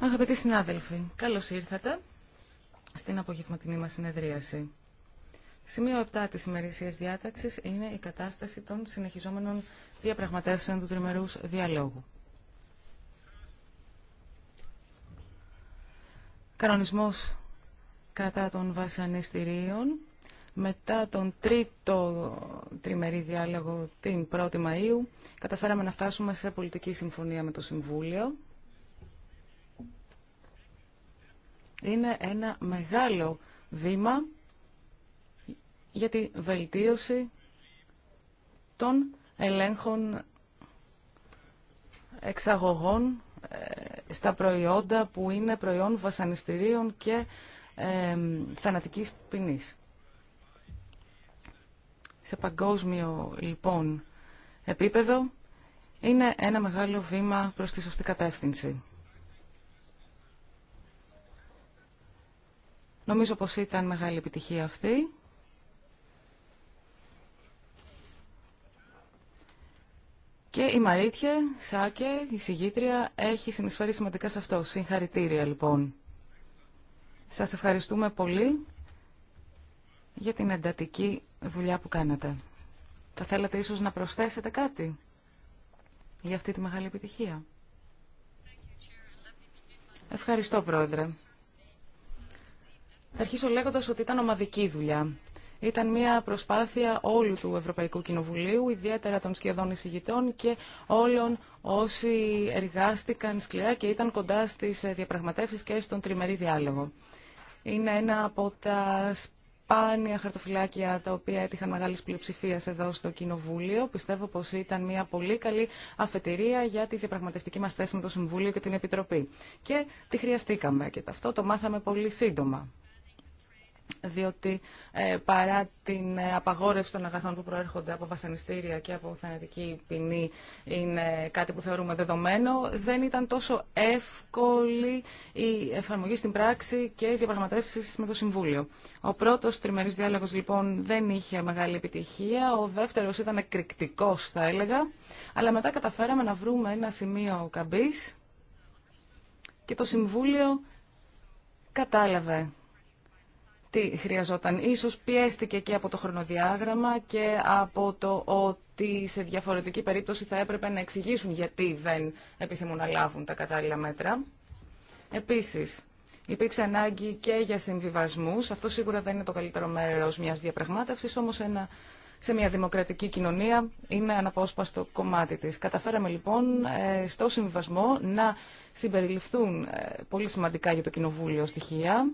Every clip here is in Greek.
Αγαπητοί συνάδελφοι, καλώς ήρθατε στην απογευματινή μας συνεδρίαση. Σημείο 7 της ημερησίας διάταξης είναι η κατάσταση των συνεχιζόμενων διαπραγματεύσεων του τριμερούς διαλόγου. Κανονισμός κατά των βασανιστήριων μετά τον τρίτο τριμερή διάλογο την 1η Μαΐου, καταφέραμε να φτάσουμε σε πολιτική συμφωνία με το Συμβούλιο. Είναι ένα μεγάλο βήμα για τη βελτίωση των ελέγχων εξαγωγών ε, στα προϊόντα που είναι προϊόν βασανιστήριων και ε, θανατικής ποινής σε παγκόσμιο λοιπόν επίπεδο είναι ένα μεγάλο βήμα προς τη σωστή κατεύθυνση. Νομίζω πως ήταν μεγάλη επιτυχία αυτή. Και η Μαρίτια Σάκε, η συγγήτρια, έχει συνεισφέρει σημαντικά σε αυτό. Συγχαρητήρια λοιπόν. Σας ευχαριστούμε πολύ για την εντατική δουλειά που κάνατε. Θα θέλατε ίσως να προσθέσετε κάτι για αυτή τη μεγάλη επιτυχία. Ευχαριστώ, Πρόεδρε. Θα αρχίσω λέγοντας ότι ήταν ομαδική δουλειά. Ήταν μια προσπάθεια όλου του Ευρωπαϊκού Κοινοβουλίου, ιδιαίτερα των σχεδόν εισηγητών και όλων όσοι εργάστηκαν σκληρά και ήταν κοντά στις διαπραγματεύσεις και στον τριμερή διάλογο. Είναι ένα από τα σπάνια χαρτοφυλάκια τα οποία έτυχαν μεγάλη πλειοψηφία εδώ στο Κοινοβούλιο. Πιστεύω πως ήταν μια πολύ καλή αφετηρία για τη διαπραγματευτική μας θέση με το Συμβούλιο και την Επιτροπή. Και τη χρειαστήκαμε και αυτό το μάθαμε πολύ σύντομα διότι ε, παρά την ε, απαγόρευση των αγαθών που προέρχονται από βασανιστήρια και από θανατική ποινή είναι κάτι που θεωρούμε δεδομένο, δεν ήταν τόσο εύκολη η εφαρμογή στην πράξη και οι διαπραγματεύσει με το Συμβούλιο. Ο πρώτος τριμερής διάλογος λοιπόν δεν είχε μεγάλη επιτυχία, ο δεύτερος ήταν εκρηκτικός θα έλεγα, αλλά μετά καταφέραμε να βρούμε ένα σημείο καμπής και το Συμβούλιο κατάλαβε τι χρειαζόταν. Ίσως πιέστηκε και από το χρονοδιάγραμμα και από το ότι σε διαφορετική περίπτωση θα έπρεπε να εξηγήσουν γιατί δεν επιθυμούν να λάβουν τα κατάλληλα μέτρα. Επίσης, υπήρξε ανάγκη και για συμβιβασμούς. Αυτό σίγουρα δεν είναι το καλύτερο μέρος μιας διαπραγμάτευσης, όμως ένα σε μια δημοκρατική κοινωνία είναι αναπόσπαστο κομμάτι της. Καταφέραμε λοιπόν ε, στο συμβιβασμό να συμπεριληφθούν ε, πολύ σημαντικά για το Κοινοβούλιο στοιχεία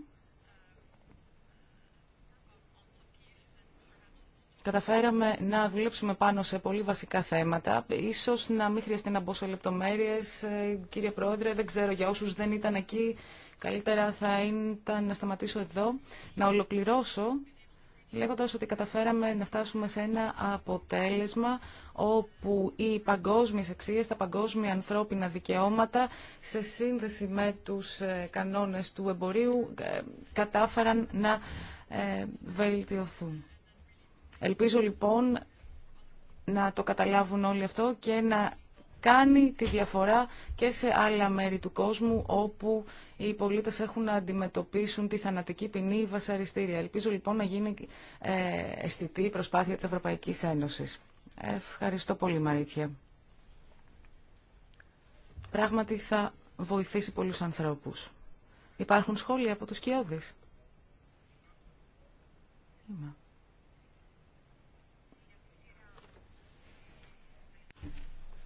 Καταφέραμε να δουλέψουμε πάνω σε πολύ βασικά θέματα. Ίσως να μην χρειαστεί να μπω σε λεπτομέρειες, ε, κύριε Πρόεδρε, δεν ξέρω για όσους δεν ήταν εκεί. Καλύτερα θα ήταν να σταματήσω εδώ, να ολοκληρώσω λέγοντας ότι καταφέραμε να φτάσουμε σε ένα αποτέλεσμα όπου οι παγκόσμιες αξίες, τα παγκόσμια ανθρώπινα δικαιώματα σε σύνδεση με τους ε, κανόνες του εμπορίου ε, κατάφεραν να βελτιωθούν. Ελπίζω λοιπόν να το καταλάβουν όλοι αυτό και να κάνει τη διαφορά και σε άλλα μέρη του κόσμου όπου οι πολίτες έχουν να αντιμετωπίσουν τη θανατική ποινή βασαριστήρια. Ελπίζω λοιπόν να γίνει ε, αισθητή η προσπάθεια της Ευρωπαϊκής Ένωσης. Ευχαριστώ πολύ Μαρίτια. Πράγματι θα βοηθήσει πολλούς ανθρώπους. Υπάρχουν σχόλια από τους Κιώδης.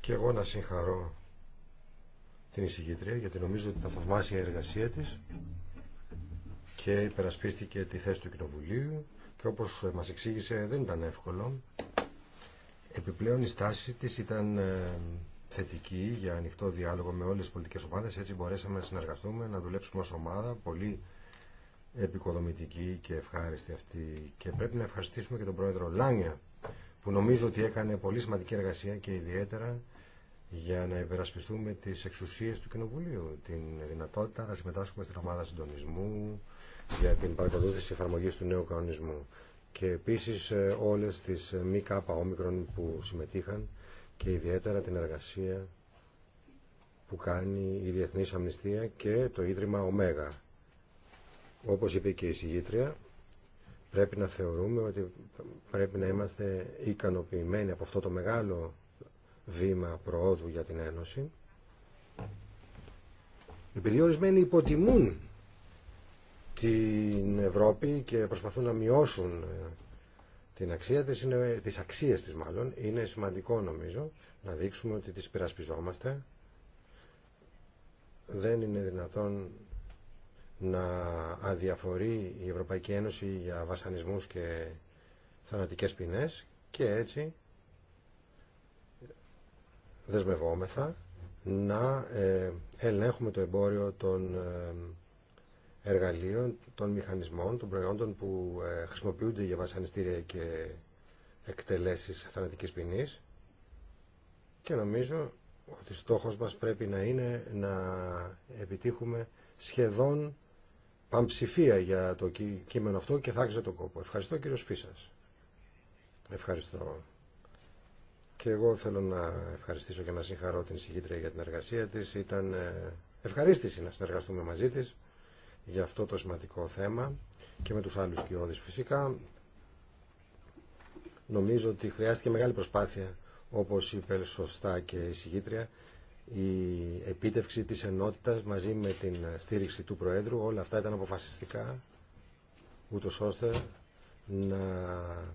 και εγώ να συγχαρώ την εισηγήτρια γιατί νομίζω ότι θα θαυμάσια η εργασία της και υπερασπίστηκε τη θέση του Κοινοβουλίου και όπως μας εξήγησε δεν ήταν εύκολο. Επιπλέον η στάση της ήταν ε, θετική για ανοιχτό διάλογο με όλες τις πολιτικές ομάδες έτσι μπορέσαμε να συνεργαστούμε, να δουλέψουμε ως ομάδα πολύ επικοδομητική και ευχάριστη αυτή και πρέπει να ευχαριστήσουμε και τον πρόεδρο Λάνια που νομίζω ότι έκανε πολύ σημαντική εργασία και ιδιαίτερα για να υπερασπιστούμε τις εξουσίες του Κοινοβουλίου, την δυνατότητα να συμμετάσχουμε στην ομάδα συντονισμού, για την παρακολούθηση εφαρμογή του νέου κανονισμού και επίσης ε, όλες τις ε, μη κάπα που συμμετείχαν και ιδιαίτερα την εργασία που κάνει η Διεθνής Αμνηστία και το Ίδρυμα ΟΜΕΓΑ. Όπως είπε και η συγγήτρια, πρέπει να θεωρούμε ότι πρέπει να είμαστε ικανοποιημένοι από αυτό το μεγάλο βήμα προόδου για την Ένωση. Επειδή ορισμένοι υποτιμούν την Ευρώπη και προσπαθούν να μειώσουν ε, την αξία της, είναι, τις αξίες της μάλλον, είναι σημαντικό νομίζω να δείξουμε ότι τις πειρασπιζόμαστε. Δεν είναι δυνατόν να αδιαφορεί η Ευρωπαϊκή Ένωση για βασανισμούς και θανατικές ποινές και έτσι δεσμευόμεθα να ε, ελέγχουμε το εμπόριο των ε, εργαλείων, των μηχανισμών, των προϊόντων που ε, χρησιμοποιούνται για βασανιστήρια και εκτελέσεις θανατικής ποινής και νομίζω ότι στόχος μας πρέπει να είναι να επιτύχουμε σχεδόν πανψηφία για το κείμενο αυτό και θα άξιζε τον κόπο. Ευχαριστώ κύριο Φίσας. Ευχαριστώ. Και εγώ θέλω να ευχαριστήσω και να συγχαρώ την συγκήτρια για την εργασία της. Ήταν ε, ευχαρίστηση να συνεργαστούμε μαζί της για αυτό το σημαντικό θέμα και με τους άλλους κοιόδης φυσικά. Νομίζω ότι χρειάστηκε μεγάλη προσπάθεια, όπως είπε σωστά και η συγκήτρια, η επίτευξη της ενότητας μαζί με την στήριξη του Προέδρου. Όλα αυτά ήταν αποφασιστικά, ούτω ώστε να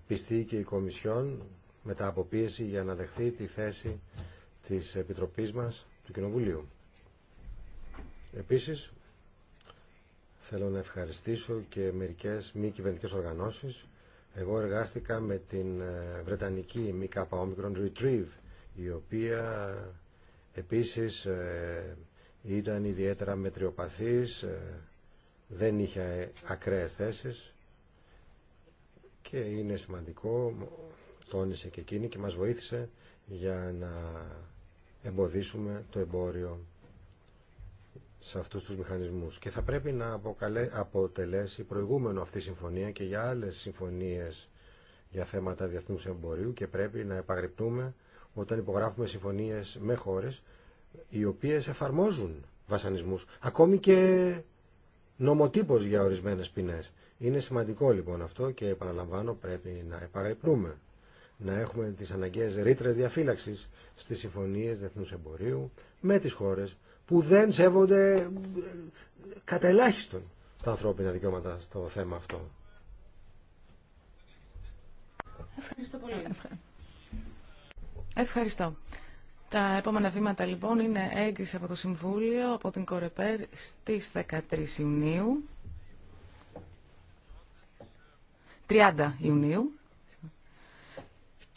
πιστεί και η Κομισιόν μετά από πίεση για να δεχθεί τη θέση της Επιτροπής μας του Κοινοβουλίου. Επίσης, θέλω να ευχαριστήσω και μερικές μη κυβερνητικέ οργανώσεις. Εγώ εργάστηκα με την ε, Βρετανική ΜΚΟ Retrieve, η οποία επίσης ε, ήταν ιδιαίτερα μετριοπαθής, ε, δεν είχε ακραίες θέσεις και είναι σημαντικό τόνισε και εκείνη και μας βοήθησε για να εμποδίσουμε το εμπόριο σε αυτούς τους μηχανισμούς. Και θα πρέπει να αποκαλέ, αποτελέσει προηγούμενο αυτή η συμφωνία και για άλλες συμφωνίες για θέματα διεθνούς εμπορίου και πρέπει να επαγρυπνούμε όταν υπογράφουμε συμφωνίες με χώρες οι οποίες εφαρμόζουν βασανισμούς, ακόμη και νομοτύπος για ορισμένες ποινές. Είναι σημαντικό λοιπόν αυτό και επαναλαμβάνω πρέπει να επαγρυπνούμε να έχουμε τις αναγκαίες ρήτρες διαφύλαξης στις συμφωνίες διεθνούς εμπορίου με τις χώρες που δεν σέβονται ε, κατά ελάχιστον τα ανθρώπινα δικαιώματα στο θέμα αυτό. Ευχαριστώ πολύ. Ευχαριστώ. Τα επόμενα βήματα λοιπόν είναι έγκριση από το Συμβούλιο, από την Κορεπέρ στις 13 Ιουνίου, 30 Ιουνίου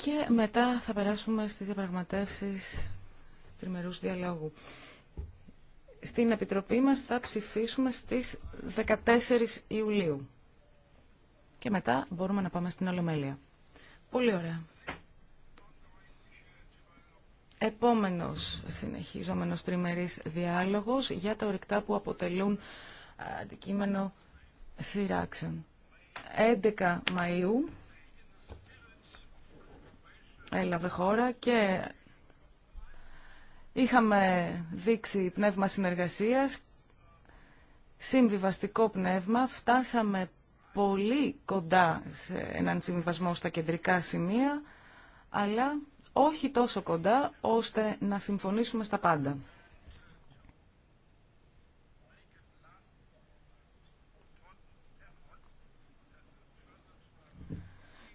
και μετά θα περάσουμε στις διαπραγματεύσεις τριμερούς διαλόγου. Στην Επιτροπή μας θα ψηφίσουμε στις 14 Ιουλίου. Και μετά μπορούμε να πάμε στην Ολομέλεια. Πολύ ωραία. Επόμενος συνεχίζομενος τριμερής διάλογος για τα ορυκτά που αποτελούν ε, αντικείμενο σειράξεων. 11 Μαΐου έλαβε χώρα και είχαμε δείξει πνεύμα συνεργασίας, συμβιβαστικό πνεύμα, φτάσαμε πολύ κοντά σε έναν συμβιβασμό στα κεντρικά σημεία, αλλά όχι τόσο κοντά ώστε να συμφωνήσουμε στα πάντα.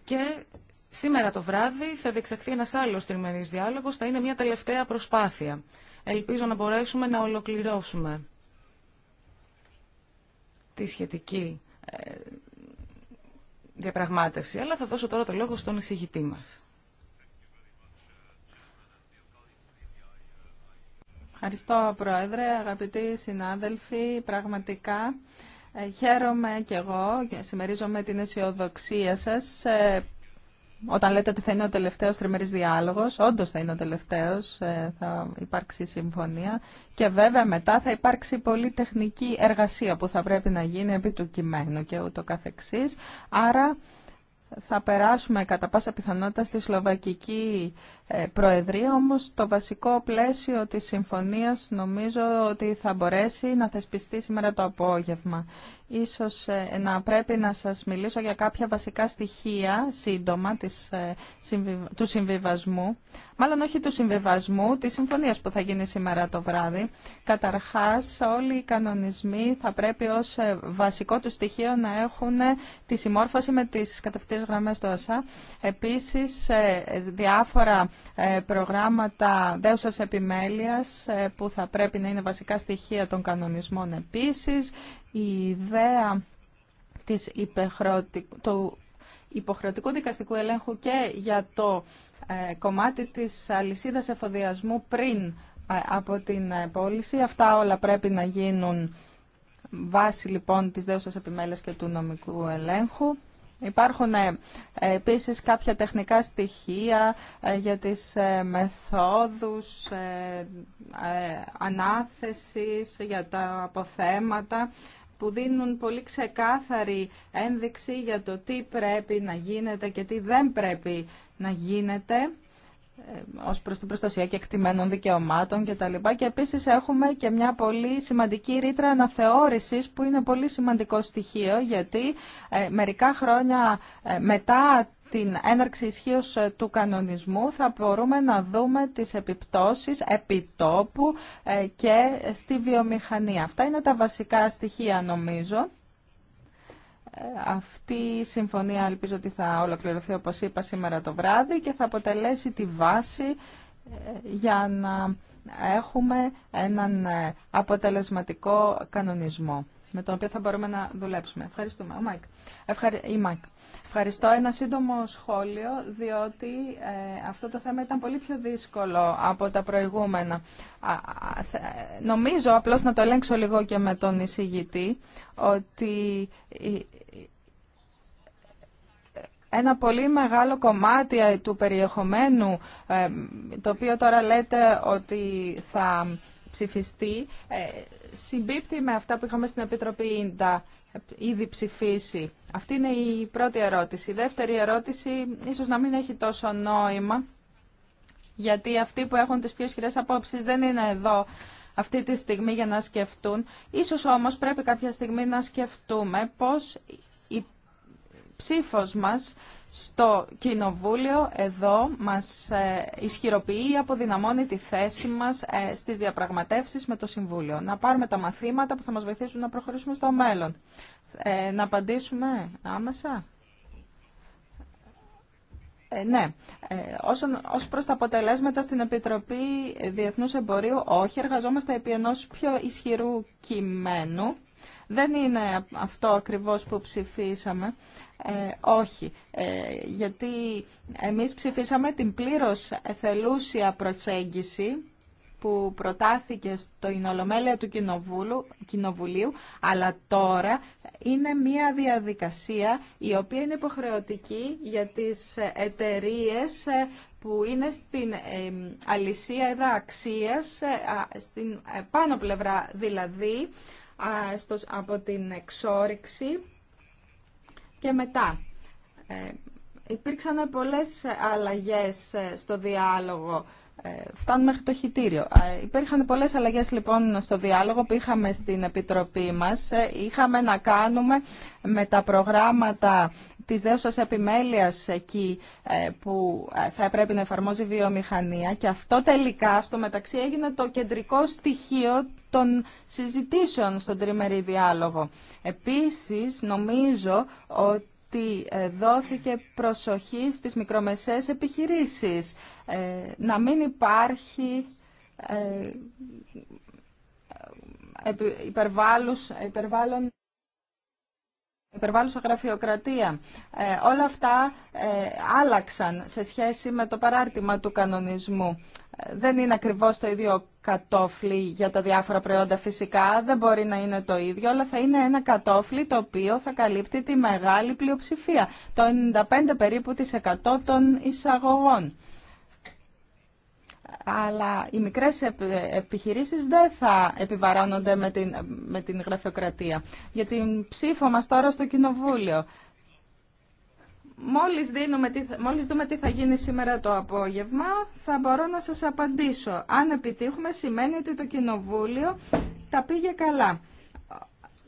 Και Σήμερα το βράδυ θα διεξαχθεί ένας άλλος τριμερής διάλογος, θα είναι μια τελευταία προσπάθεια. Ελπίζω να μπορέσουμε να ολοκληρώσουμε τη σχετική ε, διαπραγμάτευση. Αλλά θα δώσω τώρα το λόγο στον εισηγητή μας. Ευχαριστώ, Πρόεδρε, αγαπητοί συνάδελφοι. Πραγματικά ε, χαίρομαι κι εγώ και συμμερίζομαι την αισιοδοξία σας ε, όταν λέτε ότι θα είναι ο τελευταίο τριμερής διάλογος, όντω θα είναι ο τελευταίος, ε, θα υπάρξει συμφωνία και βέβαια μετά θα υπάρξει πολύ τεχνική εργασία που θα πρέπει να γίνει επί του κειμένου και ούτω καθεξής. Άρα θα περάσουμε κατά πάσα πιθανότητα στη Σλοβακική ε, Προεδρία, όμως το βασικό πλαίσιο της συμφωνίας νομίζω ότι θα μπορέσει να θεσπιστεί σήμερα το απόγευμα. Ίσως ε, να πρέπει να σας μιλήσω για κάποια βασικά στοιχεία σύντομα της, ε, του συμβιβασμού, μάλλον όχι του συμβιβασμού, της συμφωνίας που θα γίνει σήμερα το βράδυ. Καταρχάς, όλοι οι κανονισμοί θα πρέπει ως ε, βασικό του στοιχείο να έχουν τη συμμόρφωση με τις κατευθυντές γραμμές του ΑΣΑ. Επίσης, διάφορα προγράμματα δέουσας επιμέλειας που θα πρέπει να είναι βασικά στοιχεία των κανονισμών επίσης, η ιδέα της του υποχρεωτικού δικαστικού ελέγχου και για το ε, κομμάτι της αλυσίδας εφοδιασμού πριν ε, από την ε, πώληση. Αυτά όλα πρέπει να γίνουν βάση λοιπόν της δέουσας επιμέλειας και του νομικού ελέγχου. Υπάρχουν ε, επίσης κάποια τεχνικά στοιχεία ε, για τις ε, μεθόδους ανάθεσης, για τα αποθέματα που δίνουν πολύ ξεκάθαρη ένδειξη για το τι πρέπει να γίνεται και τι δεν πρέπει να γίνεται ε, Ω προ την προστασία και εκτιμένων δικαιωμάτων και Και επίσης έχουμε και μια πολύ σημαντική ρήτρα αναθεώρησης που είναι πολύ σημαντικό στοιχείο γιατί ε, μερικά χρόνια ε, μετά την έναρξη ισχύω του κανονισμού θα μπορούμε να δούμε τις επιπτώσεις επιτόπου και στη βιομηχανία. Αυτά είναι τα βασικά στοιχεία νομίζω. Ε, αυτή η συμφωνία ελπίζω ότι θα ολοκληρωθεί όπως είπα σήμερα το βράδυ και θα αποτελέσει τη βάση ε, για να έχουμε έναν ε, αποτελεσματικό κανονισμό με τον οποίο θα μπορούμε να δουλέψουμε. Ευχαριστούμε. Ο Μάικ. Η Μάικ. Ευχαριστώ. Ένα σύντομο σχόλιο, διότι ε, αυτό το θέμα ήταν πολύ πιο δύσκολο από τα προηγούμενα. νομίζω, απλώς να το ελέγξω λίγο και με τον εισηγητή, ότι ένα πολύ μεγάλο κομμάτι του περιεχομένου, ε, το οποίο τώρα λέτε ότι θα ψηφιστεί ε, συμπίπτει με αυτά που είχαμε στην Επιτροπή ΙΝΤΑ ήδη ψηφίσει. Αυτή είναι η πρώτη ερώτηση. Η δεύτερη ερώτηση ίσως να μην έχει τόσο νόημα γιατί αυτοί που έχουν τις πιο ισχυρές απόψεις δεν είναι εδώ αυτή τη στιγμή για να σκεφτούν. Ίσως όμως πρέπει κάποια στιγμή να σκεφτούμε πώς ψήφος μας στο Κοινοβούλιο εδώ μας ε, ισχυροποιεί από αποδυναμώνει τη θέση μας ε, στις διαπραγματεύσεις με το Συμβούλιο. Να πάρουμε τα μαθήματα που θα μας βοηθήσουν να προχωρήσουμε στο μέλλον. Ε, να απαντήσουμε άμεσα. Ε, ναι. Ε, ως προς τα αποτελέσματα στην Επιτροπή Διεθνούς Εμπορίου, όχι, εργαζόμαστε επί ενός πιο ισχυρού κειμένου δεν είναι αυτό ακριβώς που ψηφίσαμε. Ε, όχι, ε, γιατί εμείς ψηφίσαμε την πλήρως εθελούσια προσέγγιση που προτάθηκε στο Ινολομέλεια του Κοινοβουλίου, αλλά τώρα είναι μια διαδικασία η οποία είναι υποχρεωτική για τις εταιρείες ε, που είναι στην αλυσία εδα αξίας, στην πάνω πλευρά δηλαδή, από την εξόριξη και μετά. Ε, υπήρξαν πολλές αλλαγές ε, στο διάλογο. Ε, Φτάνουμε μέχρι το χιτήριο. Υπήρχαν πολλές αλλαγές λοιπόν στο διάλογο που είχαμε στην Επιτροπή μας. Είχαμε να κάνουμε με τα προγράμματα της δέουσας επιμέλειας εκεί που θα πρέπει να εφαρμόζει βιομηχανία και αυτό τελικά στο μεταξύ έγινε το κεντρικό στοιχείο των συζητήσεων στον τριμερή διάλογο. Επίσης, νομίζω ότι ε, δόθηκε προσοχή στις μικρομεσαίες επιχειρήσεις. Ε, να μην υπάρχει ε, υπερβάλλον υπερβάλλουσα γραφειοκρατία. Ε, όλα αυτά ε, άλλαξαν σε σχέση με το παράρτημα του κανονισμού. Ε, δεν είναι ακριβώς το ίδιο κατόφλι για τα διάφορα προϊόντα φυσικά, δεν μπορεί να είναι το ίδιο, αλλά θα είναι ένα κατόφλι το οποίο θα καλύπτει τη μεγάλη πλειοψηφία, το 95 περίπου των εισαγωγών αλλά οι μικρές επιχειρήσεις δεν θα επιβαράνονται με την, με γραφειοκρατία. Για την ψήφο μας τώρα στο Κοινοβούλιο. Μόλις, δίνουμε, μόλις δούμε τι θα γίνει σήμερα το απόγευμα, θα μπορώ να σας απαντήσω. Αν επιτύχουμε, σημαίνει ότι το Κοινοβούλιο τα πήγε καλά.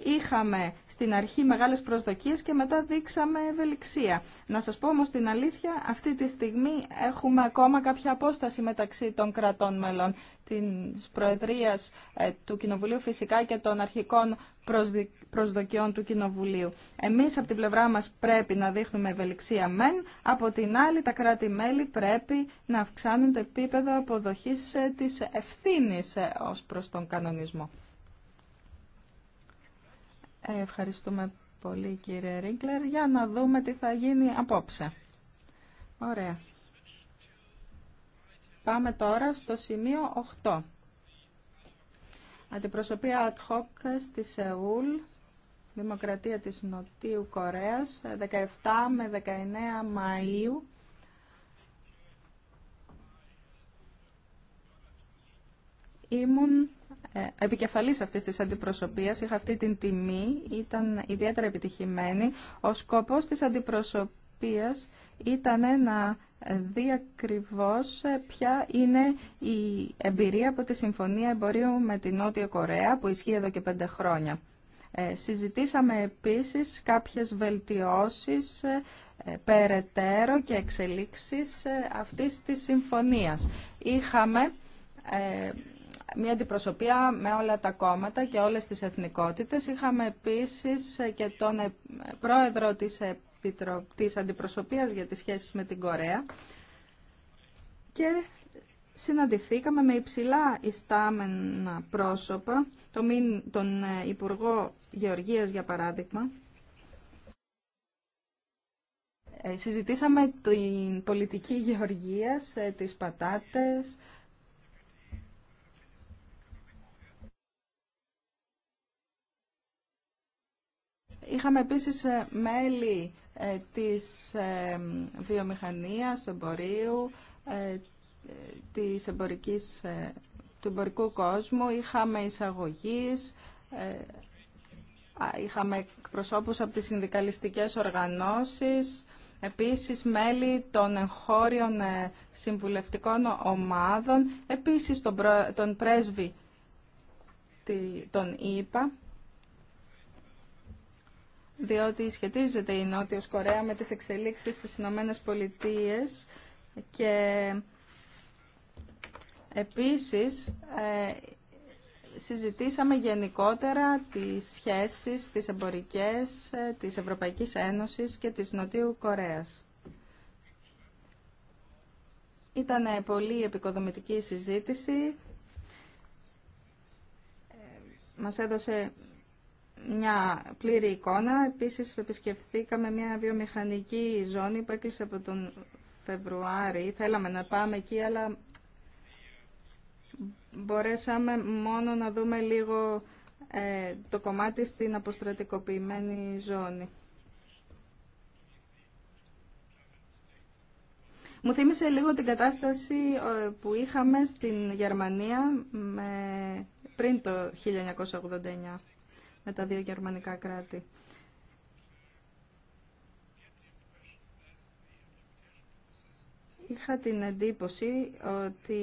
Είχαμε στην αρχή μεγάλες προσδοκίες και μετά δείξαμε ευελιξία. Να σας πω όμως την αλήθεια, αυτή τη στιγμή έχουμε ακόμα κάποια απόσταση μεταξύ των κρατών μελών της Προεδρίας ε, του Κοινοβουλίου φυσικά και των αρχικών προσδοκιών του Κοινοβουλίου. Εμείς από την πλευρά μας πρέπει να δείχνουμε ευελιξία μεν, από την άλλη τα κράτη-μέλη πρέπει να αυξάνουν το επίπεδο αποδοχής ε, της ευθύνης ε, ως προς τον κανονισμό. Ευχαριστούμε πολύ κύριε Ρίγκλερ. Για να δούμε τι θα γίνει απόψε. Ωραία. Πάμε τώρα στο σημείο 8. Αντιπροσωπεία ad hoc στη Σεούλ, Δημοκρατία της Νοτιού Κορέας, 17 με 19 Μαΐου. Ήμουν ε, επικεφαλής αυτής της αντιπροσωπείας. Είχα αυτή την τιμή, ήταν ιδιαίτερα επιτυχημένη. Ο σκοπός της αντιπροσωπείας ήταν να δει ακριβώ ε, ποια είναι η εμπειρία από τη Συμφωνία Εμπορίου με την Νότια Κορέα που ισχύει εδώ και πέντε χρόνια. Ε, συζητήσαμε επίσης κάποιες βελτιώσεις περαιτέρω και εξελίξεις αυτής της συμφωνίας. Είχαμε μια αντιπροσωπεία με όλα τα κόμματα και όλες τις εθνικότητες. Είχαμε επίσης και τον ε, πρόεδρο της, Επιτρο... της Αντιπροσωπείας για τις σχέσεις με την Κορέα και συναντηθήκαμε με υψηλά ιστάμενα πρόσωπα, τον ε, Υπουργό Γεωργίας για παράδειγμα, ε, Συζητήσαμε την πολιτική γεωργίας, τις πατάτες, Είχαμε επίσης ε, μέλη ε, της ε, βιομηχανίας, εμπορίου, της του εμπορικού κόσμου, είχαμε εισαγωγείς, είχαμε προσώπους από τις συνδικαλιστικές οργανώσεις, επίσης μέλη των εγχώριων συμβουλευτικών ομάδων, επίσης τον πρέσβη των ΙΠΑ διότι σχετίζεται η Νότιος Κορέα με τις εξελίξεις στις Ηνωμένε Πολιτείε και επίσης ε, συζητήσαμε γενικότερα τις σχέσεις, τις εμπορικές ε, της Ευρωπαϊκής Ένωσης και της Νοτιού Κορέας. Ήταν πολύ επικοδομητική συζήτηση. Ε, μας έδωσε μια πλήρη εικόνα. Επίσης επισκεφθήκαμε μια βιομηχανική ζώνη που έκλεισε από τον Φεβρουάρι. Θέλαμε να πάμε εκεί, αλλά μπορέσαμε μόνο να δούμε λίγο ε, το κομμάτι στην αποστρατικοποιημένη ζώνη. Μου θύμισε λίγο την κατάσταση ε, που είχαμε στην Γερμανία με πριν το 1989 με τα δύο γερμανικά κράτη. Είχα την εντύπωση ότι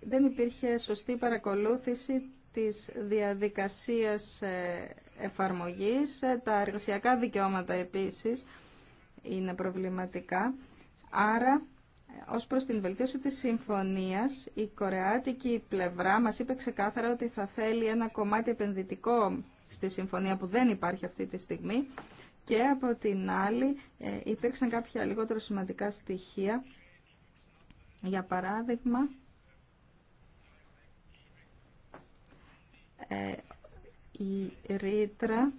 δεν υπήρχε σωστή παρακολούθηση της διαδικασίας ε, εφαρμογής. Ε, τα εργασιακά δικαιώματα επίσης είναι προβληματικά. Άρα, ως προς την βελτίωση της συμφωνίας, η κορεάτικη πλευρά μας είπε ξεκάθαρα ότι θα θέλει ένα κομμάτι επενδυτικό στη συμφωνία που δεν υπάρχει αυτή τη στιγμή και από την άλλη ε, υπήρξαν κάποια λιγότερο σημαντικά στοιχεία. Για παράδειγμα, ε, η ρήτρα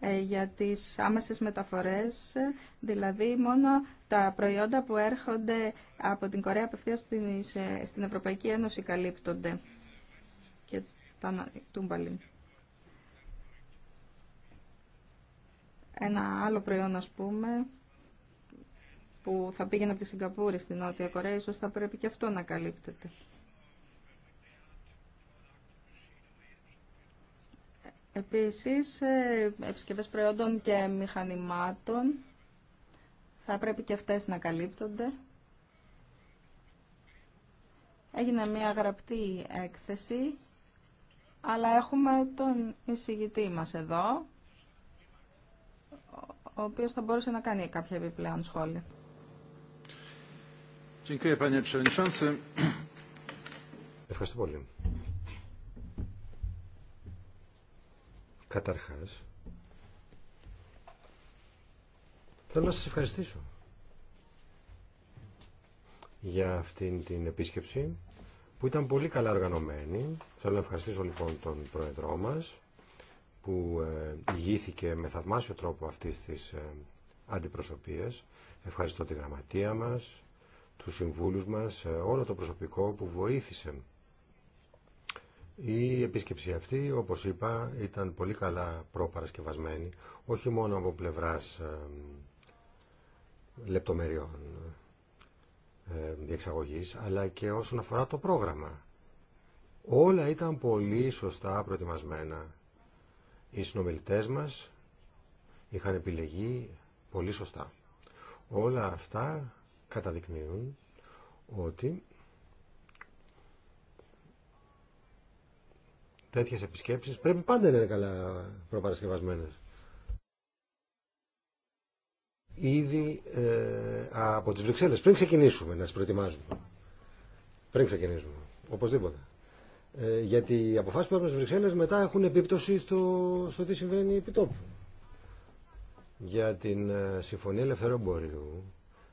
ε, για τις άμεσες μεταφορές, δηλαδή μόνο τα προϊόντα που έρχονται από την Κορέα απευθείας στην Ευρωπαϊκή Ένωση καλύπτονται και τα τούμπαλιν. ένα άλλο προϊόν ας πούμε που θα πήγαινε από τη Σιγκαπούρη στην Νότια Κορέα, ίσως θα πρέπει και αυτό να καλύπτεται. Επίσης, ε, επισκευές προϊόντων και μηχανημάτων θα πρέπει και αυτές να καλύπτονται. Έγινε μια γραπτή έκθεση, αλλά έχουμε τον εισηγητή μας εδώ, ο οποίος θα μπορούσε να κάνει κάποια επιπλέον σχόλια. Ευχαριστώ πολύ. Καταρχάς, θέλω να σας ευχαριστήσω για αυτήν την επίσκεψη που ήταν πολύ καλά οργανωμένη. Θέλω να ευχαριστήσω λοιπόν τον Πρόεδρό μας που ε, ηγήθηκε με θαυμάσιο τρόπο αυτής της ε, αντιπροσωπείας. Ευχαριστώ τη γραμματεία μας, τους συμβούλους μας, ε, όλο το προσωπικό που βοήθησε. Η επίσκεψη αυτή, όπως είπα, ήταν πολύ καλά προπαρασκευασμένη, όχι μόνο από πλευράς λεπτομεριών διεξαγωγής, αλλά και όσον αφορά το πρόγραμμα. Όλα ήταν πολύ σωστά προετοιμασμένα οι συνομιλητές μας είχαν επιλεγεί πολύ σωστά. Όλα αυτά καταδεικνύουν ότι τέτοιες επισκέψεις πρέπει πάντα να είναι καλά προπαρασκευασμένες. Ήδη ε, από τις Βρυξέλλες, πριν ξεκινήσουμε να τις προετοιμάζουμε. Πριν ξεκινήσουμε, οπωσδήποτε. Ε, γιατί οι αποφάσει που έπρεπε στι Βρυξέλλε μετά έχουν επίπτωση στο, στο τι συμβαίνει επί τόπου. Για την ε, Συμφωνία Ελευθερών Μπορείου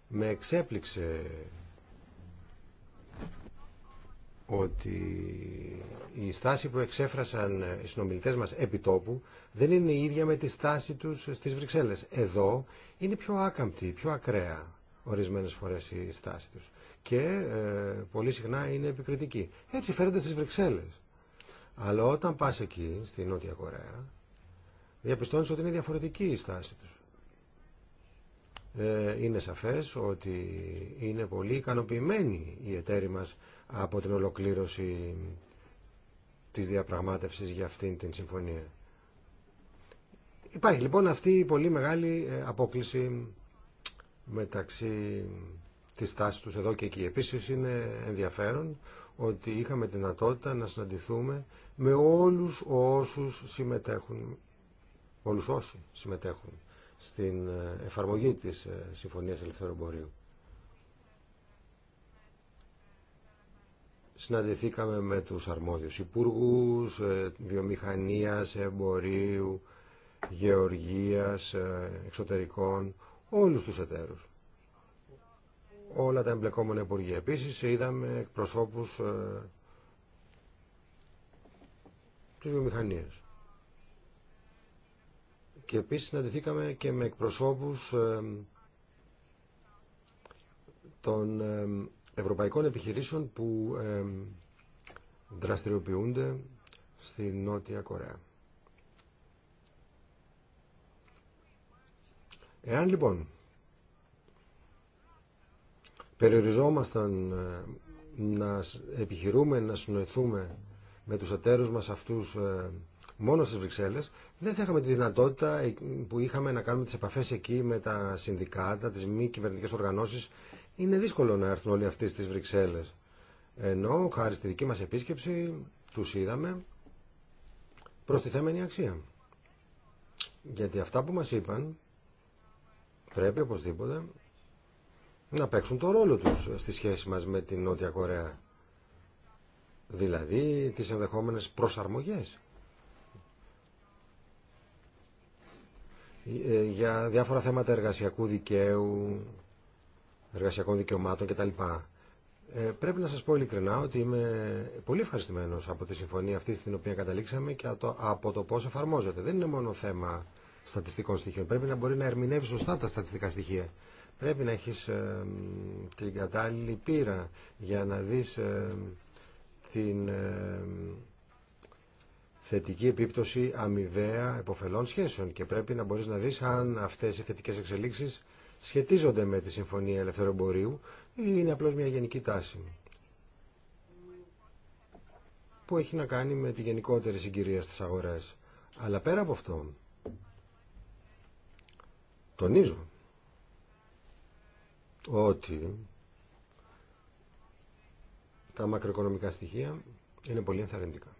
με εξέπληξε ότι η στάση που εξέφρασαν οι συνομιλητές μας επί τόπου δεν είναι η ίδια με τη στάση τους στις Βρυξέλλες. Εδώ είναι πιο άκαμπτη, πιο ακραία ορισμένες φορές η στάση τους και ε, πολύ συχνά είναι επικριτική. Έτσι φέρονται στις Βρυξέλλες. Αλλά όταν πας εκεί, στη Νότια Κορέα, διαπιστώνεις ότι είναι διαφορετική η στάση τους. Ε, είναι σαφές ότι είναι πολύ ικανοποιημένοι οι εταίροι μας από την ολοκλήρωση της διαπραγμάτευσης για αυτήν την συμφωνία. Υπάρχει λοιπόν αυτή η πολύ μεγάλη ε, απόκληση μεταξύ τη στάση τους εδώ και εκεί. Επίσης είναι ενδιαφέρον ότι είχαμε τη δυνατότητα να συναντηθούμε με όλους όσους συμμετέχουν, όλους όσοι συμμετέχουν στην ε, εφαρμογή της ε, Συμφωνίας Ελευθερών Μπορείου. Συναντηθήκαμε με τους αρμόδιους υπουργούς, ε, βιομηχανίας, εμπορίου, γεωργίας, εξωτερικών, όλους τους εταίρους όλα τα εμπλεκόμενα υπουργεία. Επίση είδαμε εκπροσώπους ε, της βιομηχανίας. Και επίσης συναντηθήκαμε και με εκπροσώπους ε, των ε, ευρωπαϊκών επιχειρήσεων που ε, δραστηριοποιούνται στη Νότια Κορέα. Εάν λοιπόν περιοριζόμασταν ε, να επιχειρούμε να συνοηθούμε με τους εταίρους μας αυτούς ε, μόνο στις Βρυξέλλες, δεν θα είχαμε τη δυνατότητα ε, που είχαμε να κάνουμε τις επαφές εκεί με τα συνδικάτα, τις μη κυβερνητικές οργανώσεις. Είναι δύσκολο να έρθουν όλοι αυτοί στις Βρυξέλλες. Ενώ, χάρη στη δική μας επίσκεψη, τους είδαμε τη θέμενη αξία. Γιατί αυτά που μας είπαν πρέπει οπωσδήποτε να παίξουν το ρόλο τους στη σχέση μας με την Νότια Κορέα. Δηλαδή τις ενδεχόμενες προσαρμογές ε, ε, για διάφορα θέματα εργασιακού δικαίου, εργασιακών δικαιωμάτων κτλ. Ε, πρέπει να σας πω ειλικρινά ότι είμαι πολύ ευχαριστημένος από τη συμφωνία αυτή στην οποία καταλήξαμε και από το πώς εφαρμόζεται. Δεν είναι μόνο θέμα στατιστικών στοιχείων. Πρέπει να μπορεί να ερμηνεύει σωστά τα στατιστικά στοιχεία Πρέπει να έχεις ε, την κατάλληλη πείρα για να δεις ε, την ε, θετική επίπτωση αμοιβαία εποφελών σχέσεων και πρέπει να μπορείς να δεις αν αυτές οι θετικές εξελίξεις σχετίζονται με τη Συμφωνία Ελευθερομπορίου ή είναι απλώς μια γενική τάση που έχει να κάνει με τη γενικότερη συγκυρία στις αγορές. Αλλά πέρα από αυτό, τονίζω ότι τα μακροοικονομικά στοιχεία είναι πολύ ενθαρρυντικά.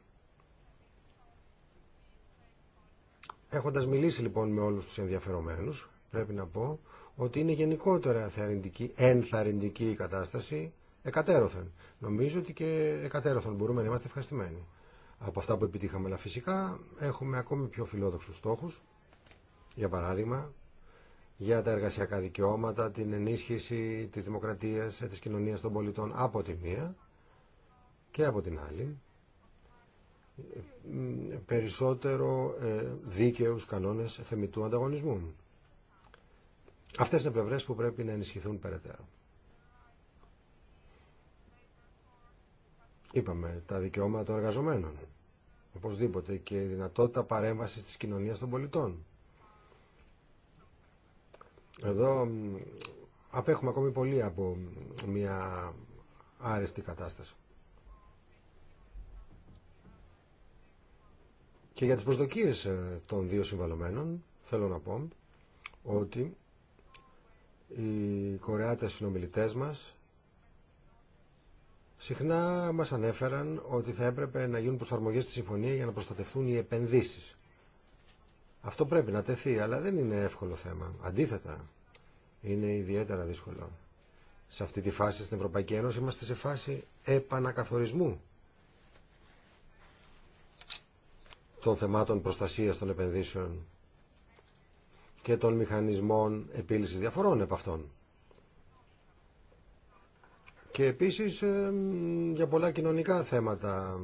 Έχοντας μιλήσει λοιπόν με όλους τους ενδιαφερομένους, πρέπει να πω ότι είναι γενικότερα ενθαρρυντική, ενθαρρυντική η κατάσταση εκατέρωθεν. Νομίζω ότι και εκατέρωθεν μπορούμε να είμαστε ευχαριστημένοι από αυτά που επιτύχαμε. Αλλά φυσικά έχουμε ακόμη πιο φιλόδοξους στόχους. Για παράδειγμα, για τα εργασιακά δικαιώματα, την ενίσχυση της δημοκρατίας, της κοινωνίας των πολιτών από τη μία και από την άλλη περισσότερο ε, δίκαιους κανόνες θεμητού ανταγωνισμού. Αυτές είναι πλευρές που πρέπει να ενισχυθούν περαιτέρω. Είπαμε, τα δικαιώματα των εργαζομένων, οπωσδήποτε, και η δυνατότητα παρέμβασης της κοινωνίας των πολιτών. Εδώ απέχουμε ακόμη πολύ από μια άρεστη κατάσταση. Και για τις προσδοκίες ε, των δύο συμβαλωμένων θέλω να πω ότι οι Κορεάτες συνομιλητές μας συχνά μας ανέφεραν ότι θα έπρεπε να γίνουν προσαρμογές στη συμφωνία για να προστατευτούν οι επενδύσεις. Αυτό πρέπει να τεθεί, αλλά δεν είναι εύκολο θέμα. Αντίθετα, είναι ιδιαίτερα δύσκολο. Σε αυτή τη φάση στην Ευρωπαϊκή Ένωση είμαστε σε φάση επανακαθορισμού των θεμάτων προστασίας των επενδύσεων και των μηχανισμών επίλυσης διαφορών επ' αυτών. Και επίσης ε, για πολλά κοινωνικά θέματα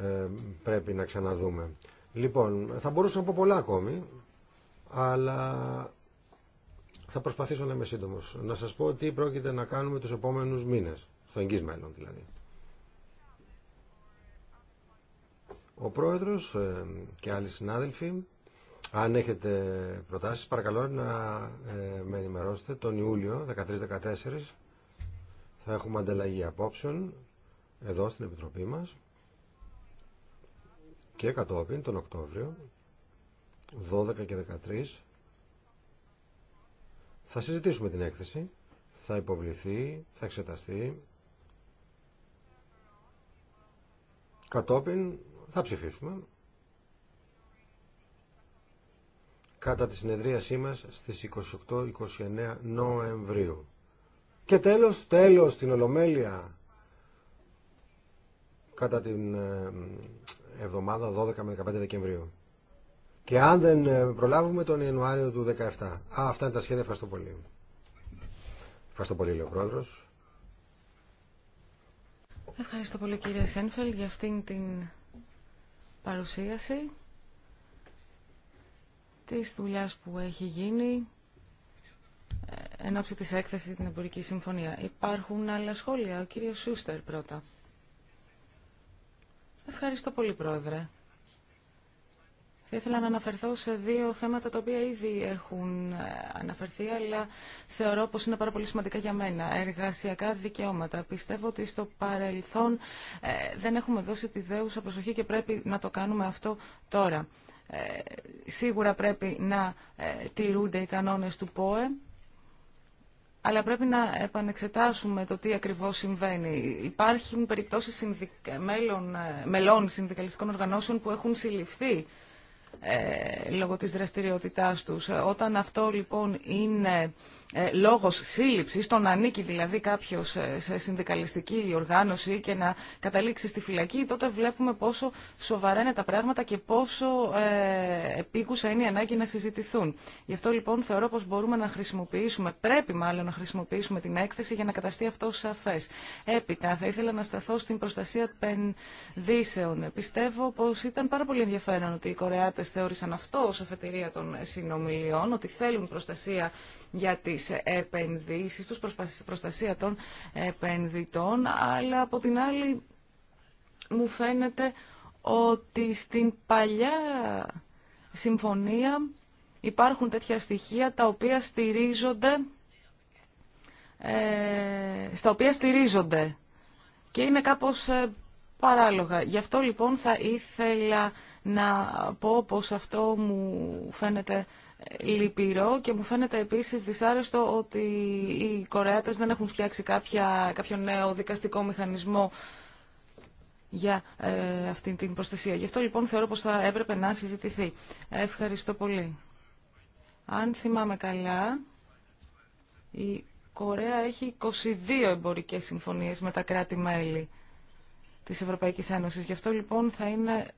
ε, πρέπει να ξαναδούμε. Λοιπόν, θα μπορούσα να πω πολλά ακόμη, αλλά θα προσπαθήσω να είμαι σύντομο. Να σας πω τι πρόκειται να κάνουμε τους επόμενους μήνες, στο εγγύ μέλλον δηλαδή. Ο πρόεδρος ε, και άλλοι συνάδελφοι, αν έχετε προτάσεις, παρακαλώ να ε, με ενημερώσετε. Τον Ιούλιο, 13-14, θα έχουμε ανταλλαγή απόψεων εδώ στην Επιτροπή μας και κατόπιν τον Οκτώβριο 12 και 13 θα συζητήσουμε την έκθεση θα υποβληθεί, θα εξεταστεί κατόπιν θα ψηφίσουμε κατά τη συνεδρίασή μας στις 28-29 Νοεμβρίου και τέλος, τέλος την Ολομέλεια κατά την ε, εβδομάδα 12 με 15 Δεκεμβρίου. Και αν δεν ε, προλάβουμε τον Ιανουάριο του 17. Α, αυτά είναι τα σχέδια. Ευχαριστώ πολύ. Ευχαριστώ πολύ, λέει ο Ευχαριστώ πολύ κύριε Σένφελ για αυτήν την παρουσίαση της δουλειά που έχει γίνει ε, εν ώψη της έκθεσης την εμπορική συμφωνία. Υπάρχουν άλλα σχόλια. Ο κύριος Σούστερ πρώτα. Ευχαριστώ πολύ, Πρόεδρε. Θα ήθελα να αναφερθώ σε δύο θέματα τα οποία ήδη έχουν ε, αναφερθεί, αλλά θεωρώ πως είναι πάρα πολύ σημαντικά για μένα. Εργασιακά δικαιώματα. Πιστεύω ότι στο παρελθόν ε, δεν έχουμε δώσει τη δέουσα προσοχή και πρέπει να το κάνουμε αυτό τώρα. Ε, σίγουρα πρέπει να τηρούνται οι κανόνες του ΠΟΕ αλλά πρέπει να επανεξετάσουμε το τι ακριβώς συμβαίνει. Υπάρχουν περιπτώσεις μέλων, ε, συνδικαλιστικών οργανώσεων που έχουν συλληφθεί ε, λόγω της δραστηριότητάς τους. Ε, όταν αυτό λοιπόν είναι ε, λόγος σύλληψης, το να ανήκει δηλαδή κάποιος ε, σε συνδικαλιστική οργάνωση και να καταλήξει στη φυλακή, τότε βλέπουμε πόσο σοβαρά είναι τα πράγματα και πόσο ε, επίκουσα είναι η ανάγκη να συζητηθούν. Γι' αυτό λοιπόν θεωρώ πως μπορούμε να χρησιμοποιήσουμε, πρέπει μάλλον να χρησιμοποιήσουμε την έκθεση για να καταστεί αυτό σαφές. Έπειτα θα ήθελα να σταθώ στην προστασία πενδύσεων. Πιστεύω πως ήταν πάρα πολύ ενδιαφέρον ότι οι κορεάτε θεώρησαν αυτό ως αφετηρία των συνομιλιών, ότι θέλουν προστασία για τις επενδύσεις τους, προστασία των επενδυτών, αλλά από την άλλη μου φαίνεται ότι στην παλιά συμφωνία υπάρχουν τέτοια στοιχεία τα οποία στηρίζονται ε, στα οποία στηρίζονται και είναι κάπως ε, παράλογα. Γι' αυτό λοιπόν θα ήθελα να πω πως αυτό μου φαίνεται λυπηρό και μου φαίνεται επίσης δυσάρεστο ότι οι Κορεάτες δεν έχουν φτιάξει κάποια, κάποιο νέο δικαστικό μηχανισμό για ε, αυτή την προστασία. Γι' αυτό λοιπόν θεωρώ πως θα έπρεπε να συζητηθεί. Ευχαριστώ πολύ. Αν θυμάμαι καλά, η Κορέα έχει 22 εμπορικές συμφωνίες με τα κράτη-μέλη της Ευρωπαϊκής Ένωσης. Γι' αυτό λοιπόν θα είναι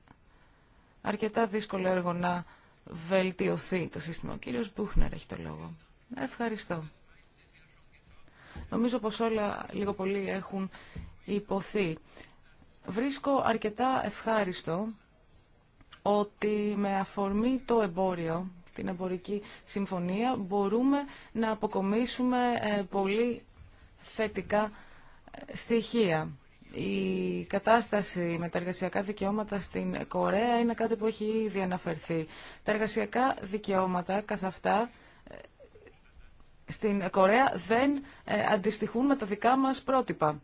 αρκετά δύσκολο έργο να βελτιωθεί το σύστημα. Ο κύριος Μπούχνερ έχει το λόγο. Ευχαριστώ. Νομίζω πως όλα λίγο πολύ έχουν υποθεί. Βρίσκω αρκετά ευχάριστο ότι με αφορμή το εμπόριο, την εμπορική συμφωνία, μπορούμε να αποκομίσουμε ε, πολύ θετικά ε, στοιχεία. Η κατάσταση με τα εργασιακά δικαιώματα στην Κορέα είναι κάτι που έχει ήδη αναφερθεί. Τα εργασιακά δικαιώματα καθ' αυτά στην Κορέα δεν ε, αντιστοιχούν με τα δικά μας πρότυπα.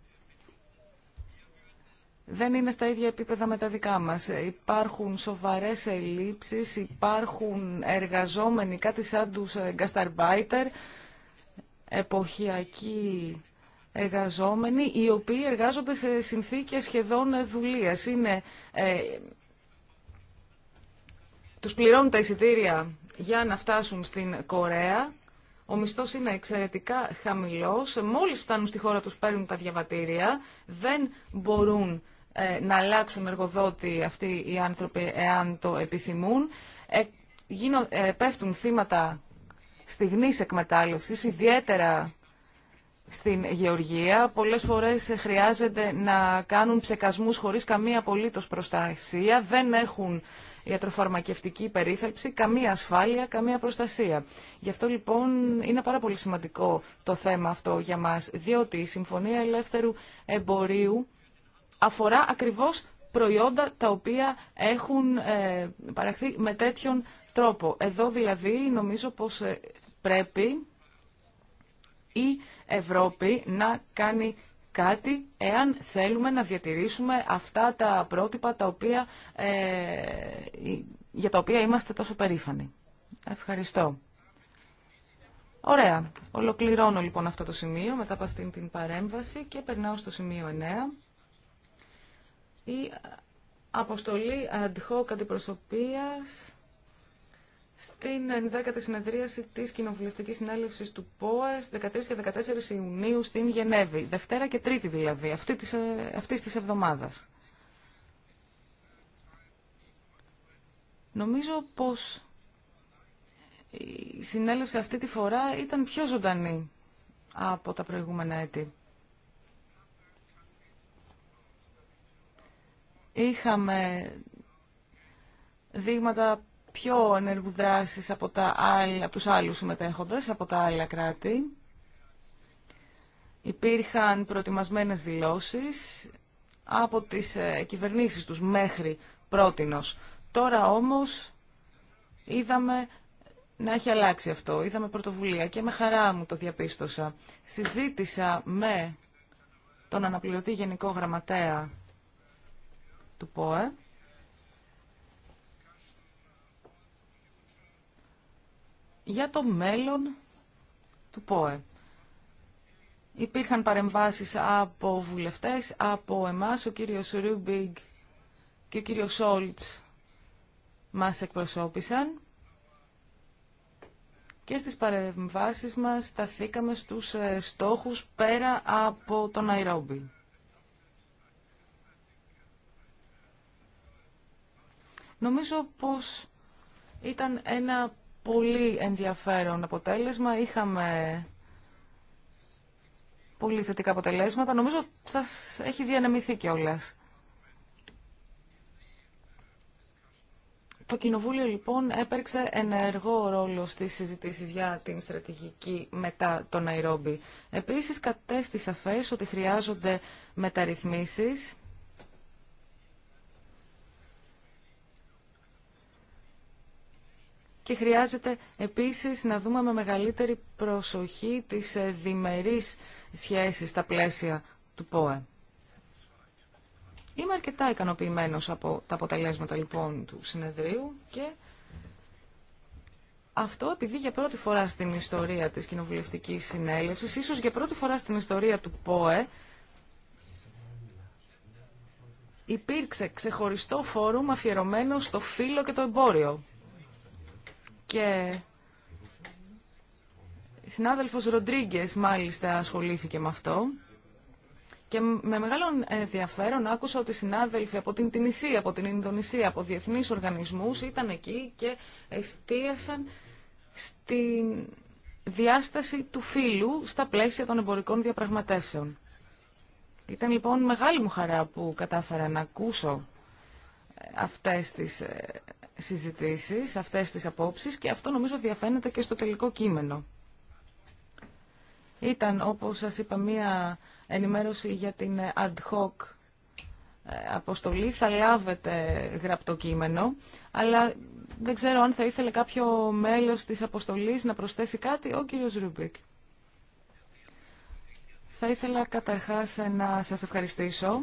Δεν είναι στα ίδια επίπεδα με τα δικά μας. Υπάρχουν σοβαρές ελλείψεις, υπάρχουν εργαζόμενοι, κάτι σαν τους γκασταρμπάιτερ, εποχιακοί εργαζόμενοι οι οποίοι εργάζονται σε συνθήκες σχεδόν ε, δουλείας. Είναι, ε, τους πληρώνουν τα εισιτήρια για να φτάσουν στην Κορέα. Ο μισθός είναι εξαιρετικά χαμηλός. Μόλις φτάνουν στη χώρα τους παίρνουν τα διαβατήρια. Δεν μπορούν ε, να αλλάξουν εργοδότη αυτοί οι άνθρωποι εάν το επιθυμούν. Ε, πέφτουν θύματα στιγμής εκμετάλλευσης, ιδιαίτερα στην γεωργία. Πολλές φορές χρειάζεται να κάνουν ψεκασμούς χωρίς καμία απολύτως προστασία. Δεν έχουν ιατροφαρμακευτική περίθαλψη, καμία ασφάλεια, καμία προστασία. Γι' αυτό λοιπόν είναι πάρα πολύ σημαντικό το θέμα αυτό για μας, διότι η Συμφωνία Ελεύθερου Εμπορίου αφορά ακριβώς προϊόντα τα οποία έχουν ε, παραχθεί με τέτοιον τρόπο. Εδώ δηλαδή νομίζω πως ε, πρέπει η Ευρώπη να κάνει κάτι εάν θέλουμε να διατηρήσουμε αυτά τα πρότυπα τα οποία, ε, για τα οποία είμαστε τόσο περήφανοι. Ευχαριστώ. Ωραία. Ολοκληρώνω λοιπόν αυτό το σημείο μετά από αυτήν την παρέμβαση και περνάω στο σημείο 9. Η αποστολή αντιχώ hoc στην 11η συνεδρίαση τη Κοινοβουλευτική Συνέλευση του ΠΟΑΣ, 13 και 14 Ιουνίου στην Γενέβη. Δευτέρα και Τρίτη δηλαδή, αυτή τη εβδομάδα. Νομίζω πως η συνέλευση αυτή τη φορά ήταν πιο ζωντανή από τα προηγούμενα έτη. Είχαμε δείγματα πιο ενεργού δράσης από, τα άλλα, από τους άλλους συμμετέχοντες, από τα άλλα κράτη. Υπήρχαν προετοιμασμένες δηλώσεις από τις ε, κυβερνήσεις τους μέχρι πρότινος. Τώρα όμως είδαμε να έχει αλλάξει αυτό. Είδαμε πρωτοβουλία και με χαρά μου το διαπίστωσα. Συζήτησα με τον αναπληρωτή Γενικό Γραμματέα του ΠΟΕ για το μέλλον του ΠΟΕ. Υπήρχαν παρεμβάσεις από βουλευτές, από εμάς, ο κύριος Ρούμπιγκ και ο κύριος Σόλτς μας εκπροσώπησαν και στις παρεμβάσεις μας σταθήκαμε στους ε, στόχους πέρα από τον Αϊρόμπι. Νομίζω πως ήταν ένα πολύ ενδιαφέρον αποτέλεσμα. Είχαμε πολύ θετικά αποτελέσματα. Νομίζω σας έχει διανεμηθεί κιόλα. Το Κοινοβούλιο λοιπόν έπαιρξε ενεργό ρόλο στις συζητήσεις για την στρατηγική μετά το Ναϊρόμπι. Επίσης κατέστησε σαφές ότι χρειάζονται μεταρρυθμίσεις και χρειάζεται επίσης να δούμε με μεγαλύτερη προσοχή τις ε, διμερείς σχέσεις στα πλαίσια του ΠΟΕ. Είμαι αρκετά ικανοποιημένος από τα αποτελέσματα λοιπόν του συνεδρίου και αυτό επειδή για πρώτη φορά στην ιστορία της κοινοβουλευτικής συνέλευσης, ίσως για πρώτη φορά στην ιστορία του ΠΟΕ, υπήρξε ξεχωριστό φόρουμ αφιερωμένο στο φύλλο και το εμπόριο. Και συνάδελφος Ροντρίγκε μάλιστα ασχολήθηκε με αυτό. Και με μεγάλο ενδιαφέρον άκουσα ότι συνάδελφοι από την Τινησία, από την Ινδονησία, από διεθνείς οργανισμούς ήταν εκεί και εστίασαν στη διάσταση του φύλου στα πλαίσια των εμπορικών διαπραγματεύσεων. Ήταν λοιπόν μεγάλη μου χαρά που κατάφερα να ακούσω αυτές τις ε, συζητήσεις, αυτές τις απόψεις και αυτό νομίζω διαφαίνεται και στο τελικό κείμενο. Ήταν, όπως σας είπα, μία ενημέρωση για την ad hoc ε, αποστολή. Θα λάβετε γραπτό κείμενο, αλλά δεν ξέρω αν θα ήθελε κάποιο μέλος της αποστολής να προσθέσει κάτι, ο κύριος Ρούμπικ. Θα ήθελα καταρχάς να σας ευχαριστήσω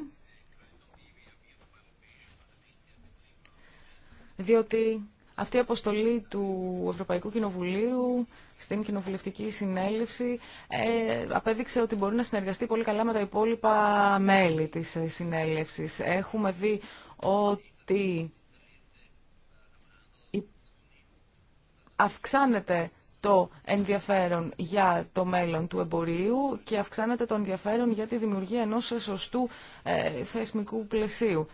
διότι αυτή η αποστολή του Ευρωπαϊκού Κοινοβουλίου στην Κοινοβουλευτική Συνέλευση ε, απέδειξε ότι μπορεί να συνεργαστεί πολύ καλά με τα υπόλοιπα μέλη της ε, συνέλευσης. Έχουμε δει ότι αυξάνεται το ενδιαφέρον για το μέλλον του εμπορίου και αυξάνεται το ενδιαφέρον για τη δημιουργία ενός σωστού ε, θεσμικού πλαισίου.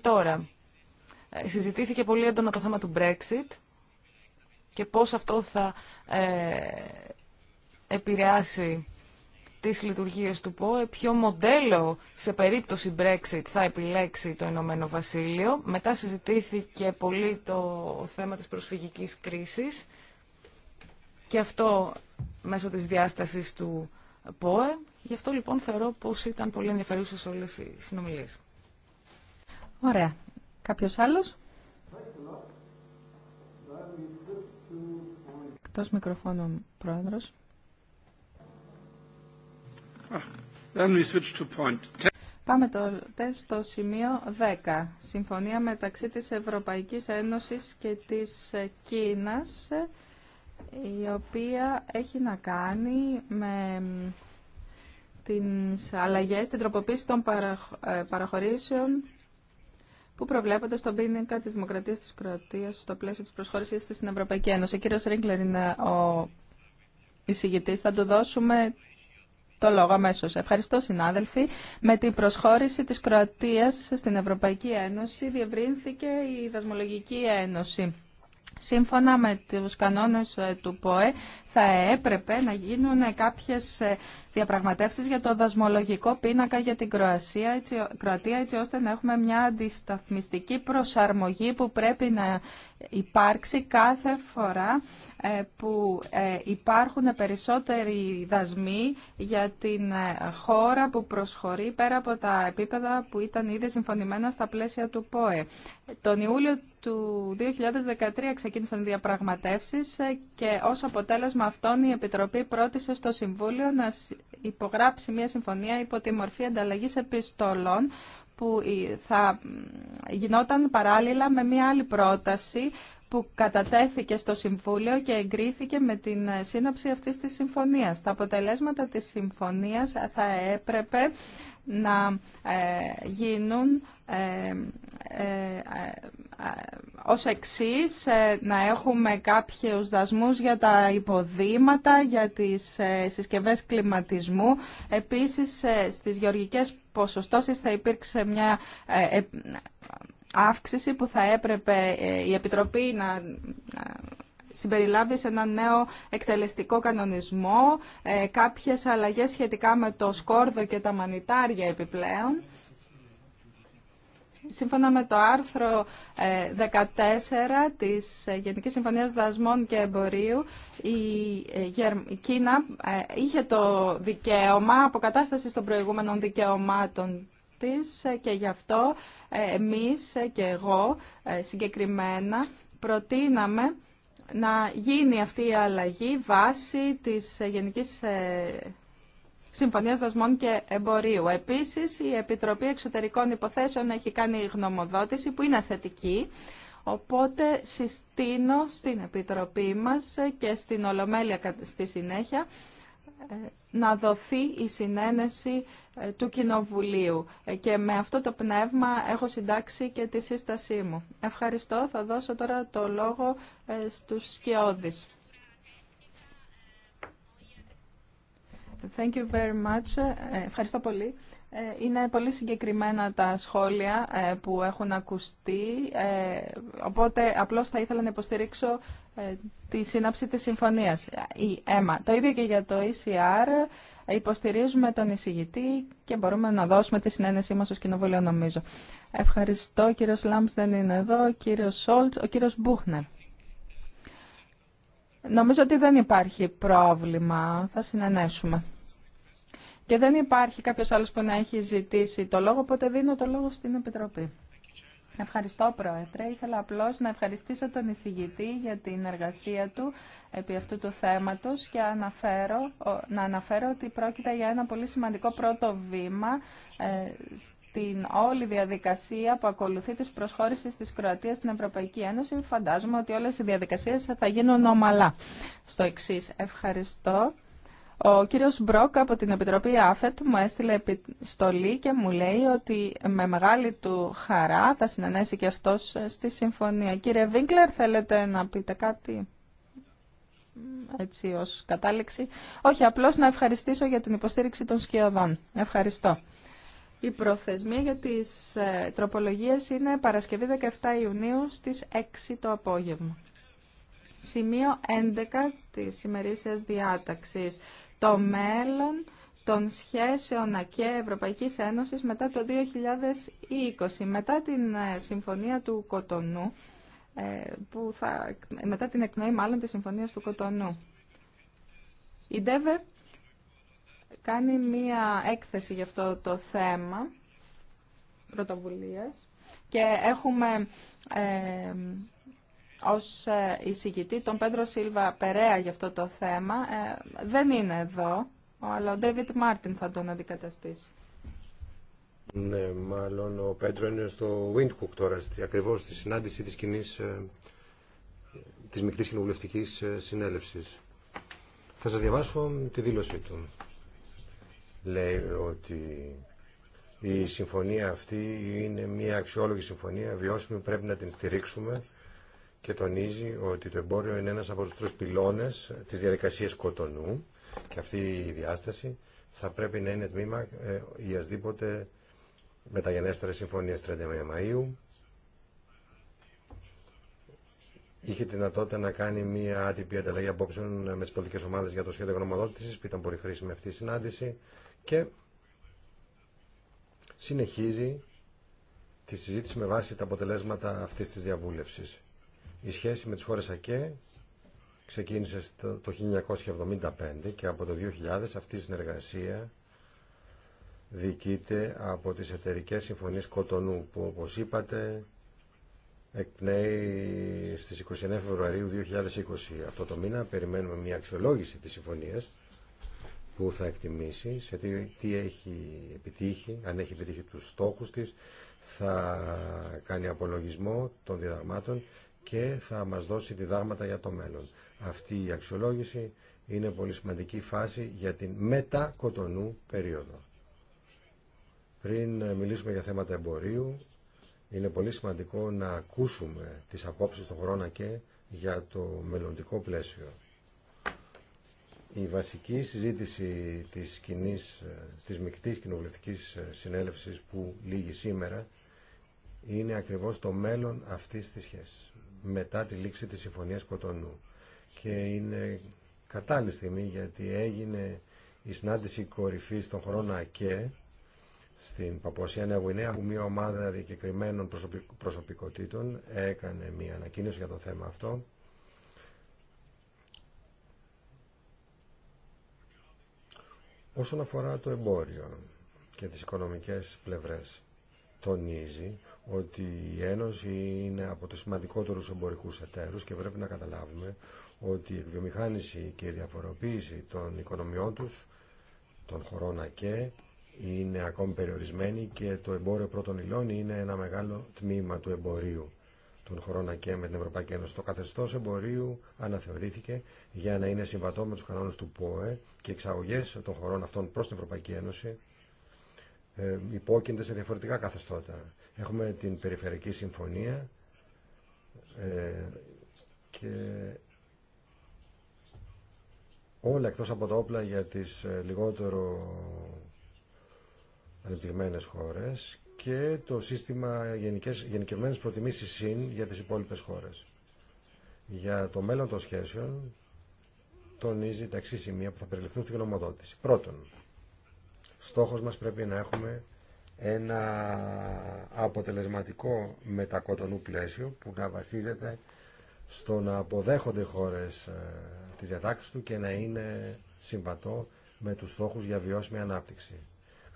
τώρα, συζητήθηκε πολύ έντονα το θέμα του Brexit και πώς αυτό θα ε, επηρεάσει τις λειτουργίες του ΠΟΕ, ποιο μοντέλο σε περίπτωση Brexit θα επιλέξει το Ηνωμένο Βασίλειο. Μετά συζητήθηκε πολύ το θέμα της προσφυγικής κρίσης και αυτό μέσω της διάστασης του ΠΟΕ. Γι' αυτό λοιπόν θεωρώ πως ήταν πολύ ενδιαφέρουσες όλες οι συνομιλίες. Ωραία. Κάποιος άλλος? Εκτός μικροφώνου, Πρόεδρος. Πάμε τότε στο σημείο 10. Συμφωνία μεταξύ της Ευρωπαϊκής Ένωσης και της Κίνας, η οποία έχει να κάνει με τις αλλαγές, την τροποποίηση των ε, παραχωρήσεων που προβλέπονται στον πίνακα τη Δημοκρατία τη Κροατία, στο πλαίσιο τη προσχώρηση τη στην Ευρωπαϊκή Ένωση. Ο κύριο Ρίγκλερ είναι ο εισηγητή. Θα του δώσουμε το λόγο αμέσω. Ευχαριστώ, συνάδελφοι. Με την προσχώρηση τη Κροατία στην Ευρωπαϊκή Ένωση διευρύνθηκε η Δασμολογική Ένωση. Σύμφωνα με τους κανόνες ε, του ΠΟΕ θα έπρεπε να γίνουν κάποιες ε, διαπραγματεύσεις για το δασμολογικό πίνακα για την έτσι, Κροατία έτσι ώστε να έχουμε μια αντισταθμιστική προσαρμογή που πρέπει να υπάρξει κάθε φορά ε, που υπάρχουν περισσότεροι δασμοί για την χώρα που προσχωρεί πέρα από τα επίπεδα που ήταν ήδη συμφωνημένα στα πλαίσια του ΠΟΕ. Τον Ιούλιο του 2013 ξεκίνησαν οι διαπραγματεύσεις ε, και ως αποτέλεσμα αυτών η Επιτροπή πρότισε στο Συμβούλιο να υπογράψει μια συμφωνία υπό τη μορφή ανταλλαγής επιστολών που θα γινόταν παράλληλα με μια άλλη πρόταση που κατατέθηκε στο Συμβούλιο και εγκρίθηκε με την ε, σύναψη αυτής της συμφωνίας. Τα αποτελέσματα της συμφωνίας θα έπρεπε να ε, γίνουν ε, ως εξής ε, να έχουμε κάποιους δασμούς για τα υποδήματα, για τις ε, συσκευές κλιματισμού. Επίσης στις γεωργικές ποσοστώσεις θα υπήρξε μια αύξηση που θα έπρεπε η Επιτροπή να συμπεριλάβει σε ένα νέο εκτελεστικό κανονισμό, κάποιες αλλαγές σχετικά με το σκόρδο και τα μανιτάρια επιπλέον. Σύμφωνα με το άρθρο 14 ε, της ε, Γενικής Συμφωνίας Δασμών και Εμπορίου, η ε, Κίνα είχε το δικαίωμα αποκατάστασης των προηγούμενων δικαιωμάτων της και γι' αυτό εμείς και εγώ συγκεκριμένα προτείναμε να γίνει αυτή η αλλαγή βάσει της Γενικής Συμφωνίας Δασμών και Εμπορίου. Επίση, η Επιτροπή Εξωτερικών Υποθέσεων έχει κάνει γνωμοδότηση που είναι θετική. Οπότε συστήνω στην Επιτροπή μας και στην Ολομέλεια στη συνέχεια ε, να δοθεί η συνένεση ε, του Κοινοβουλίου. Ε, και με αυτό το πνεύμα έχω συντάξει και τη σύστασή μου. Ευχαριστώ. Θα δώσω τώρα το λόγο στους Σκιώδης. Thank you very much. Ε, ευχαριστώ πολύ. Ε, είναι πολύ συγκεκριμένα τα σχόλια ε, που έχουν ακουστεί, οπότε απλώς θα ήθελα να υποστηρίξω τη σύναψη της συμφωνίας, η ΕΜΑ. Το ίδιο και για το ECR, υποστηρίζουμε τον εισηγητή και μπορούμε να δώσουμε τη συνένεσή μας στο Κοινοβούλιο, νομίζω. Ευχαριστώ, κύριος Λάμπς δεν είναι εδώ, κύριος Σόλτς, ο κύριος Μπούχνερ. Νομίζω ότι δεν υπάρχει πρόβλημα. Θα συνενέσουμε. Και δεν υπάρχει κάποιος άλλος που να έχει ζητήσει το λόγο, οπότε δίνω το λόγο στην Επιτροπή. Ευχαριστώ, Πρόεδρε. Ήθελα απλώς να ευχαριστήσω τον εισηγητή για την εργασία του επί αυτού του θέματος και αναφέρω, να αναφέρω ότι πρόκειται για ένα πολύ σημαντικό πρώτο βήμα ε, την όλη διαδικασία που ακολουθεί τη προσχώρηση τη Κροατία στην Ευρωπαϊκή Ένωση. Φαντάζομαι ότι όλε οι διαδικασίε θα γίνουν ομαλά. Στο εξή. ευχαριστώ. Ο κύριος Μπρόκ από την Επιτροπή ΑΦΕΤ μου έστειλε επιστολή και μου λέει ότι με μεγάλη του χαρά θα συνενέσει και αυτός στη συμφωνία. Κύριε Βίγκλερ, θέλετε να πείτε κάτι έτσι ως κατάληξη. Όχι, απλώς να ευχαριστήσω για την υποστήριξη των σκιωδών. Ευχαριστώ. Η προθεσμία για τις ε, τροπολογίες είναι Παρασκευή 17 Ιουνίου στις 6 το απόγευμα. Σημείο 11 της ημερήσιας διάταξης. Το μέλλον των σχέσεων και Ευρωπαϊκής Ένωσης μετά το 2020, μετά την ε, συμφωνία του Κοτονού, ε, που θα, μετά την εκνοή μάλλον της συμφωνίας του Κοτονού. Η ΔΕΒΕ κάνει μία έκθεση για αυτό το θέμα πρωτοβουλίας και έχουμε ε, ως ε, εισηγητή τον Πέντρο Σίλβα Περέα για αυτό το θέμα. Ε, δεν είναι εδώ, αλλά ο Ντέβιτ Μάρτιν θα τον αντικαταστήσει. Ναι, μάλλον ο Πέντρο είναι στο Windhoek τώρα, ακριβώς στη συνάντηση της κοινής, ε, της μικτής κοινοβουλευτικής συνέλευσης. Θα σας διαβάσω τη δήλωσή του λέει ότι η συμφωνία αυτή είναι μια αξιόλογη συμφωνία, βιώσιμη, πρέπει να την στηρίξουμε και τονίζει ότι το εμπόριο είναι ένας από τους τρεις πυλώνες της διαδικασίας κοτονού και αυτή η διάσταση θα πρέπει να είναι τμήμα ή ε, ασδήποτε Συμφωνία συμφωνίες 31 Μαΐου είχε τη δυνατότητα να κάνει μια άτυπη ανταλλαγή απόψεων με τι πολιτικέ ομάδε για το σχέδιο γνωμοδότηση, που ήταν πολύ χρήσιμη αυτή η συνάντηση και συνεχίζει τη συζήτηση με βάση τα αποτελέσματα αυτής της διαβούλευσης. Η σχέση με τις χώρες ΑΚΕ ξεκίνησε το 1975 και από το 2000 αυτή η συνεργασία διοικείται από τις εταιρικές συμφωνίες Κοτονού που όπως είπατε εκπνέει στις 29 Φεβρουαρίου 2020. Αυτό το μήνα περιμένουμε μια αξιολόγηση της συμφωνίας που θα εκτιμήσει, σε τι, έχει επιτύχει, αν έχει επιτύχει τους στόχους της, θα κάνει απολογισμό των διδαγμάτων και θα μας δώσει διδάγματα για το μέλλον. Αυτή η αξιολόγηση είναι πολύ σημαντική φάση για την μετακοτονού περίοδο. Πριν μιλήσουμε για θέματα εμπορίου, είναι πολύ σημαντικό να ακούσουμε τις απόψεις του χρόνων και για το μελλοντικό πλαίσιο. Η βασική συζήτηση της, κοινής, της μικτής κοινοβουλευτικής συνέλευσης που λύγει σήμερα είναι ακριβώς το μέλλον αυτής της σχέσης μετά τη λήξη της Συμφωνίας Κοτονού και είναι κατάλληλη στιγμή γιατί έγινε η συνάντηση κορυφής των χρόνων ΑΚΕ στην Παπουασία Νέα Γουινέα που μια ομάδα διακεκριμένων προσωπικότητων έκανε μια ανακοίνωση για το θέμα αυτό Όσον αφορά το εμπόριο και τις οικονομικές πλευρές, τονίζει ότι η Ένωση είναι από τους σημαντικότερους εμπορικούς εταίρους και πρέπει να καταλάβουμε ότι η βιομηχάνηση και η διαφοροποίηση των οικονομιών τους, των χωρών ΑΚΕ, είναι ακόμη περιορισμένη και το εμπόριο πρώτων υλών είναι ένα μεγάλο τμήμα του εμπορίου των χωρών ΑΚΕ με την Ευρωπαϊκή Ένωση. Το καθεστώ εμπορίου αναθεωρήθηκε για να είναι συμβατό με του κανόνε του ΠΟΕ και οι εξαγωγέ των χωρών αυτών προ την Ευρωπαϊκή Ένωση ε, υπόκεινται σε διαφορετικά καθεστώτα. Έχουμε την Περιφερειακή Συμφωνία ε, και όλα εκτός από τα όπλα για τις ε, λιγότερο ανεπτυγμένες χώρες και το σύστημα γενικές, γενικευμένες προτιμήσεις συν για τις υπόλοιπες χώρες. Για το μέλλον των σχέσεων τονίζει τα εξή σημεία που θα περιληφθούν στην γνωμοδότηση. Πρώτον, στόχος μας πρέπει να έχουμε ένα αποτελεσματικό μετακοτονού πλαίσιο που να βασίζεται στο να αποδέχονται οι χώρες ε, της διατάξεις του και να είναι συμβατό με τους στόχους για βιώσιμη ανάπτυξη.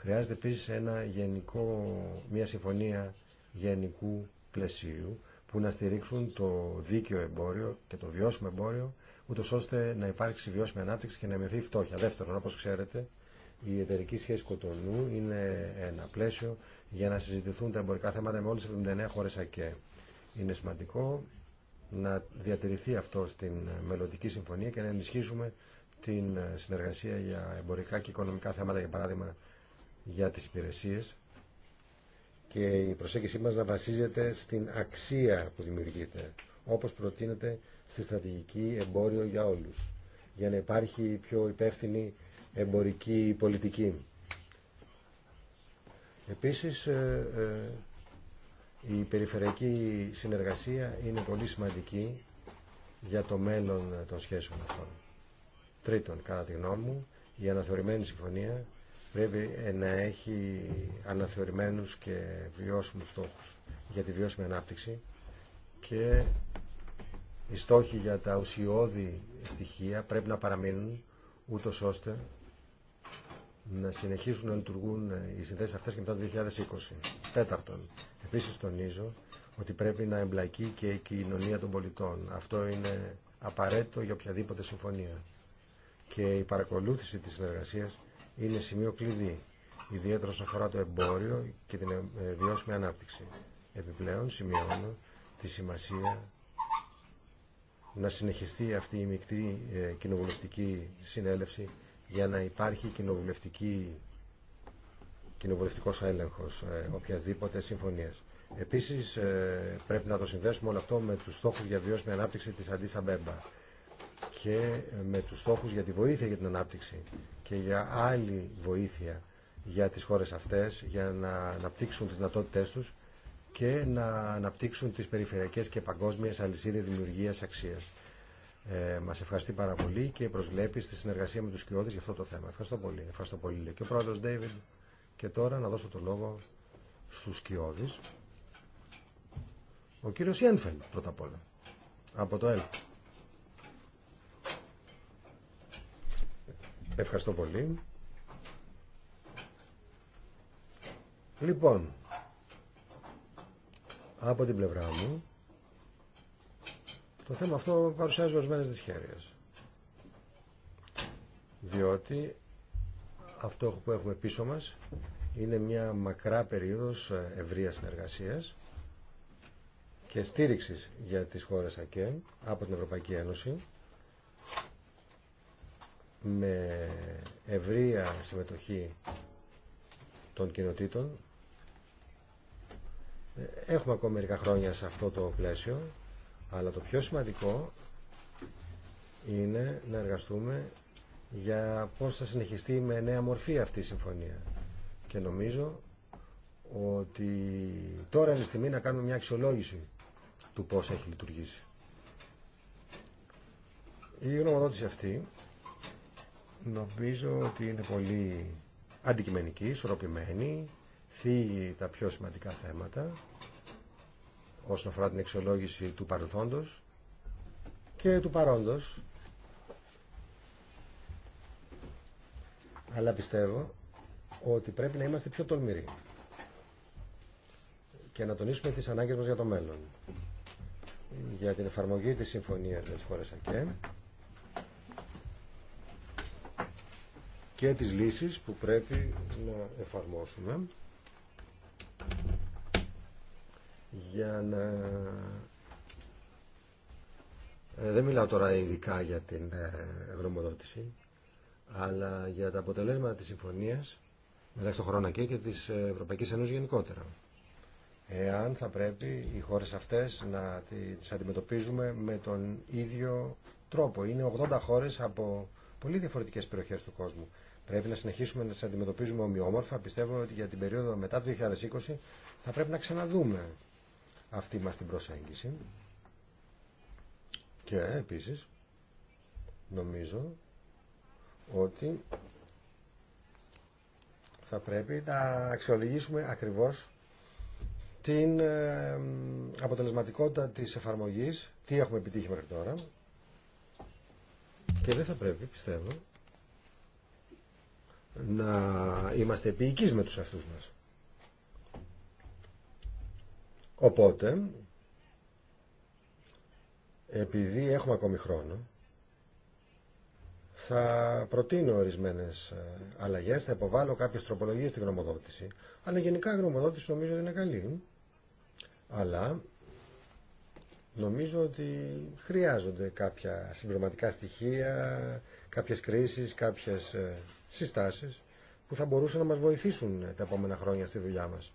Χρειάζεται επίσης ένα γενικό, μια συμφωνία γενικού πλαισίου που να στηρίξουν το δίκαιο εμπόριο και το βιώσιμο εμπόριο, ούτω ώστε να υπάρξει βιώσιμη ανάπτυξη και να μειωθεί η φτώχεια. Δεύτερον, όπως ξέρετε, η εταιρική σχέση Κοτονού είναι ένα πλαίσιο για να συζητηθούν τα εμπορικά θέματα με όλε τις 79 χώρε ΑΚΕ. Είναι σημαντικό να διατηρηθεί αυτό στην μελλοντική συμφωνία και να ενισχύσουμε την συνεργασία για εμπορικά και οικονομικά θέματα, για παράδειγμα για τις υπηρεσίες και η προσέγγιση μας να βασίζεται στην αξία που δημιουργείται, όπως προτείνεται στη στρατηγική εμπόριο για όλους, για να υπάρχει πιο υπεύθυνη εμπορική πολιτική. Επίσης, ε, ε, η περιφερειακή συνεργασία είναι πολύ σημαντική για το μέλλον των σχέσεων αυτών. Τρίτον, κατά τη γνώμη μου, η αναθεωρημένη συμφωνία πρέπει ε, να έχει αναθεωρημένους και βιώσιμους στόχους για τη βιώσιμη ανάπτυξη και οι στόχοι για τα ουσιώδη στοιχεία πρέπει να παραμείνουν ούτως ώστε να συνεχίσουν να λειτουργούν οι συνθέσεις αυτές και μετά το 2020. Τέταρτον, επίσης τονίζω ότι πρέπει να εμπλακεί και η κοινωνία των πολιτών. Αυτό είναι απαραίτητο για οποιαδήποτε συμφωνία. Και η παρακολούθηση της συνεργασίας είναι σημείο κλειδί, ιδιαίτερα όσον αφορά το εμπόριο και την ε, ε, βιώσιμη ανάπτυξη. Επιπλέον σημειώνω τη σημασία να συνεχιστεί αυτή η μεικτή ε, κοινοβουλευτική συνέλευση για να υπάρχει κοινοβουλευτική, κοινοβουλευτικός έλεγχος οποιασδήποτε συμφωνίας. Επίσης πρέπει να το συνδέσουμε όλο αυτό με τους στόχους για βιώσιμη ανάπτυξη της Αντίσα Μπέμπα και με τους στόχους για τη βοήθεια για την ανάπτυξη και για άλλη βοήθεια για τις χώρες αυτές για να αναπτύξουν τις δυνατότητές τους και να αναπτύξουν τις περιφερειακές και παγκόσμιες αλυσίδες δημιουργίας αξίας. Ε, μας ευχαριστεί πάρα πολύ και προσβλέπει στη συνεργασία με τους κοιόδης για αυτό το θέμα. Ευχαριστώ πολύ. Ευχαριστώ πολύ. Και ο πρόεδρος Ντέιβιν. Και τώρα να δώσω το λόγο στους κοιόδης. Ο κύριος Ιένφελ πρώτα απ' όλα. Από το ΕΛΚ. Ευχαριστώ πολύ. Λοιπόν, από την πλευρά μου, το θέμα αυτό παρουσιάζει ορισμένες δυσχέρειες. Διότι αυτό που έχουμε πίσω μας είναι μια μακρά περίοδος ε, ευρείας συνεργασίας και στήριξης για τις χώρες ΑΚΕ από την Ευρωπαϊκή Ένωση με ευρεία συμμετοχή των κοινοτήτων. Έχουμε ακόμα μερικά χρόνια σε αυτό το πλαίσιο, αλλά το πιο σημαντικό είναι να εργαστούμε για πώς θα συνεχιστεί με νέα μορφή αυτή η συμφωνία. Και νομίζω ότι τώρα είναι στιγμή να κάνουμε μια αξιολόγηση του πώς έχει λειτουργήσει. Η γνωμοδότηση αυτή Νομίζω ότι είναι πολύ αντικειμενική, ισορροπημένη, θίγει τα πιο σημαντικά θέματα όσον αφορά την εξολόγηση του παρελθόντος και του παρόντος. Αλλά πιστεύω ότι πρέπει να είμαστε πιο τολμηροί και να τονίσουμε τις ανάγκες μας για το μέλλον. Για την εφαρμογή της συμφωνίας με τις χώρες και τις λύσεις που πρέπει να εφαρμόσουμε για να... Ε, δεν μιλάω τώρα ειδικά για την ευρωμοδότηση, αλλά για τα αποτελέσματα της συμφωνίας μεταξύ των χρόνων και, και της ε, Ευρωπαϊκής Ένωσης γενικότερα. Εάν θα πρέπει οι χώρες αυτές να τις αντιμετωπίζουμε με τον ίδιο τρόπο. Είναι 80 χώρες από πολύ διαφορετικές περιοχές του κόσμου. Πρέπει να συνεχίσουμε να τι αντιμετωπίζουμε ομοιόμορφα. Πιστεύω ότι για την περίοδο μετά το 2020 θα πρέπει να ξαναδούμε αυτή μας την προσέγγιση. Και επίσης νομίζω ότι θα πρέπει να αξιολογήσουμε ακριβώς την ε, αποτελεσματικότητα της εφαρμογής, τι έχουμε επιτύχει μέχρι τώρα και δεν θα πρέπει, πιστεύω, να είμαστε επίοικείς με τους αυτούς μας. Οπότε, επειδή έχουμε ακόμη χρόνο, θα προτείνω ορισμένες ε, αλλαγές, θα υποβάλω κάποιες τροπολογίες στην γνωμοδότηση, αλλά γενικά η γνωμοδότηση νομίζω ότι είναι καλή, αλλά νομίζω ότι χρειάζονται κάποια συμπληρωματικά στοιχεία, κάποιες κρίσεις, κάποιες ε, συστάσεις που θα μπορούσαν να μας βοηθήσουν ε, τα επόμενα χρόνια στη δουλειά μας.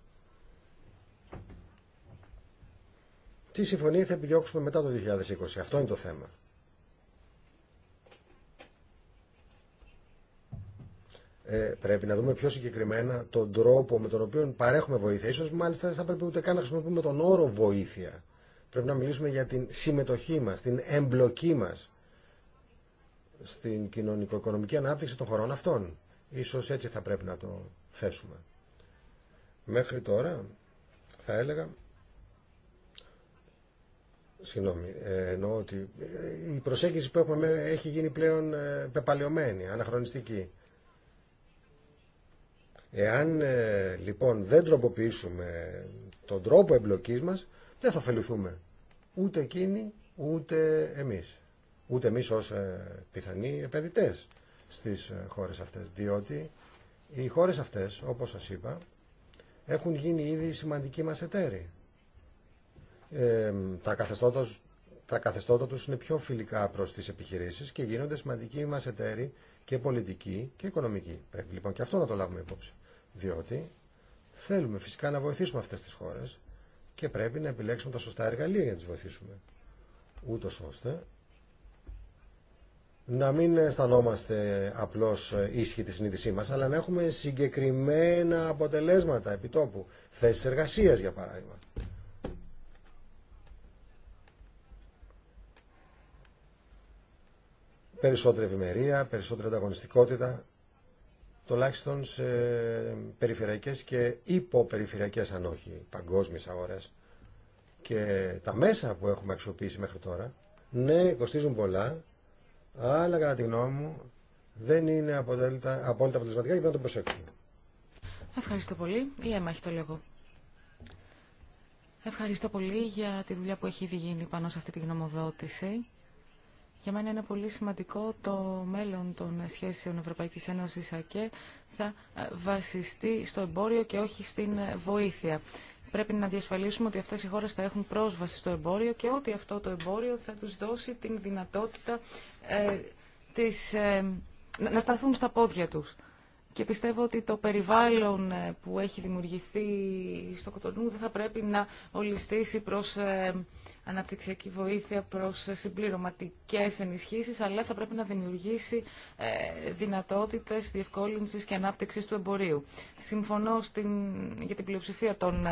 Τι συμφωνία θα επιδιώξουμε μετά το 2020. Αυτό είναι το θέμα. Ε, πρέπει να δούμε πιο συγκεκριμένα τον τρόπο με τον οποίο παρέχουμε βοήθεια. Ίσως μάλιστα δεν θα πρέπει ούτε καν να χρησιμοποιούμε τον όρο βοήθεια. Πρέπει να μιλήσουμε για την συμμετοχή μας, την εμπλοκή μας στην κοινωνικο-οικονομική ανάπτυξη των χωρών αυτών. Ίσως έτσι θα πρέπει να το θέσουμε. Μέχρι τώρα θα έλεγα Συγγνώμη, ε, εννοώ ότι ε, η προσέγγιση που έχουμε έχει γίνει πλέον ε, πεπαλαιωμένη, αναχρονιστική. Εάν λοιπόν δεν τροποποιήσουμε τον τρόπο εμπλοκής μας, δεν θα ωφεληθούμε ούτε εκείνοι ούτε εμείς ούτε εμείς ως ε, πιθανοί επενδυτές στις ε, χώρες αυτές, διότι οι χώρες αυτές, όπως σας είπα, έχουν γίνει ήδη σημαντικοί μας εταίροι. Ε, τα, καθεστώτα, τα καθεστώτα τους είναι πιο φιλικά προς τις επιχειρήσεις και γίνονται σημαντικοί μας εταίροι και πολιτικοί και οικονομικοί. Πρέπει λοιπόν και αυτό να το λάβουμε υπόψη. Διότι θέλουμε φυσικά να βοηθήσουμε αυτές τις χώρες και πρέπει να επιλέξουμε τα σωστά εργαλεία για να τις βοηθήσουμε. Ούτως ώστε να μην αισθανόμαστε απλώς ίσχυτη τη συνείδησή μα, αλλά να έχουμε συγκεκριμένα αποτελέσματα επιτόπου, θέσει εργασία, για παράδειγμα. Περισσότερη ευημερία, περισσότερη ανταγωνιστικότητα, τουλάχιστον σε περιφερειακές και υποπεριφερειακές αν όχι παγκόσμιες αγορές. Και τα μέσα που έχουμε αξιοποιήσει μέχρι τώρα, ναι, κοστίζουν πολλά, αλλά κατά τη γνώμη μου δεν είναι απόλυτα, απόλυτα αποτελεσματικά και πρέπει να το προσέξουμε. Ευχαριστώ πολύ. Η Έμα έχει το λόγο. Ευχαριστώ πολύ για τη δουλειά που έχει ήδη γίνει πάνω σε αυτή τη γνωμοδότηση. Για μένα είναι πολύ σημαντικό το μέλλον των σχέσεων Ευρωπαϊκής Ένωσης ΑΚΕ θα ε, βασιστεί στο εμπόριο και όχι στην ε, βοήθεια. Πρέπει να διασφαλίσουμε ότι αυτές οι χώρες θα έχουν πρόσβαση στο εμπόριο και ότι αυτό το εμπόριο θα τους δώσει την δυνατότητα ε, της, ε, να σταθούν στα πόδια τους και πιστεύω ότι το περιβάλλον ε, που έχει δημιουργηθεί στο Κοτονού δεν θα πρέπει να ολιστήσει προς ε, αναπτυξιακή βοήθεια, προς ε, συμπληρωματικές ενισχύσεις, αλλά θα πρέπει να δημιουργήσει δυνατότητες διευκόλυνσης και ανάπτυξης του εμπορίου. Συμφωνώ στην, για την πλειοψηφία των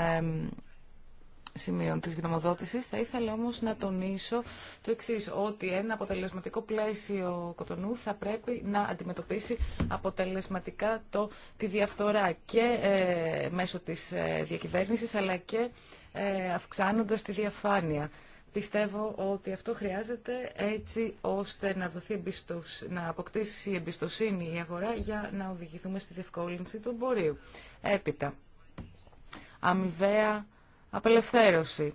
σημείων της γνωμοδότησης. Θα ήθελα όμως να τονίσω το εξής, ότι ένα αποτελεσματικό πλαίσιο κοτονού θα πρέπει να αντιμετωπίσει αποτελεσματικά το, τη διαφθορά και ε, μέσω της ε, διακυβέρνησης αλλά και ε, αυξάνοντας τη διαφάνεια. Πιστεύω ότι αυτό χρειάζεται έτσι ώστε να, δοθεί να αποκτήσει η εμπιστοσύνη η αγορά για να οδηγηθούμε στη διευκόλυνση του εμπορίου. Έπειτα, αμοιβαία απελευθέρωση.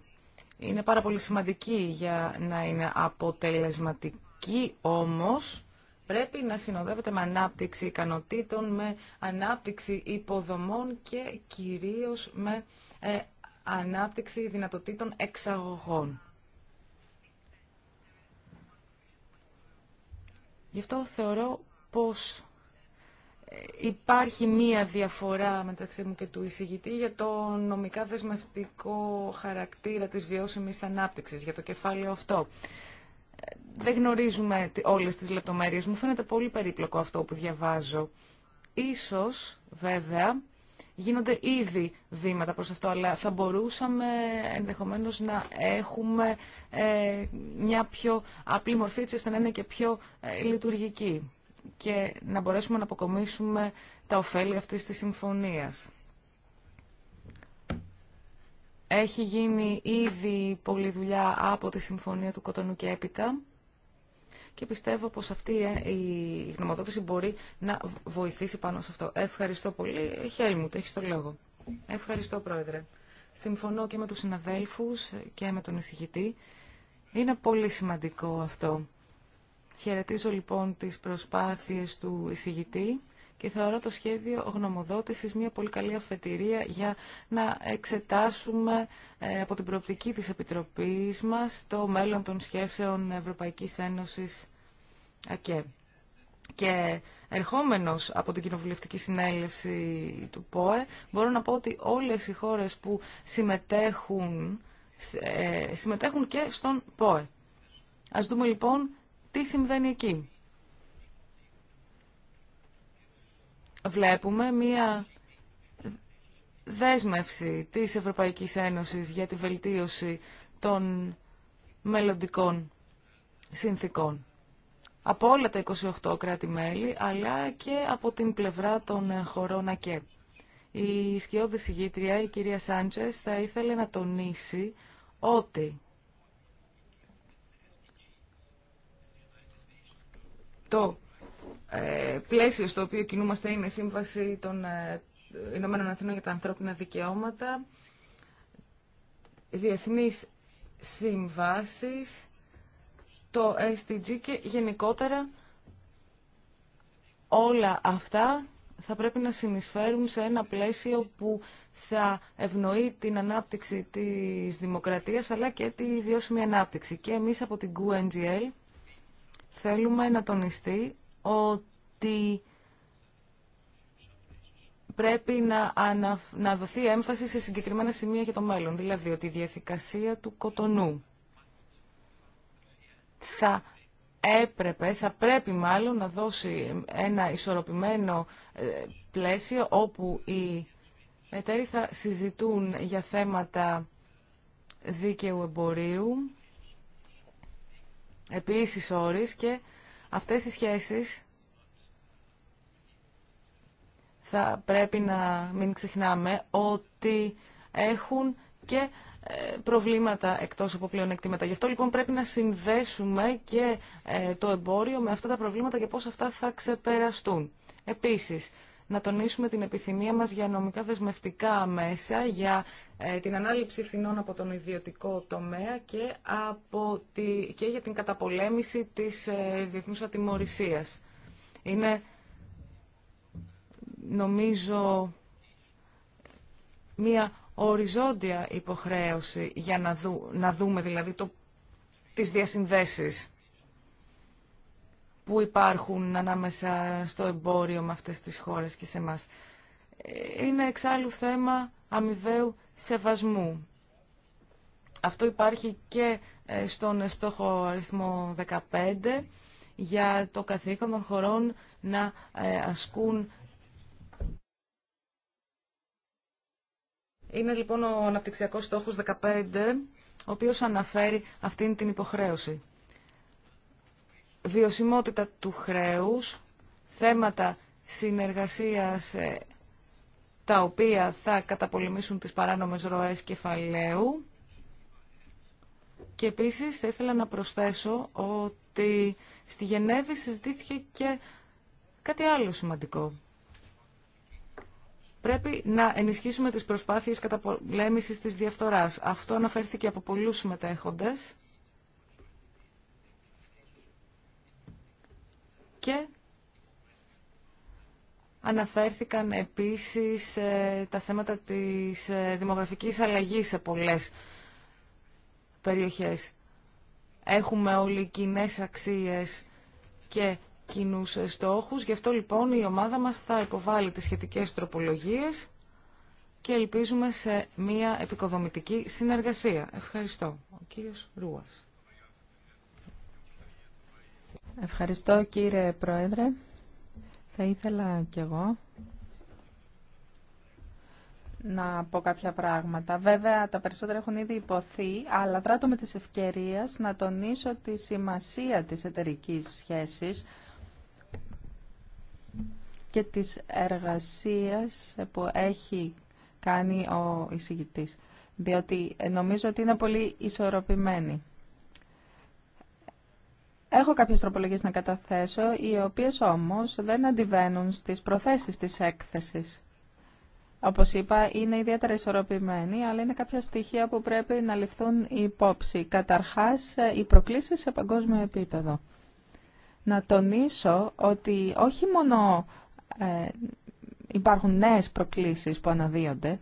Είναι πάρα πολύ σημαντική για να είναι αποτελεσματική, όμως πρέπει να συνοδεύεται με ανάπτυξη ικανοτήτων, με ανάπτυξη υποδομών και κυρίως με ε, ανάπτυξη δυνατοτήτων εξαγωγών. Γι' αυτό θεωρώ πως υπάρχει μία διαφορά μεταξύ μου και του εισηγητή για το νομικά δεσμευτικό χαρακτήρα της βιώσιμης ανάπτυξης, για το κεφάλαιο αυτό. Δεν γνωρίζουμε όλες τις λεπτομέρειες. Μου φαίνεται πολύ περίπλοκο αυτό που διαβάζω. Ίσως, βέβαια, γίνονται ήδη βήματα προς αυτό, αλλά θα μπορούσαμε ενδεχομένως να έχουμε ε, μια πιο απλή μορφή, έτσι ώστε να είναι και πιο ε, λειτουργική και να μπορέσουμε να αποκομίσουμε τα ωφέλη αυτής της συμφωνίας. Έχει γίνει ήδη πολλή δουλειά από τη Συμφωνία του Κοτονού και έπειτα και πιστεύω πως αυτή ε, η γνωμοδότηση μπορεί να βοηθήσει πάνω σε αυτό. Ευχαριστώ πολύ. Χέλμουτ, έχεις το λόγο. Ευχαριστώ, Πρόεδρε. Συμφωνώ και με τους συναδέλφους και με τον εισηγητή. Είναι πολύ σημαντικό αυτό. Χαιρετίζω λοιπόν τις προσπάθειες του εισηγητή και θεωρώ το σχέδιο γνωμοδότησης μια πολύ καλή αφετηρία για να εξετάσουμε ε, από την προοπτική της Επιτροπής μας το μέλλον των σχέσεων Ευρωπαϊκής Ένωσης ΑΚΕ. Και ερχόμενος από την κοινοβουλευτική συνέλευση του ΠΟΕ, μπορώ να πω ότι όλες οι χώρες που συμμετέχουν, ε, συμμετέχουν και στον ΠΟΕ. Ας δούμε λοιπόν τι συμβαίνει εκεί. Βλέπουμε μία δέσμευση της Ευρωπαϊκής Ένωσης για τη βελτίωση των μελλοντικών συνθήκων. Από όλα τα 28 κράτη-μέλη, αλλά και από την πλευρά των χωρών ΑΚΕ. Η σκιώδη συγγήτρια, η κυρία Σάντσες, θα ήθελε να τονίσει ότι το ε, πλαίσιο στο οποίο κινούμαστε είναι η Σύμβαση των ε, Ηνωμένων Εθνών για τα Ανθρώπινα Δικαιώματα, διεθνείς συμβάσεις, το SDG και γενικότερα όλα αυτά θα πρέπει να συνεισφέρουν σε ένα πλαίσιο που θα ευνοεί την ανάπτυξη της δημοκρατίας αλλά και τη βιώσιμη ανάπτυξη. Και εμείς από την QNGL θέλουμε να τονιστεί ότι πρέπει να, να δοθεί έμφαση σε συγκεκριμένα σημεία για το μέλλον, δηλαδή ότι η διαδικασία του κοτονού θα έπρεπε, θα πρέπει μάλλον να δώσει ένα ισορροπημένο ε, πλαίσιο όπου οι εταίροι θα συζητούν για θέματα δίκαιου εμπορίου επίσης ώρες και αυτές οι σχέσεις θα πρέπει να μην ξεχνάμε ότι έχουν και ε, προβλήματα εκτός από πλεονεκτήματα. Γι' αυτό λοιπόν πρέπει να συνδέσουμε και ε, το εμπόριο με αυτά τα προβλήματα και πώς αυτά θα ξεπεραστούν. Επίσης, να τονίσουμε την επιθυμία μας για νομικά δεσμευτικά μέσα, για ε, την ανάληψη ευθυνών από τον ιδιωτικό τομέα και, από τη, και για την καταπολέμηση της ε, διεθνούς ατιμορρησίας. Είναι, νομίζω, μία οριζόντια υποχρέωση για να, δούμε δηλαδή το, τις διασυνδέσεις που υπάρχουν ανάμεσα στο εμπόριο με αυτές τις χώρες και σε μας. Είναι εξάλλου θέμα αμοιβαίου σεβασμού. Αυτό υπάρχει και ε, στον στόχο αριθμό 15 για το καθήκον των χωρών να ε, ασκούν. Είναι λοιπόν ο αναπτυξιακός στόχος 15, ο οποίος αναφέρει αυτήν την υποχρέωση βιωσιμότητα του χρέους, θέματα συνεργασίας ε, τα οποία θα καταπολεμήσουν τις παράνομες ροές κεφαλαίου. Και επίσης θα ήθελα να προσθέσω ότι στη Γενέβη συζητήθηκε και κάτι άλλο σημαντικό. Πρέπει να ενισχύσουμε τις προσπάθειες καταπολέμησης της διαφθοράς. Αυτό αναφέρθηκε από πολλούς συμμετέχοντες. Και αναφέρθηκαν επίσης ε, τα θέματα της ε, δημογραφικής αλλαγής σε πολλές περιοχές. Έχουμε όλοι κοινέ αξίες και κοινού στόχους, γι' αυτό λοιπόν η ομάδα μας θα υποβάλει τις σχετικές τροπολογίες και ελπίζουμε σε μια επικοδομητική συνεργασία. Ευχαριστώ. Ο κύριος Ρούας. Ευχαριστώ κύριε Πρόεδρε. Θα ήθελα κι εγώ να πω κάποια πράγματα. Βέβαια, τα περισσότερα έχουν ήδη υποθεί, αλλά δράτω με τις ευκαιρίες να τονίσω τη σημασία της εταιρικής σχέσης και της εργασίας που έχει κάνει ο εισηγητής. Διότι νομίζω ότι είναι πολύ ισορροπημένη. Έχω κάποιες τροπολογίες να καταθέσω, οι οποίες όμως δεν αντιβαίνουν στις προθέσεις της έκθεσης. Όπως είπα, είναι ιδιαίτερα ισορροπημένοι, αλλά είναι κάποια στοιχεία που πρέπει να ληφθούν υπόψη. Καταρχάς, οι προκλήσεις σε παγκόσμιο επίπεδο. Να τονίσω ότι όχι μόνο ε, υπάρχουν νέες προκλήσεις που αναδύονται,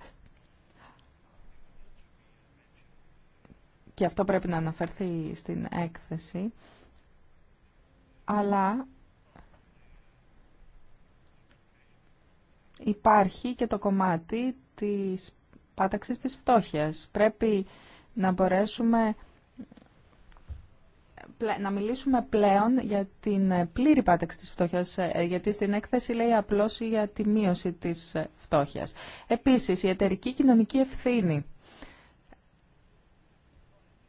και αυτό πρέπει να αναφερθεί στην έκθεση, αλλά ναι. υπάρχει και το κομμάτι της πάταξης της φτώχειας. Πρέπει να μπορέσουμε να μιλήσουμε πλέον για την πλήρη πάταξη της φτώχειας, ε, γιατί στην έκθεση λέει απλώς για τη μείωση της ε, φτώχειας. Επίσης, η εταιρική κοινωνική ευθύνη.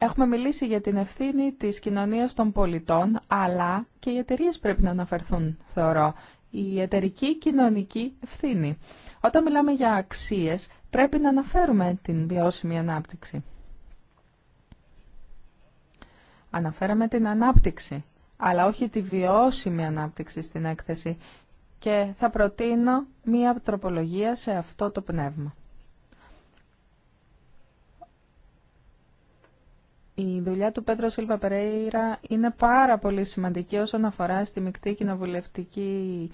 Έχουμε μιλήσει για την ευθύνη της κοινωνίας των πολιτών, αλλά και οι εταιρείε πρέπει να αναφερθούν, θεωρώ. Η εταιρική κοινωνική ευθύνη. Όταν μιλάμε για αξίες, πρέπει να αναφέρουμε την βιώσιμη ανάπτυξη. Αναφέραμε την ανάπτυξη, αλλά όχι τη βιώσιμη ανάπτυξη στην έκθεση και θα προτείνω μία τροπολογία σε αυτό το πνεύμα. η δουλειά του Πέτρο Σίλβα Περέιρα είναι πάρα πολύ σημαντική όσον αφορά στη μεικτή κοινοβουλευτική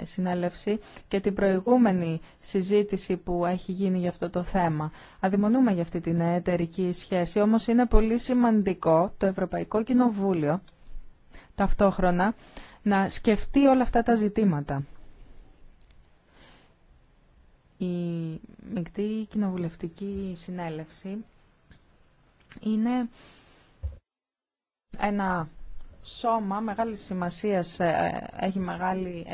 ε, συνέλευση και την προηγούμενη συζήτηση που έχει γίνει για αυτό το θέμα. Αδειμονούμε για αυτή την εταιρική σχέση, όμως είναι πολύ σημαντικό το Ευρωπαϊκό Κοινοβούλιο ταυτόχρονα να σκεφτεί όλα αυτά τα ζητήματα. Η μεικτή κοινοβουλευτική συνέλευση είναι ένα σώμα μεγάλη σημασία ε, έχει μεγάλη,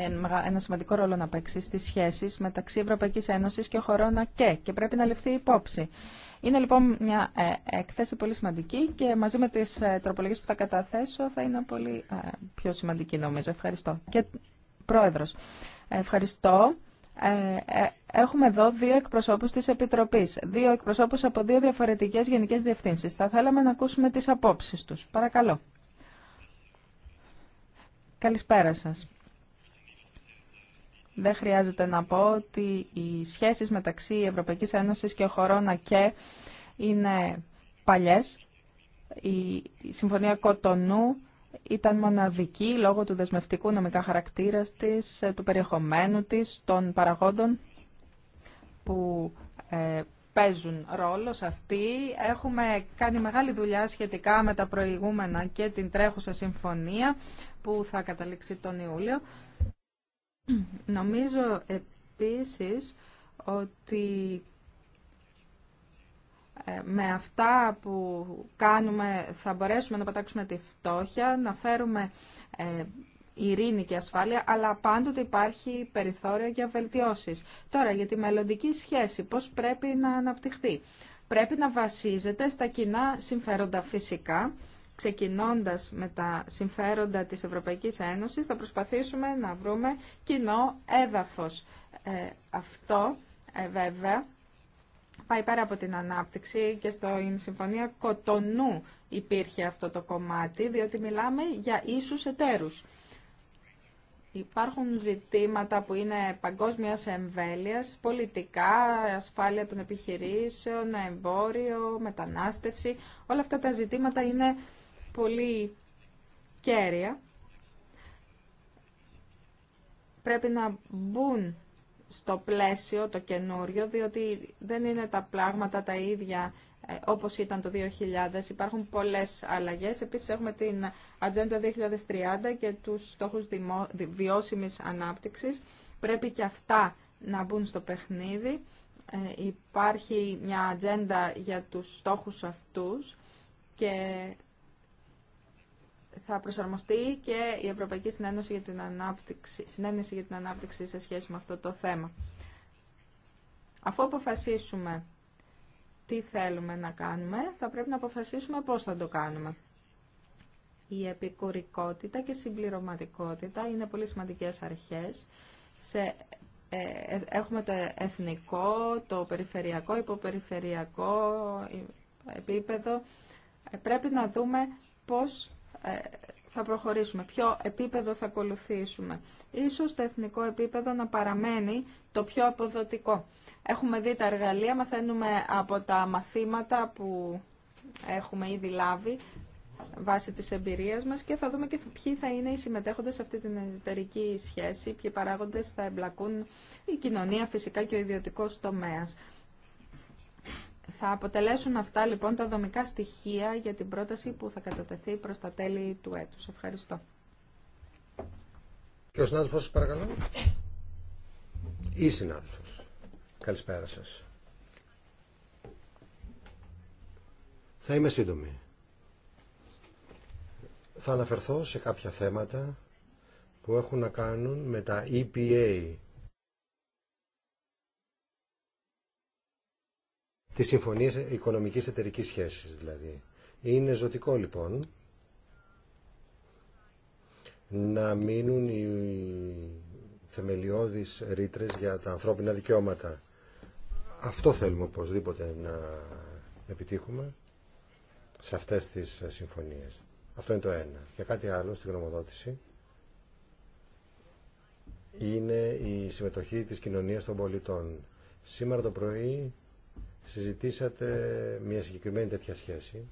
ένα σημαντικό ρόλο να παίξει στις σχέσεις μεταξύ Ευρωπαϊκής Ένωσης και χωρών και πρέπει να ληφθεί υπόψη. Είναι λοιπόν μια εκθέση πολύ σημαντική και μαζί με τις ε, τροπολογίες που θα καταθέσω θα είναι πολύ ε, πιο σημαντική νομίζω. Ευχαριστώ. Και Πρόεδρος, ευχαριστώ. Ε, ε, έχουμε εδώ δύο εκπροσώπους της Επιτροπής, δύο εκπροσώπους από δύο διαφορετικές γενικές διευθύνσεις. Θα θέλαμε να ακούσουμε τις απόψεις τους. Παρακαλώ. Καλησπέρα σας. Δεν χρειάζεται να πω ότι οι σχέσεις μεταξύ Ευρωπαϊκής Ένωσης και χωρών ΑΚΕ είναι παλιές. Η Συμφωνία Κοτονού ήταν μοναδική λόγω του δεσμευτικού νομικά χαρακτήρα της, του περιεχομένου της, των παραγόντων που ε, παίζουν ρόλο σε αυτή. Έχουμε κάνει μεγάλη δουλειά σχετικά με τα προηγούμενα και την τρέχουσα συμφωνία που θα καταλήξει τον Ιούλιο. Νομίζω επίσης ότι ε, με αυτά που κάνουμε θα μπορέσουμε να πατάξουμε τη φτώχεια, να φέρουμε ε, ειρήνη και ασφάλεια, αλλά πάντοτε υπάρχει περιθώριο για βελτιώσεις. Τώρα, για τη μελλοντική σχέση, πώς πρέπει να αναπτυχθεί. Πρέπει να βασίζεται στα κοινά συμφέροντα φυσικά, ξεκινώντας με τα συμφέροντα της Ευρωπαϊκής Ένωσης, θα προσπαθήσουμε να βρούμε κοινό έδαφος. Ε, αυτό, βέβαια, πάει πέρα από την ανάπτυξη και στο Συμφωνία Κοτονού υπήρχε αυτό το κομμάτι, διότι μιλάμε για ίσους εταίρους. Υπάρχουν ζητήματα που είναι παγκόσμια εμβέλειας, πολιτικά, ασφάλεια των επιχειρήσεων, εμπόριο, μετανάστευση. Όλα αυτά τα ζητήματα είναι πολύ κέρια. Πρέπει να μπουν στο πλαίσιο το καινούριο, διότι δεν είναι τα πλάγματα τα ίδια ε, όπως ήταν το 2000. Υπάρχουν πολλές αλλαγές. Επίσης έχουμε την Ατζέντα 2030 και τους στόχους δημο... βιώσιμης ανάπτυξης. Πρέπει και αυτά να μπουν στο παιχνίδι. Ε, υπάρχει μια ατζέντα για τους στόχους αυτούς και θα προσαρμοστεί και η Ευρωπαϊκή Συνένωση για την Ανάπτυξη, Συνένεση για την Ανάπτυξη σε σχέση με αυτό το θέμα. Αφού αποφασίσουμε τι θέλουμε να κάνουμε, θα πρέπει να αποφασίσουμε πώς θα το κάνουμε. Η επικουρικότητα και η συμπληρωματικότητα είναι πολύ σημαντικές αρχές. Σε, ε, ε, έχουμε το εθνικό, το περιφερειακό, υποπεριφερειακό ε, επίπεδο. πρέπει να δούμε πώς ε, θα προχωρήσουμε, ποιο επίπεδο θα ακολουθήσουμε. Ίσως το εθνικό επίπεδο να παραμένει το πιο αποδοτικό. Έχουμε δει τα εργαλεία, μαθαίνουμε από τα μαθήματα που έχουμε ήδη λάβει βάσει της εμπειρίας μας και θα δούμε και ποιοι θα είναι οι συμμετέχοντες σε αυτή την εταιρική σχέση, ποιοι παράγοντες θα εμπλακούν η κοινωνία φυσικά και ο ιδιωτικός τομέας. Θα αποτελέσουν αυτά λοιπόν τα δομικά στοιχεία για την πρόταση που θα κατατεθεί προ τα τέλη του έτου. Ευχαριστώ. Και ο συνάδελφο, σα παρακαλώ. Ή συνάδελφο. Καλησπέρα σα. Θα είμαι σύντομη. Θα αναφερθώ σε κάποια θέματα που έχουν να κάνουν με τα EPA τις συμφωνίες οικονομικής εταιρικής σχέσης δηλαδή. Είναι ζωτικό λοιπόν να μείνουν οι θεμελιώδεις ρήτρε για τα ανθρώπινα δικαιώματα. Αυτό θέλουμε οπωσδήποτε να επιτύχουμε σε αυτές τις συμφωνίες. Αυτό είναι το ένα. Για κάτι άλλο στην γνωμοδότηση είναι η συμμετοχή της κοινωνίας των πολιτών. Σήμερα το πρωί συζητήσατε μια συγκεκριμένη τέτοια σχέση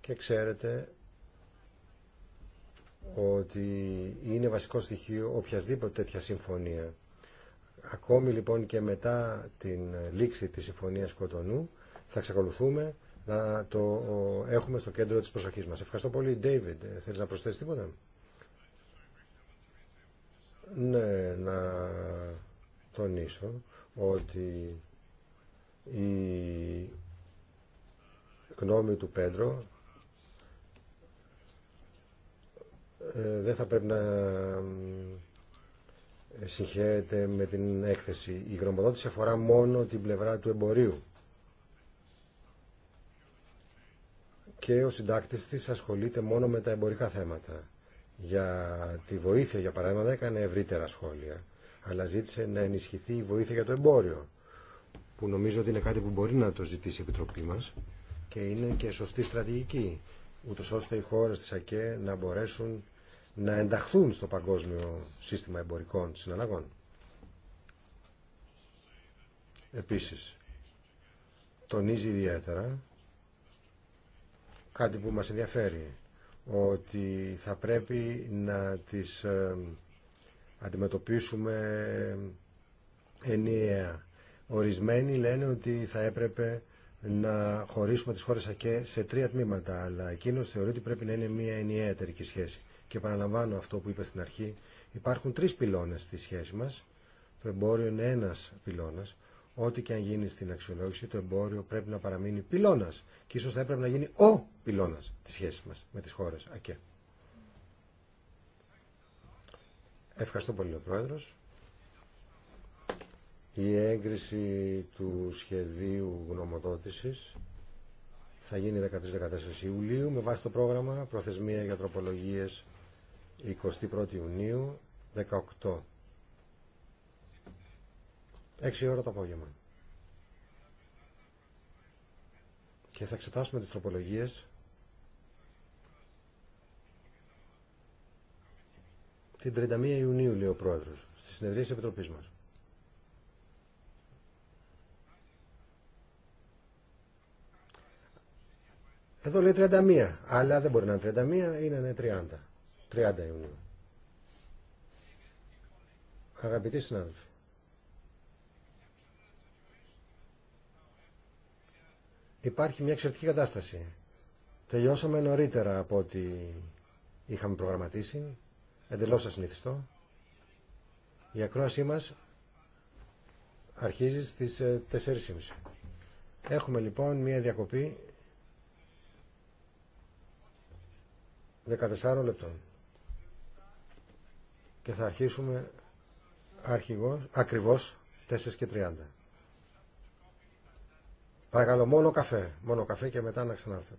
και ξέρετε ότι είναι βασικό στοιχείο οποιασδήποτε τέτοια συμφωνία. Ακόμη λοιπόν και μετά την λήξη της συμφωνίας Κοτονού θα εξακολουθούμε να το έχουμε στο κέντρο της προσοχής μας. Ευχαριστώ πολύ. David, θέλεις να προσθέσεις τίποτα? Ναι, να τονίσω ότι η γνώμη του Πέντρο ε, δεν θα πρέπει να ε, συγχαίεται με την έκθεση. Η γνωμοδότηση αφορά μόνο την πλευρά του εμπορίου. Και ο συντάκτης της ασχολείται μόνο με τα εμπορικά θέματα. Για τη βοήθεια, για παράδειγμα, δεν έκανε ευρύτερα σχόλια, αλλά ζήτησε να ενισχυθεί η βοήθεια για το εμπόριο που νομίζω ότι είναι κάτι που μπορεί να το ζητήσει η Επιτροπή μα και είναι και σωστή στρατηγική, ούτω ώστε οι χώρες της ΑΚΕ να μπορέσουν να ενταχθούν στο παγκόσμιο σύστημα εμπορικών συναλλαγών. Επίσης, τονίζει ιδιαίτερα κάτι που μας ενδιαφέρει, ότι θα πρέπει να τις ε, αντιμετωπίσουμε ενιαία Ορισμένοι λένε ότι θα έπρεπε να χωρίσουμε τις χώρες ΑΚΕ σε τρία τμήματα, αλλά εκείνο θεωρεί ότι πρέπει να είναι μια ενιαία εταιρική σχέση. Και παραλαμβάνω αυτό που είπα στην αρχή, υπάρχουν τρεις πυλώνες στη σχέση μας. Το εμπόριο είναι ένας πυλώνας. Ό,τι και αν γίνει στην αξιολόγηση, το εμπόριο πρέπει να παραμείνει πυλώνας. Και ίσως θα έπρεπε να γίνει ο πυλώνας της σχέσης μας με τις χώρες ΑΚΕ. Ευχαριστώ πολύ ο Πρόεδρος. Η έγκριση του σχεδίου γνωμοδότησης θα γίνει 13-14 Ιουλίου με βάση το πρόγραμμα προθεσμία για τροπολογίες 21 Ιουνίου 18 6 ώρα το απόγευμα και θα εξετάσουμε τις τροπολογίες την 31 Ιουνίου λέει ο Πρόεδρος στη συνεδρία της Επιτροπής μας Εδώ λέει 31, αλλά δεν μπορεί να είναι 31, είναι 30. 30 Ιουνίου. Αγαπητοί συνάδελφοι. Υπάρχει μια εξαιρετική κατάσταση. Τελειώσαμε νωρίτερα από ό,τι είχαμε προγραμματίσει. Εντελώς ασυνήθιστο. Η ακρόασή μας αρχίζει στις 4.30. Ε, Έχουμε λοιπόν μια διακοπή 14 λεπτών. Και θα αρχίσουμε αρχηγός, ακριβώς 4 και 30. Παρακαλώ μόνο καφέ, μόνο καφέ και μετά να ξανάρθετε.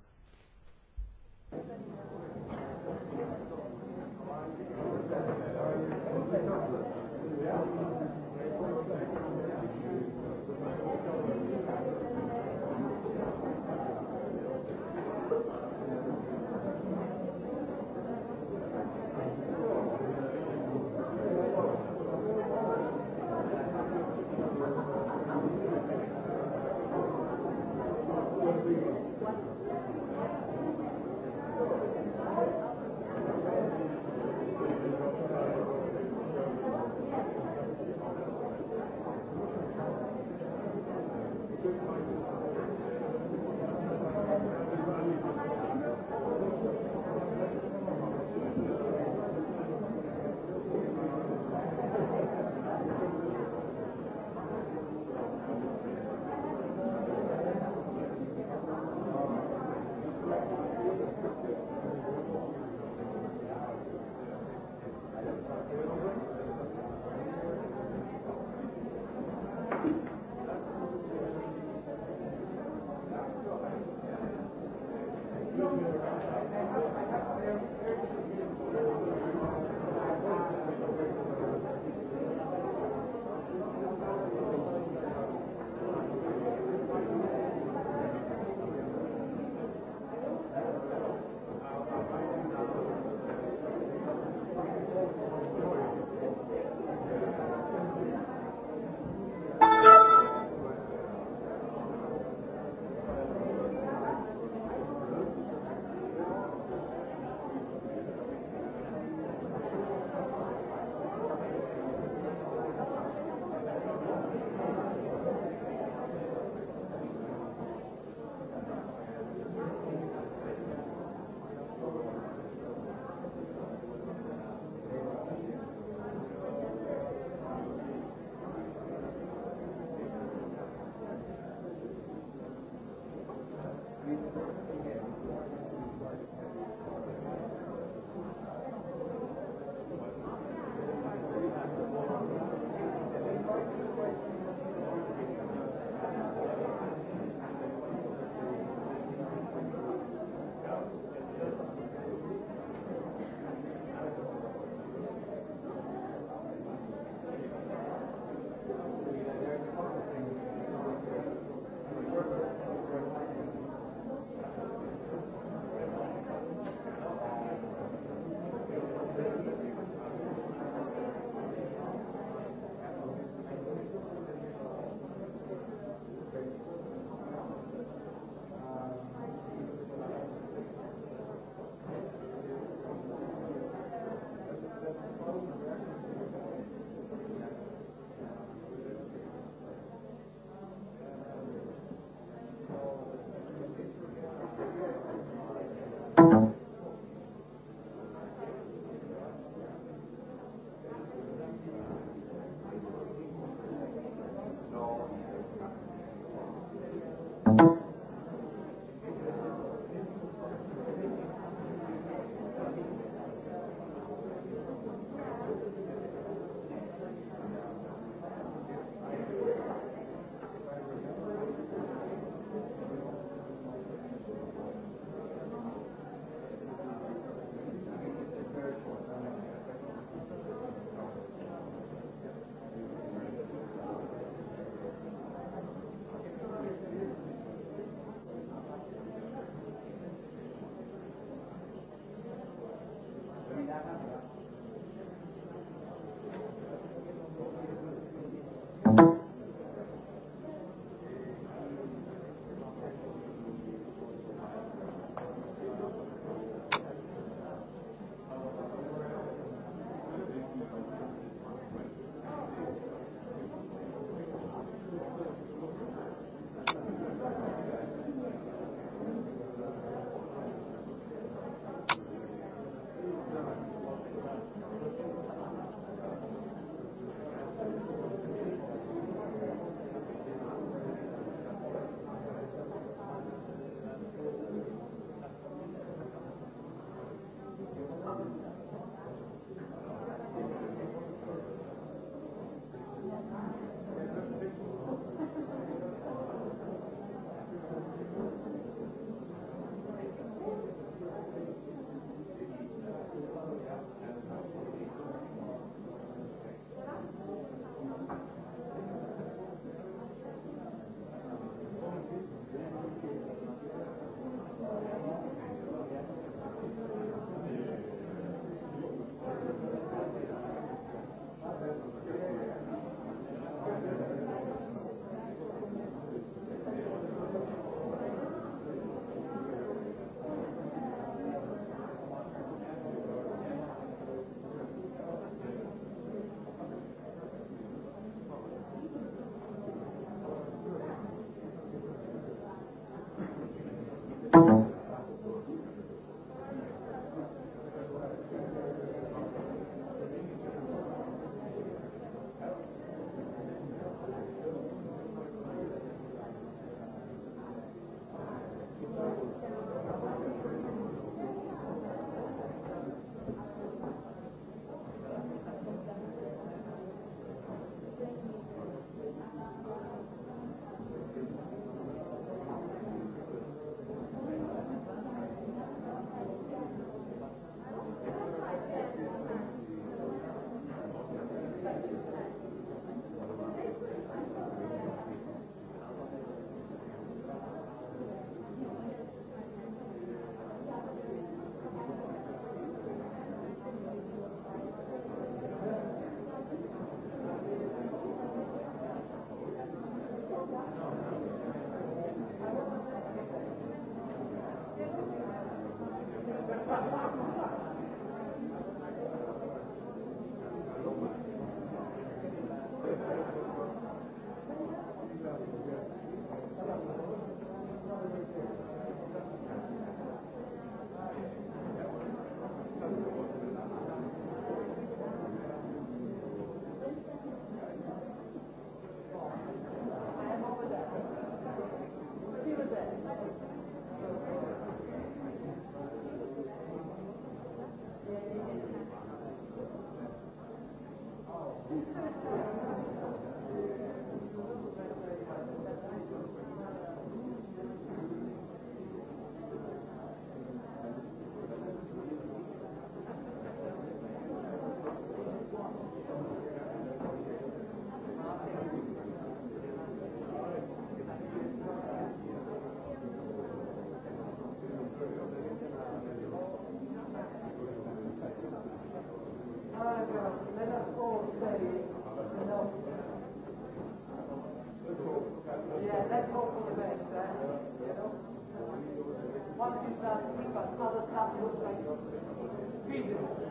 Thank you.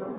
Thank you.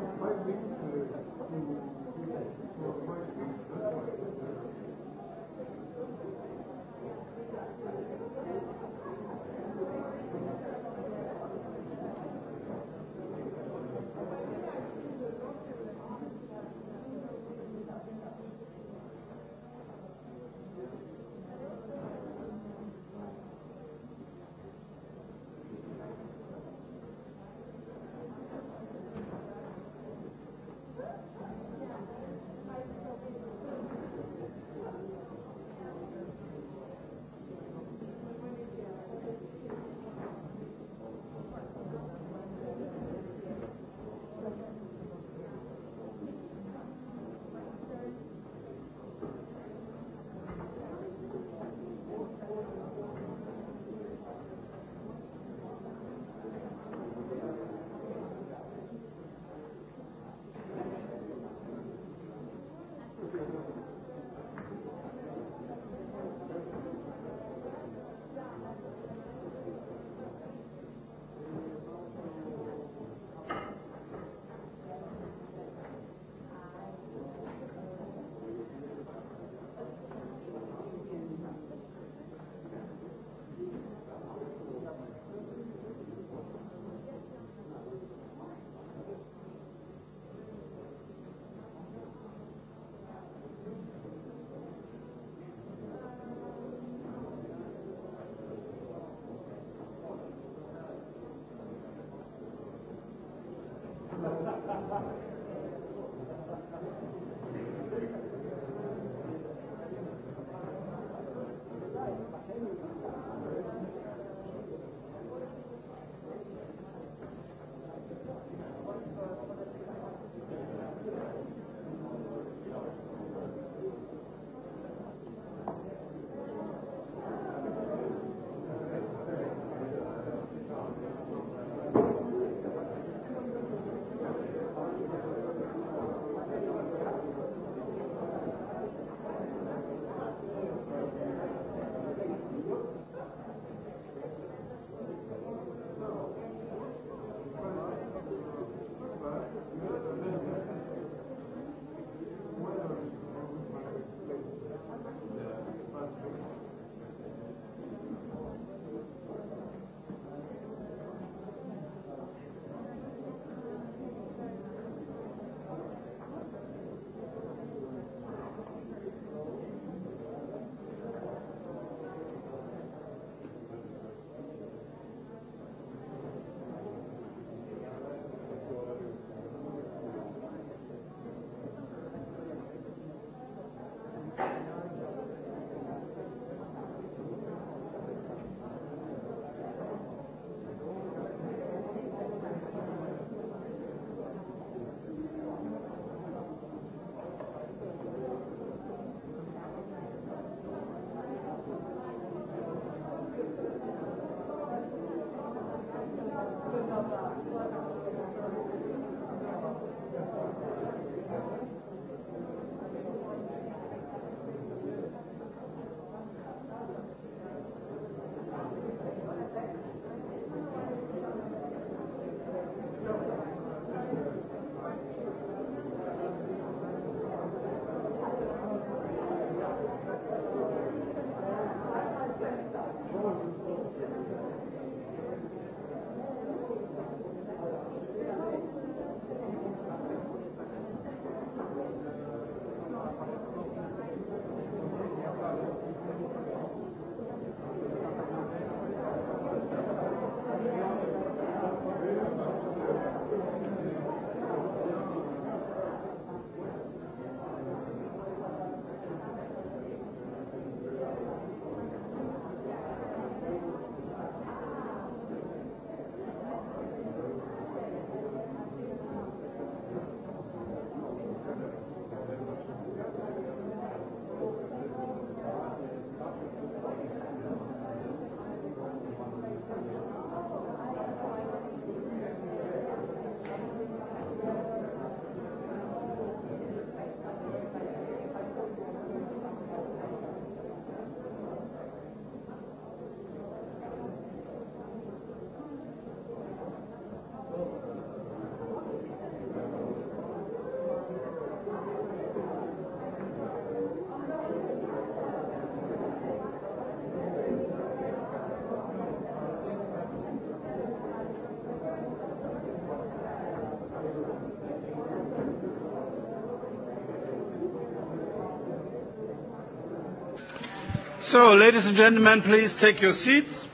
So, ladies and gentlemen, please take your seats.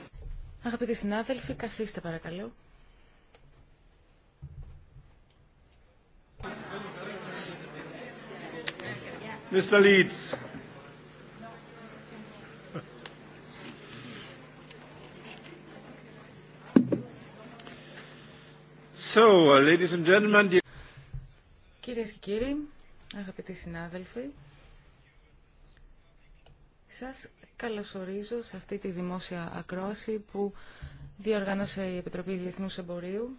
Αγαπητοί συνάδελφοι, καθίστε παρακαλώ. Mr. Leeds. So, ladies and gentlemen, dear... Κυρίες και κύριοι, αγαπητοί συνάδελφοι, σας καλωσορίζω σε αυτή τη δημόσια ακρόαση που διοργάνωσε η Επιτροπή Διεθνούς Εμπορίου.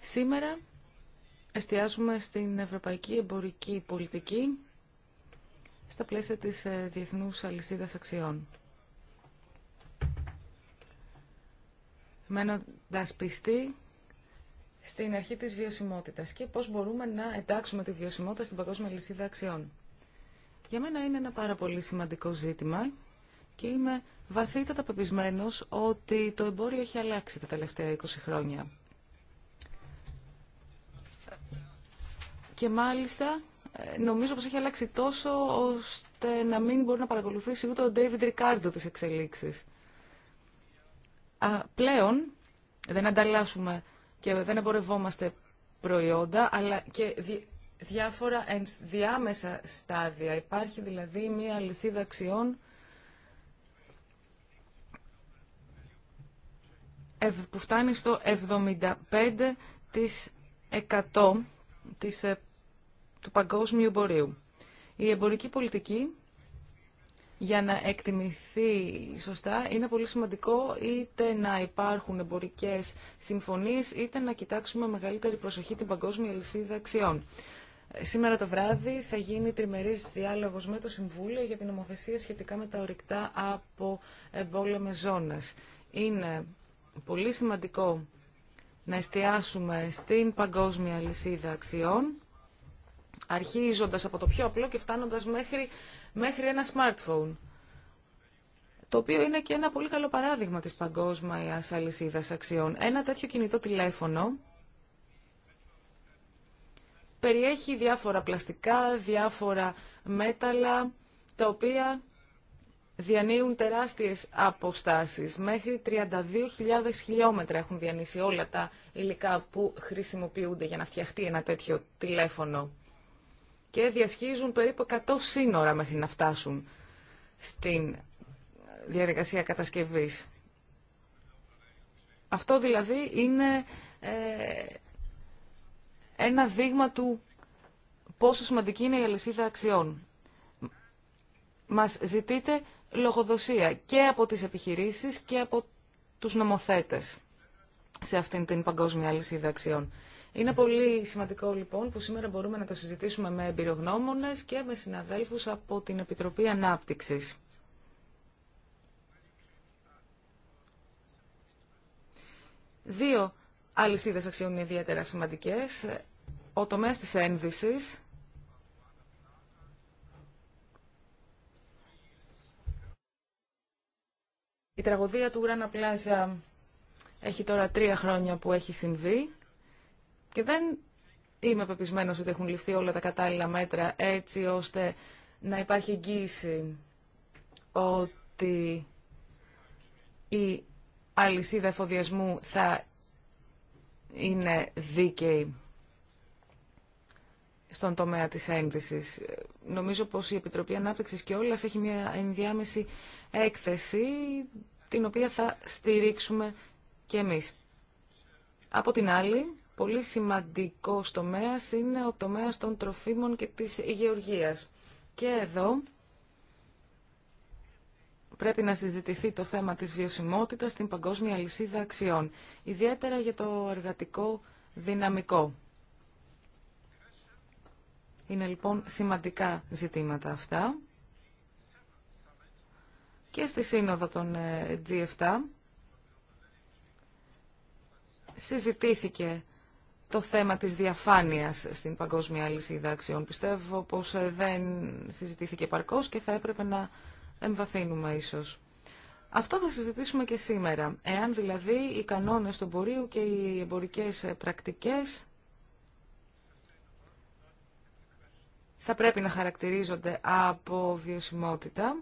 Σήμερα εστιάζουμε στην Ευρωπαϊκή Εμπορική Πολιτική στα πλαίσια της ε, Διεθνούς Αλυσίδας Αξιών. Μένοντας πιστή στην αρχή της βιωσιμότητας και πώς μπορούμε να εντάξουμε τη βιωσιμότητα στην παγκόσμια Αλυσίδα αξιών. Για μένα είναι ένα πάρα πολύ σημαντικό ζήτημα και είμαι βαθύτατα πεπισμένος ότι το εμπόριο έχει αλλάξει τα τελευταία 20 χρόνια. Και μάλιστα ε, νομίζω πως έχει αλλάξει τόσο ώστε να μην μπορεί να παρακολουθήσει ούτε ο Ντέιβιντ Ρικάρντο τις εξελίξεις. πλέον δεν ανταλλάσσουμε και δεν εμπορευόμαστε προϊόντα, αλλά και διάφορα διάμεσα στάδια. Υπάρχει δηλαδή μία λυσίδα αξιών που φτάνει στο 75% της, ε, του παγκόσμιου εμπορίου. Η εμπορική πολιτική, για να εκτιμηθεί σωστά, είναι πολύ σημαντικό είτε να υπάρχουν εμπορικές συμφωνίες, είτε να κοιτάξουμε μεγαλύτερη προσοχή την παγκόσμια λυσίδα αξιών. Σήμερα το βράδυ θα γίνει τριμερής διάλογος με το Συμβούλιο για την Ομοθεσία σχετικά με τα ορυκτά από εμπόλεμες ζώνες. Είναι πολύ σημαντικό να εστιάσουμε στην παγκόσμια λυσίδα αξιών, αρχίζοντας από το πιο απλό και φτάνοντας μέχρι, μέχρι ένα smartphone το οποίο είναι και ένα πολύ καλό παράδειγμα της παγκόσμιας αλυσίδας αξιών. Ένα τέτοιο κινητό τηλέφωνο περιέχει διάφορα πλαστικά, διάφορα μέταλλα, τα οποία διανύουν τεράστιες αποστάσεις. Μέχρι 32.000 χιλιόμετρα έχουν διανύσει όλα τα υλικά που χρησιμοποιούνται για να φτιαχτεί ένα τέτοιο τηλέφωνο. Και διασχίζουν περίπου 100 σύνορα μέχρι να φτάσουν στην διαδικασία κατασκευής. Αυτό δηλαδή είναι ε, ένα δείγμα του πόσο σημαντική είναι η αλυσίδα αξιών. Μας ζητείτε λογοδοσία και από τις επιχειρήσεις και από τους νομοθέτες σε αυτήν την παγκόσμια αλυσίδα αξιών. Είναι πολύ σημαντικό λοιπόν που σήμερα μπορούμε να το συζητήσουμε με εμπειρογνώμονες και με συναδέλφους από την Επιτροπή Ανάπτυξης. Δύο αλυσίδες αξιών είναι ιδιαίτερα σημαντικές. Ο τομέας της ένδυσης Η τραγωδία του Ουράνα Πλάζα έχει τώρα τρία χρόνια που έχει συμβεί και δεν είμαι πεπισμένος ότι έχουν ληφθεί όλα τα κατάλληλα μέτρα έτσι ώστε να υπάρχει εγγύηση ότι η αλυσίδα εφοδιασμού θα είναι δίκαιοι στον τομέα της ένδυσης. Νομίζω πως η Επιτροπή Ανάπτυξης και όλας έχει μια ενδιάμεση έκθεση την οποία θα στηρίξουμε και εμείς. Από την άλλη, πολύ σημαντικός τομέας είναι ο τομέας των τροφίμων και της γεωργίας. Και εδώ Πρέπει να συζητηθεί το θέμα της βιωσιμότητας στην παγκόσμια λυσίδα αξιών, ιδιαίτερα για το εργατικό δυναμικό. Είναι λοιπόν σημαντικά ζητήματα αυτά. Και στη σύνοδο των ε, G7 συζητήθηκε το θέμα της διαφάνειας στην παγκόσμια λυσίδα αξιών. Πιστεύω πως ε, δεν συζητήθηκε παρκώς και θα έπρεπε να εμβαθύνουμε ίσως. Αυτό θα συζητήσουμε και σήμερα. Εάν δηλαδή οι κανόνες του εμπορίου και οι εμπορικές πρακτικές θα πρέπει να χαρακτηρίζονται από βιωσιμότητα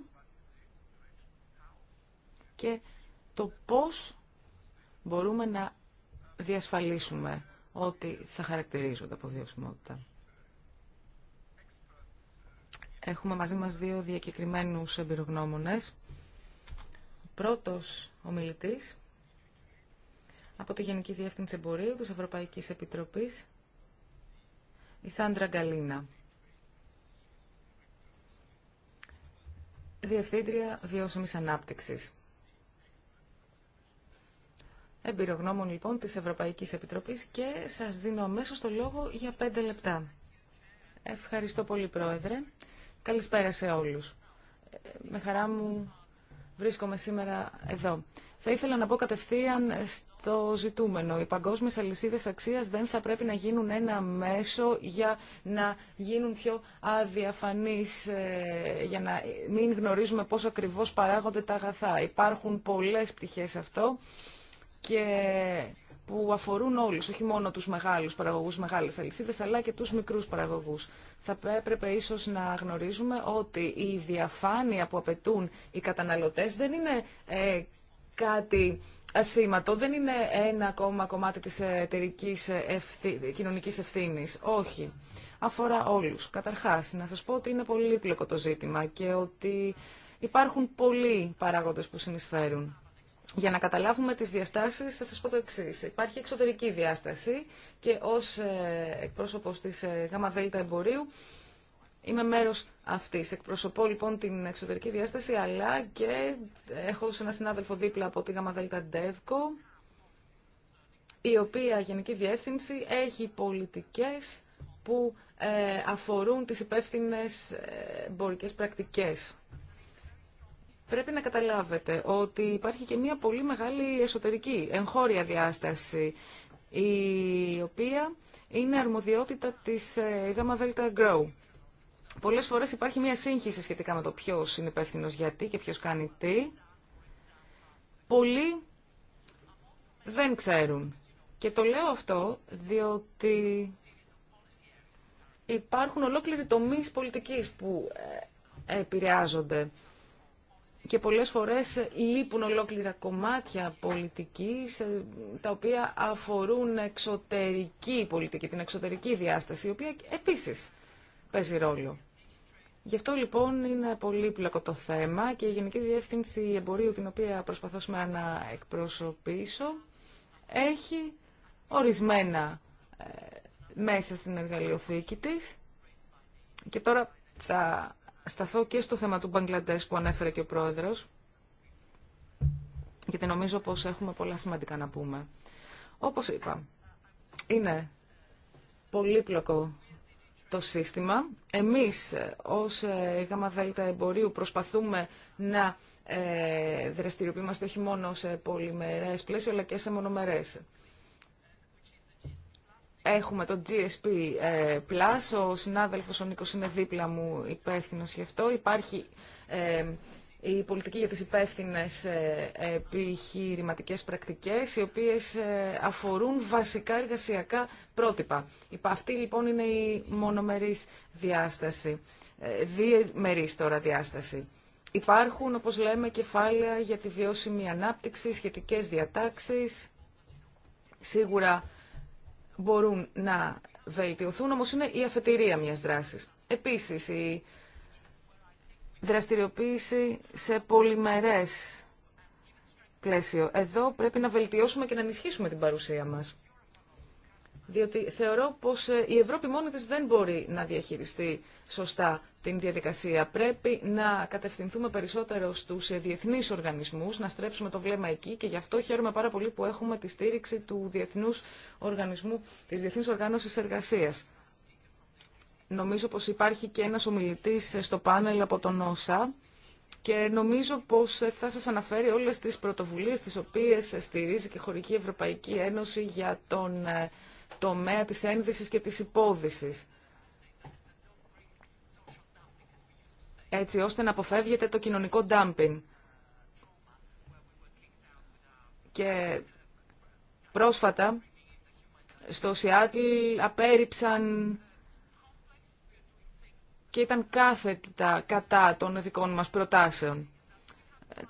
και το πώς μπορούμε να διασφαλίσουμε ότι θα χαρακτηρίζονται από βιωσιμότητα. Έχουμε μαζί μας δύο διακεκριμένους εμπειρογνώμονες. Ο πρώτος ομιλητής από τη Γενική Διεύθυνση Εμπορίου της Ευρωπαϊκής Επιτροπής, η Σάντρα Γκαλίνα. Διευθύντρια Βιώσιμης Ανάπτυξης. Εμπειρογνώμων λοιπόν της Ευρωπαϊκής Επιτροπής και σας δίνω αμέσως το λόγο για πέντε λεπτά. Ευχαριστώ πολύ Πρόεδρε. Καλησπέρα σε όλους. Με χαρά μου βρίσκομαι σήμερα εδώ. Θα ήθελα να πω κατευθείαν στο ζητούμενο. Οι παγκόσμιε αλυσίδε αξία δεν θα πρέπει να γίνουν ένα μέσο για να γίνουν πιο αδιαφανεί, ε, για να μην γνωρίζουμε πώ ακριβώ παράγονται τα αγαθά. Υπάρχουν πολλέ πτυχέ αυτό και που αφορούν όλους, όχι μόνο τους μεγάλους παραγωγούς, μεγάλες αλυσίδε, αλλά και τους μικρούς παραγωγούς. Θα έπρεπε ίσω να γνωρίζουμε ότι η διαφάνεια που απαιτούν οι καταναλωτές δεν είναι ε, κάτι ασήμαντο, δεν είναι ένα ακόμα κομμάτι της εταιρική ευθύ, κοινωνικής Όχι. Αφορά όλους. Καταρχάς, να σα πω ότι είναι πολύπλοκο το ζήτημα και ότι υπάρχουν πολλοί παράγοντε που συνεισφέρουν. Για να καταλάβουμε τις διαστάσεις θα σας πω το εξής. Υπάρχει εξωτερική διάσταση και ως ε, εκπρόσωπος της ε, ΓΔ Εμπορίου Είμαι μέρος αυτής. Εκπροσωπώ λοιπόν την εξωτερική διάσταση, αλλά και έχω σε ένα συνάδελφο δίπλα από τη ΓΔ η οποία Γενική Διεύθυνση έχει πολιτικές που ε, αφορούν τις υπεύθυνε εμπορικές πρακτικές. Πρέπει να καταλάβετε ότι υπάρχει και μια πολύ μεγάλη εσωτερική εγχώρια διάσταση, η οποία είναι αρμοδιότητα της ε, γαμα-δέλτα-γκρόου. Grow. Πολλές φορές υπάρχει μια σύγχυση σχετικά με το ποιος είναι υπεύθυνο γιατί και ποιος κάνει τι. Πολλοί δεν ξέρουν. Και το λέω αυτό διότι υπάρχουν ολόκληροι τομείς πολιτικής που ε, επηρεάζονται και πολλές φορές λείπουν ολόκληρα κομμάτια πολιτικής ε, τα οποία αφορούν εξωτερική πολιτική, την εξωτερική διάσταση, η οποία επίσης παίζει ρόλο. Γι' αυτό λοιπόν είναι πολύ το θέμα και η Γενική Διεύθυνση Εμπορίου, την οποία προσπαθώ να εκπροσωπήσω, έχει ορισμένα ε, μέσα στην εργαλειοθήκη της και τώρα θα σταθώ και στο θέμα του Μπαγκλαντές που ανέφερε και ο Πρόεδρος, γιατί νομίζω πως έχουμε πολλά σημαντικά να πούμε. Όπως είπα, είναι πολύπλοκο το σύστημα. Εμείς ως ε, ΓΑΜΑ Εμπορίου προσπαθούμε να ε, δραστηριοποιούμαστε όχι μόνο σε πολυμερές πλαίσια, αλλά και σε μονομερές. Έχουμε το GSP ε, Plus, ο συνάδελφος ο Νίκος είναι δίπλα μου υπεύθυνο γι' αυτό. Υπάρχει ε, η πολιτική για τις υπεύθυνε ε, επιχειρηματικές πρακτικές, οι οποίες αφορούν βασικά εργασιακά πρότυπα. Αυτή λοιπόν είναι η μονομερής διάσταση, διεμερής τώρα διάσταση. Υπάρχουν, όπως λέμε, κεφάλαια για τη βιώσιμη ανάπτυξη, σχετικές διατάξεις. Σίγουρα μπορούν να βελτιωθούν, όμως είναι η αφετηρία μιας δράσης. Επίσης, η δραστηριοποίηση σε πολυμερές πλαίσιο. Εδώ πρέπει να βελτιώσουμε και να ενισχύσουμε την παρουσία μας διότι θεωρώ πως ε, η Ευρώπη μόνη της δεν μπορεί να διαχειριστεί σωστά την διαδικασία. Πρέπει να κατευθυνθούμε περισσότερο στους ε, διεθνείς οργανισμούς, να στρέψουμε το βλέμμα εκεί και γι' αυτό χαίρομαι πάρα πολύ που έχουμε τη στήριξη του Διεθνούς Οργανισμού, της Διεθνής Οργάνωσης Εργασίας. Νομίζω πως υπάρχει και ένας ομιλητής ε, στο πάνελ από τον ΩΣΑ και νομίζω πως θα σας αναφέρει όλες τις πρωτοβουλίες τις οποίες στηρίζει και χωρική Ευρωπαϊκή Ένωση για τον τομέα της ένδυσης και της υπόδησης, Έτσι ώστε να αποφεύγεται το κοινωνικό ντάμπινγκ. Και πρόσφατα στο Σιάτλ απέρριψαν και ήταν κάθετα κατά των δικών μας προτάσεων.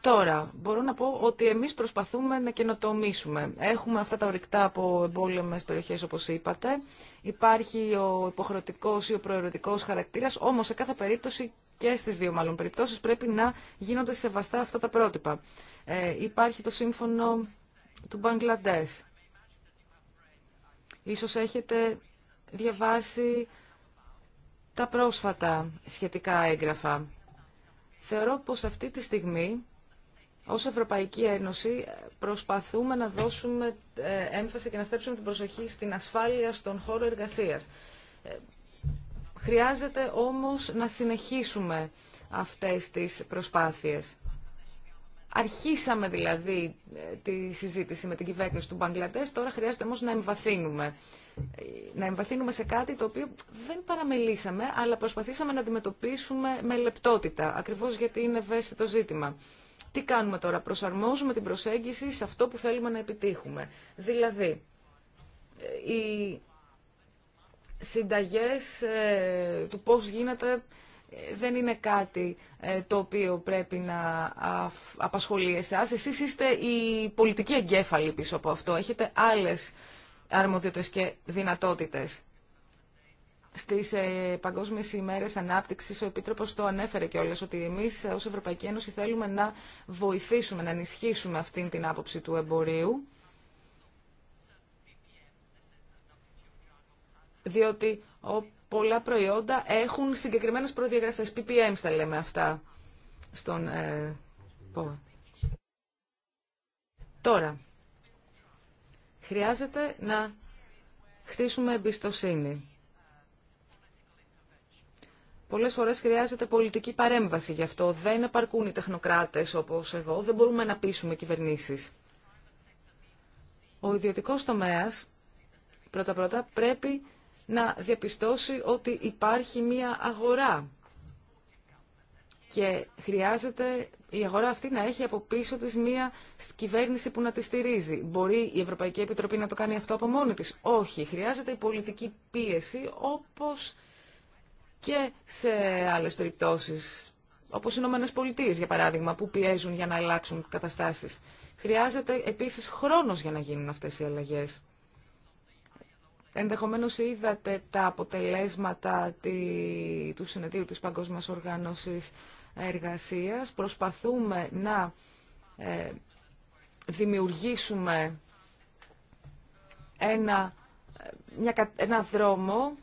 Τώρα, μπορώ να πω ότι εμείς προσπαθούμε να καινοτομήσουμε. Έχουμε αυτά τα ορυκτά από εμπόλεμες περιοχές, όπως είπατε. Υπάρχει ο υποχρεωτικός ή ο προαιρετικός χαρακτήρας, όμως σε κάθε περίπτωση και στις δύο μάλλον περιπτώσεις πρέπει να γίνονται σεβαστά αυτά τα πρότυπα. Ε, υπάρχει το σύμφωνο του Μπαγκλαντές. Ίσως έχετε διαβάσει τα πρόσφατα σχετικά έγγραφα. Θεωρώ πως αυτή τη στιγμή ως Ευρωπαϊκή Ένωση προσπαθούμε να δώσουμε ε, έμφαση και να στρέψουμε την προσοχή στην ασφάλεια στον χώρο εργασίας. Ε, χρειάζεται όμως να συνεχίσουμε αυτές τις προσπάθειες. Αρχίσαμε δηλαδή ε, τη συζήτηση με την κυβέρνηση του Μπαγκλαντές, τώρα χρειάζεται όμως να εμβαθύνουμε. Να εμβαθύνουμε σε κάτι το οποίο δεν παραμελήσαμε, αλλά προσπαθήσαμε να αντιμετωπίσουμε με λεπτότητα, ακριβώς γιατί είναι ευαίσθητο ζήτημα. Τι κάνουμε τώρα, προσαρμόζουμε την προσέγγιση σε αυτό που θέλουμε να επιτύχουμε. Δηλαδή, ε, οι συνταγές ε, του πώς γίνεται ε, δεν είναι κάτι το οποίο πρέπει να απασχολεί εσάς. Εσείς είστε η πολιτική εγκέφαλοι πίσω από αυτό. Έχετε άλλες αρμοδιότητες και δυνατότητες. Στι ε, Παγκόσμιες ημέρε ο Επίτροπος το ανέφερε και ότι εμείς ως Ευρωπαϊκή Ένωση θέλουμε να βοηθήσουμε, να ενισχύσουμε αυτήν την άποψη του εμπορίου, διότι πολλά προϊόντα έχουν συγκεκριμένες προδιαγραφές, PPM στα λέμε αυτά, στον ε, Τώρα, χρειάζεται να χτίσουμε εμπιστοσύνη. Πολλές φορές χρειάζεται πολιτική παρέμβαση γι' αυτό. Δεν επαρκούν οι τεχνοκράτες όπως εγώ. Δεν μπορούμε να πείσουμε κυβερνήσεις. Ο ιδιωτικός τομέας πρώτα-πρώτα πρέπει να διαπιστώσει ότι υπάρχει μία αγορά και χρειάζεται η αγορά αυτή να έχει από πίσω της μία κυβέρνηση που να τη στηρίζει. Μπορεί η Ευρωπαϊκή Επιτροπή να το κάνει αυτό από μόνη της. Όχι. Χρειάζεται η πολιτική πίεση όπως και σε άλλες περιπτώσεις, όπως οι Ηνωμένες Πολιτείες, για παράδειγμα, που πιέζουν για να αλλάξουν καταστάσεις. Χρειάζεται επίσης χρόνος για να γίνουν αυτές οι αλλαγές. Ενδεχομένως είδατε τα αποτελέσματα του συνεδρίου της Παγκόσμιας Οργάνωσης Εργασίας. Προσπαθούμε να ε, δημιουργήσουμε ένα, ένα δρόμο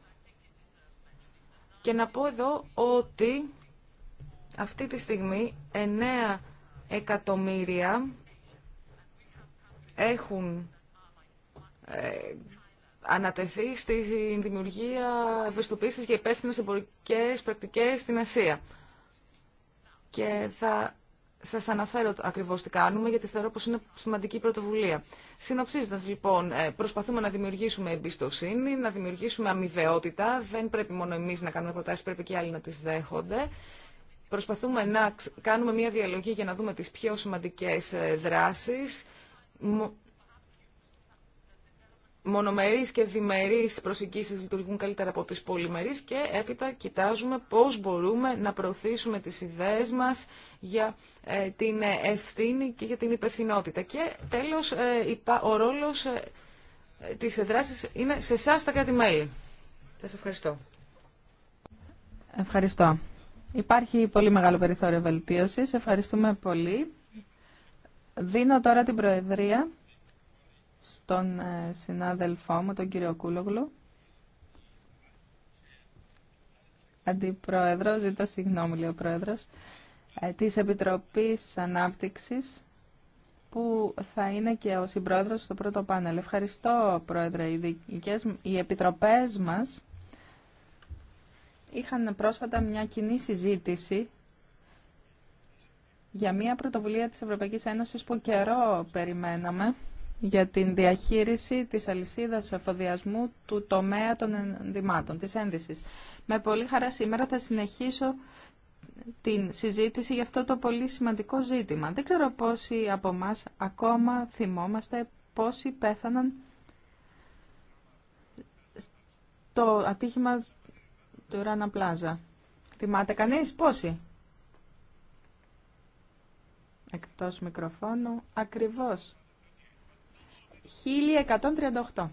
και να πω εδώ ότι αυτή τη στιγμή 9 εκατομμύρια έχουν ε, ανατεθεί στη δημιουργία ευαισθητοποίησης για υπεύθυνες εμπορικές πρακτικές στην Ασία. Και θα Σα αναφέρω ακριβώς τι κάνουμε, γιατί θεωρώ πως είναι σημαντική πρωτοβουλία. Συνοψίζοντα λοιπόν, ε, προσπαθούμε να δημιουργήσουμε εμπιστοσύνη, να δημιουργήσουμε αμοιβαιότητα. Δεν πρέπει μόνο εμεί να κάνουμε προτάσεις, πρέπει και οι άλλοι να τις δέχονται. Προσπαθούμε να κάνουμε μια διαλογή για να δούμε τις πιο σημαντικέ ε, δράσει μονομερείς και διμερείς προσεγγίσεις λειτουργούν καλύτερα από τις πολυμερείς και έπειτα κοιτάζουμε πώς μπορούμε να προωθήσουμε τις ιδέες μας για ε, την ε, ευθύνη και για την υπευθυνότητα. Και τέλος, ε, ο ρόλος της δράσης είναι σε εσά τα κράτη-μέλη. Σας ευχαριστώ. Ευχαριστώ. Υπάρχει πολύ μεγάλο περιθώριο βελτίωσης. Ευχαριστούμε πολύ. Δίνω τώρα την Προεδρία στον ε, συνάδελφό μου, τον κύριο Κούλογλου. Αντιπρόεδρο, ζητώ συγγνώμη, λέει ο Πρόεδρος, ε, της Επιτροπής Ανάπτυξης, που θα είναι και ο συμπρόεδρος στο πρώτο πάνελ. Ευχαριστώ, Πρόεδρε. Οι, δικές, οι επιτροπές μας είχαν πρόσφατα μια κοινή συζήτηση για μια πρωτοβουλία της Ευρωπαϊκής Ένωσης που καιρό περιμέναμε για την διαχείριση της αλυσίδας αφοδιασμού του τομέα των ενδυμάτων, της ένδυσης. Με πολύ χαρά σήμερα θα συνεχίσω την συζήτηση για αυτό το πολύ σημαντικό ζήτημα. Δεν ξέρω πόσοι από εμά ακόμα θυμόμαστε πόσοι πέθαναν το ατύχημα του Ράνα Πλάζα. Θυμάται κανείς πόσοι. Εκτός μικροφώνου, ακριβώς 1138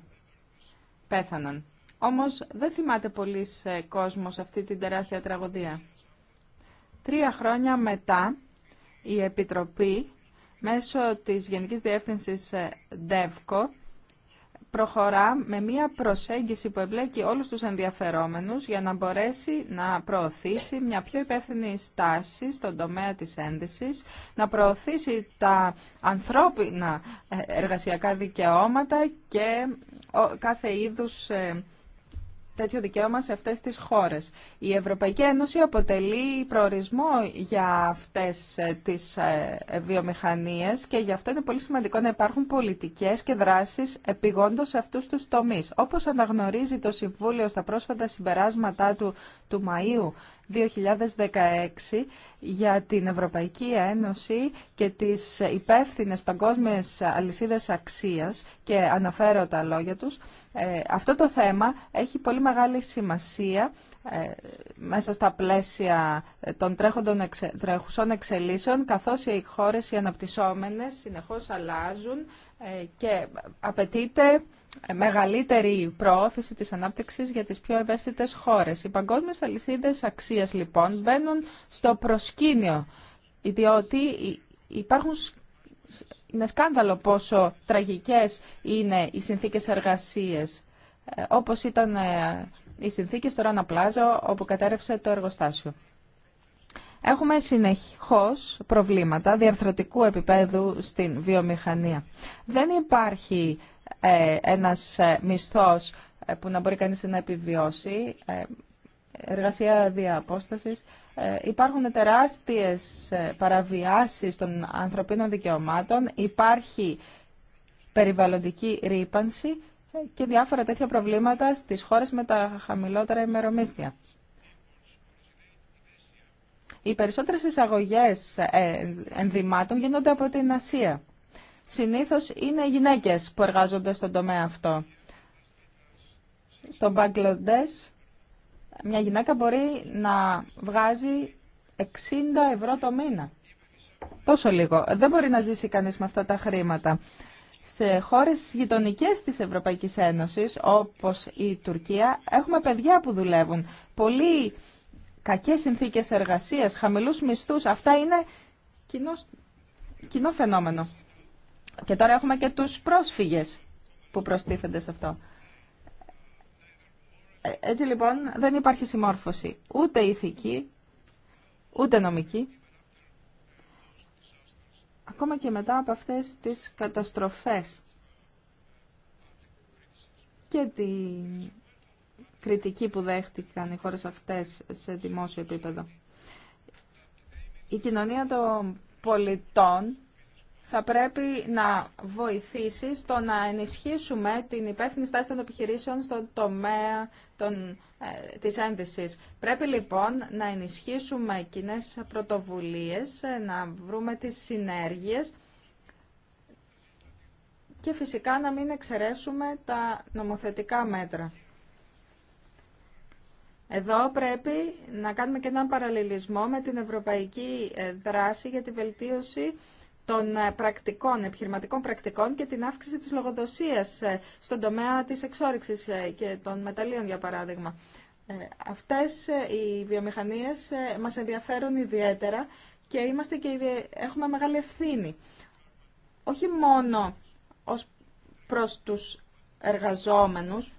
πέθαναν. Όμως δεν θυμάται πολλοί ε, κόσμος αυτή την τεράστια τραγωδία. Τρία χρόνια μετά η Επιτροπή μέσω της Γενικής Διεύθυνσης ΔΕΒΚΟ προχωρά με μία προσέγγιση που εμπλέκει όλους τους ενδιαφερόμενους για να μπορέσει να προωθήσει μια πιο υπεύθυνη στάση στον τομέα της ένδυσης, να προωθήσει τα ανθρώπινα ε, εργασιακά δικαιώματα και κάθε είδους ε, τέτοιο δικαίωμα σε αυτές τις χώρες. Η Ευρωπαϊκή Ένωση αποτελεί προορισμό για αυτές ε, τις ε, βιομηχανίες και γι' αυτό είναι πολύ σημαντικό να υπάρχουν πολιτικές και δράσεις επιγόντως σε αυτούς τους τομείς. Όπως αναγνωρίζει το Συμβούλιο στα πρόσφατα συμπεράσματά του του Μαΐου 2016 για την Ευρωπαϊκή Ένωση και τις υπεύθυνε παγκόσμιες αλυσίδες αξίας και αναφέρω τα λόγια τους. Ε, αυτό το θέμα έχει πολύ μεγάλη σημασία ε, μέσα στα πλαίσια ε, των τρέχοντων τρέχουσων εξελίσεων καθώς οι χώρες οι αναπτυσσόμενες συνεχώς αλλάζουν ε, και απαιτείται μεγαλύτερη προώθηση της ανάπτυξης για τις πιο ευαίσθητες χώρες. Οι παγκόσμιες αλυσίδες αξίας λοιπόν μπαίνουν στο προσκήνιο, διότι υπάρχουν είναι σκάνδαλο πόσο τραγικές είναι οι συνθήκες εργασίας, ε, όπως ήταν ε, οι συνθήκες στο Ράνα όπου κατέρευσε το εργοστάσιο. Έχουμε συνεχώς προβλήματα διαρθρωτικού επίπεδου στην βιομηχανία. Δεν υπάρχει ε, ένας ε, μισθός ε, που να μπορεί κανείς να επιβιώσει, εργασία διαπόστασης. Υπάρχουν τεράστιες παραβιάσεις των ανθρωπίνων δικαιωμάτων, υπάρχει περιβαλλοντική ρήπανση και διάφορα τέτοια προβλήματα στις χώρες με τα χαμηλότερα ημερομίσθια. Οι περισσότερες εισαγωγές ε, ενδυμάτων γίνονται από την Ασία. Συνήθως είναι οι γυναίκες που εργάζονται στον τομέα αυτό. Στον Μπαγκλοντές μια γυναίκα μπορεί να βγάζει 60 ευρώ το μήνα. Τόσο λίγο. Δεν μπορεί να ζήσει κανείς με αυτά τα χρήματα. Σε χώρες γειτονικές της Ευρωπαϊκής Ένωσης, όπως η Τουρκία, έχουμε παιδιά που δουλεύουν. Πολλοί κακές συνθήκες εργασίας, χαμηλούς μισθούς, αυτά είναι κοινό, φαινόμενο. Και τώρα έχουμε και τους πρόσφυγες που προστίθενται σε αυτό. Ε, έτσι λοιπόν δεν υπάρχει συμμόρφωση ούτε ηθική, ούτε νομική. Ακόμα και μετά από αυτές τις καταστροφές και την κριτική που δέχτηκαν οι χώρες αυτές σε δημόσιο επίπεδο. Η κοινωνία των πολιτών θα πρέπει να βοηθήσει στο να ενισχύσουμε την υπεύθυνη στάση των επιχειρήσεων στον τομέα των, ε, της ένδυσης. Πρέπει λοιπόν να ενισχύσουμε κοινέ πρωτοβουλίες, ε, να βρούμε τις συνέργειες και φυσικά να μην εξαιρέσουμε τα νομοθετικά μέτρα. Εδώ πρέπει να κάνουμε και έναν παραλληλισμό με την ευρωπαϊκή ε, δράση για τη βελτίωση των ε, πρακτικών, επιχειρηματικών πρακτικών και την αύξηση της λογοδοσίας ε, στον τομέα της εξόριξης και των μεταλλίων, για παράδειγμα. Αυτές οι βιομηχανίες μας ενδιαφέρουν ιδιαίτερα και, είμαστε και έχουμε μεγάλη ευθύνη. Όχι μόνο ως προς τους εργαζόμενους,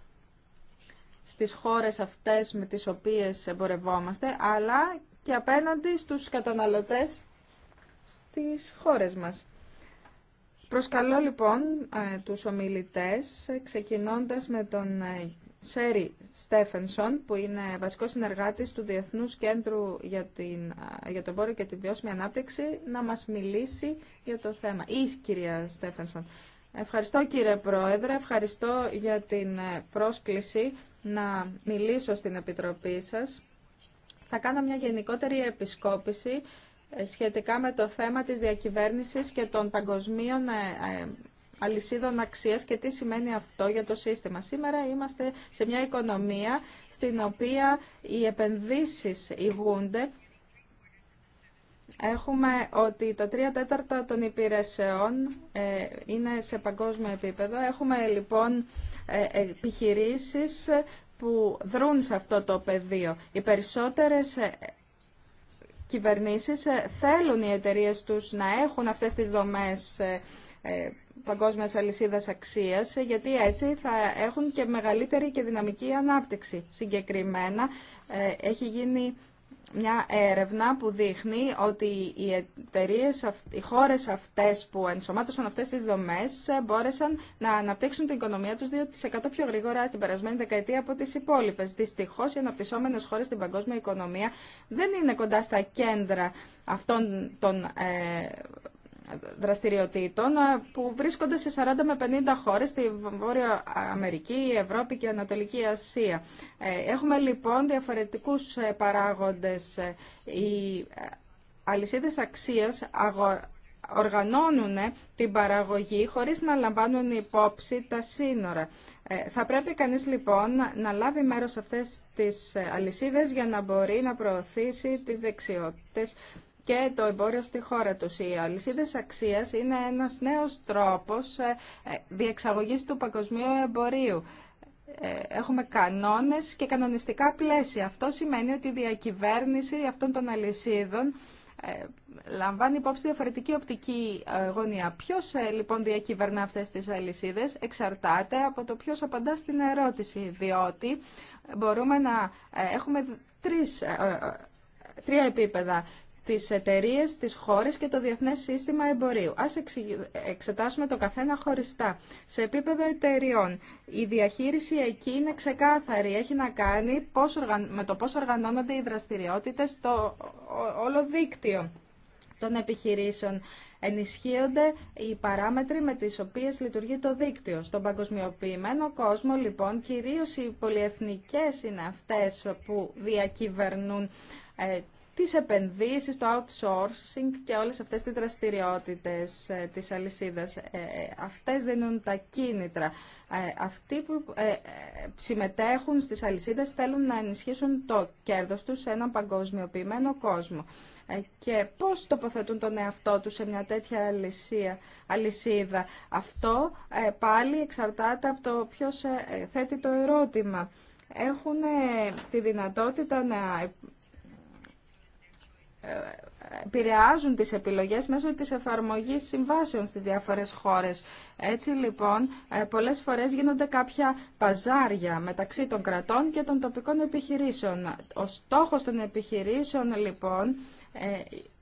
στις χώρες αυτές με τις οποίες εμπορευόμαστε, αλλά και απέναντι στους καταναλωτές στις χώρες μας. Προσκαλώ λοιπόν ε, τους ομιλητές, ξεκινώντας με τον ε, Σέρι Στέφενσον, που είναι βασικός συνεργάτης του Διεθνούς Κέντρου για, την, ε, για το και τη Βιώσιμη Ανάπτυξη, να μας μιλήσει για το θέμα. Ή κυρία Στέφενσον. Ευχαριστώ κύριε Πρόεδρε, ευχαριστώ για την ε, πρόσκληση να μιλήσω στην Επιτροπή σας. Θα κάνω μια γενικότερη επισκόπηση ε, σχετικά με το θέμα της διακυβέρνησης και των παγκοσμίων ε, αλυσίδων αξίας και τι σημαίνει αυτό για το σύστημα. Σήμερα είμαστε σε μια οικονομία στην οποία οι επενδύσεις ηγούνται έχουμε ότι τα τρία τέταρτα των υπηρεσιών ε, είναι σε παγκόσμιο επίπεδο. Έχουμε λοιπόν ε, επιχειρήσεις που δρούν σε αυτό το πεδίο. Οι περισσότερες ε, κυβερνήσεις θέλουν οι εταιρείες τους να έχουν αυτές τις δομές παγκόσμια αλυσίδα αξία, γιατί έτσι θα έχουν και μεγαλύτερη και δυναμική ανάπτυξη. Συγκεκριμένα, έχει γίνει μια έρευνα που δείχνει ότι οι εταιρείε, οι χώρες αυτές που ενσωμάτωσαν αυτές τις δομές ε, μπόρεσαν να αναπτύξουν την οικονομία τους 2% πιο γρήγορα την περασμένη δεκαετία από τις υπόλοιπε. Δυστυχώ, οι αναπτυσσόμενε χώρες στην παγκόσμια οικονομία δεν είναι κοντά στα κέντρα αυτών των ε, δραστηριοτήτων ε, που βρίσκονται σε 40 με 50 χώρες στη Βόρεια Αμερική, Ευρώπη και Ανατολική Ασία. Ε, έχουμε λοιπόν διαφορετικούς ε, παράγοντες. Οι αλυσίδες αξίας οργανώνουν την παραγωγή χωρίς να λαμβάνουν υπόψη τα σύνορα. Θα πρέπει κανείς λοιπόν να λάβει μέρος σε αυτές τις αλυσίδες για να μπορεί να προωθήσει τις δεξιότητες και το εμπόριο στη χώρα τους. Οι αλυσίδε αξίας είναι ένας νέος τρόπος ε, ε, διεξαγωγής του παγκοσμίου εμπορίου. Ε, έχουμε κανόνες και κανονιστικά πλαίσια. Αυτό σημαίνει ότι η διακυβέρνηση αυτών των αλυσίδων λαμβάνει υπόψη διαφορετική οπτική γωνία. Ποιο λοιπόν διακυβερνά αυτέ τι αλυσίδε εξαρτάται από το ποιο απαντά στην ερώτηση. Διότι μπορούμε να έχουμε τρεις, τρία επίπεδα τις εταιρείε, τις χώρες και το Διεθνές Σύστημα Εμπορίου. Ας εξετάσουμε το καθένα χωριστά. Σε επίπεδο εταιριών, η διαχείριση εκεί είναι ξεκάθαρη. Έχει να κάνει με το πώς οργανώνονται οι δραστηριότητες στο όλο δίκτυο των επιχειρήσεων. Ενισχύονται οι παράμετροι με τις οποίες λειτουργεί το δίκτυο. Στον παγκοσμιοποιημένο κόσμο, λοιπόν, κυρίως οι πολυεθνικές είναι αυτές που διακυβερνούν ε, τις επενδύσεις, το outsourcing και όλες αυτές τις δραστηριότητες ε, της αλυσίδας. Ε, ε, αυτές είναι τα κίνητρα. Αυτοί που συμμετέχουν στις αλυσίδες θέλουν να ενισχύσουν το κέρδος τους σε έναν παγκοσμιοποιημένο κόσμο. Και πώς τοποθετούν τον εαυτό τους σε μια τέτοια αλυσίδα. Αυτό πάλι εξαρτάται από το ποιος θέτει το ερώτημα. Έχουν τη δυνατότητα να επηρεάζουν τις επιλογές μέσω της εφαρμογής συμβάσεων στις διάφορες χώρες. Έτσι λοιπόν ε, πολλές φορές γίνονται κάποια παζάρια μεταξύ των κρατών και των τοπικών επιχειρήσεων. Ο στόχος των επιχειρήσεων λοιπόν ε,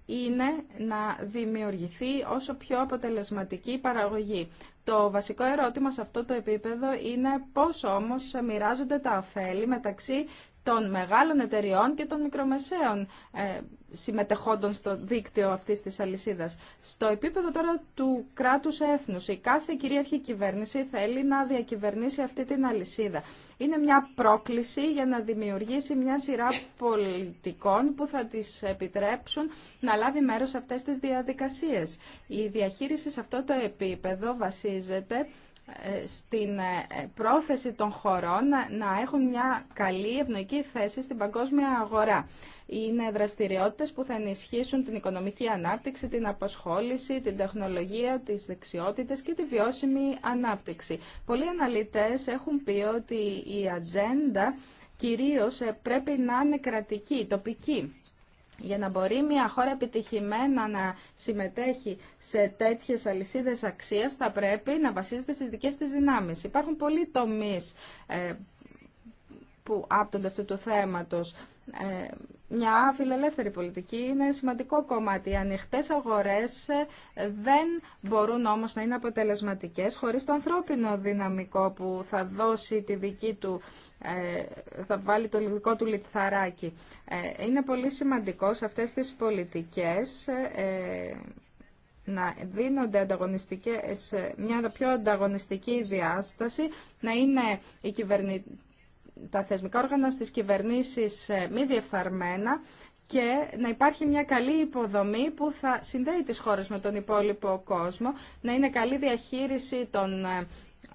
είναι να δημιουργηθεί όσο πιο αποτελεσματική παραγωγή. Το βασικό ερώτημα σε αυτό το επίπεδο είναι πώς όμως μοιράζονται τα ωφέλη μεταξύ των μεγάλων εταιριών και των μικρομεσαίων ε, συμμετεχόντων στο δίκτυο αυτής της αλυσίδας. Στο επίπεδο τώρα του κράτους έθνους, η κάθε κυρίαρχη κυβέρνηση θέλει να διακυβερνήσει αυτή την αλυσίδα. Είναι μια πρόκληση για να δημιουργήσει μια σειρά πολιτικών που θα τις επιτρέψουν να λάβει μέρος σε αυτές τις διαδικασίες. Η διαχείριση σε αυτό το επίπεδο βασίζεται ε, στην ε, ε, πρόθεση των χωρών να έχουν μια καλή ευνοϊκή θέση στην παγκόσμια αγορά. Είναι δραστηριότητες που θα ενισχύσουν την οικονομική ανάπτυξη, την απασχόληση, την τεχνολογία, τις δεξιότητες και τη βιώσιμη ανάπτυξη. Πολλοί αναλυτές έχουν πει ότι η ατζέντα κυρίως πρέπει να είναι κρατική, τοπική για να μπορεί μια χώρα επιτυχημένα να συμμετέχει σε τέτοιες αλυσίδε αξίας θα πρέπει να βασίζεται στις δικές της δυνάμεις. Υπάρχουν πολλοί τομείς ε, που άπτονται αυτού του θέματος. Ε, μια φιλελεύθερη πολιτική είναι σημαντικό κομμάτι. Οι ανοιχτές αγορές ε, δεν μπορούν όμως να είναι αποτελεσματικές χωρίς το ανθρώπινο δυναμικό που θα δώσει τη δική του, ε, θα βάλει το δικό του λιθαράκι. Είναι πολύ σημαντικό σε αυτές τις πολιτικές να δίνονται ανταγωνιστικές, μια πιο ανταγωνιστική διάσταση, να είναι η κυβερνητική τα θεσμικά όργανα στις κυβερνήσεις ε, μη διεφθαρμένα και να υπάρχει μια καλή υποδομή που θα συνδέει τις χώρες με τον υπόλοιπο κόσμο, να είναι καλή διαχείριση των ε,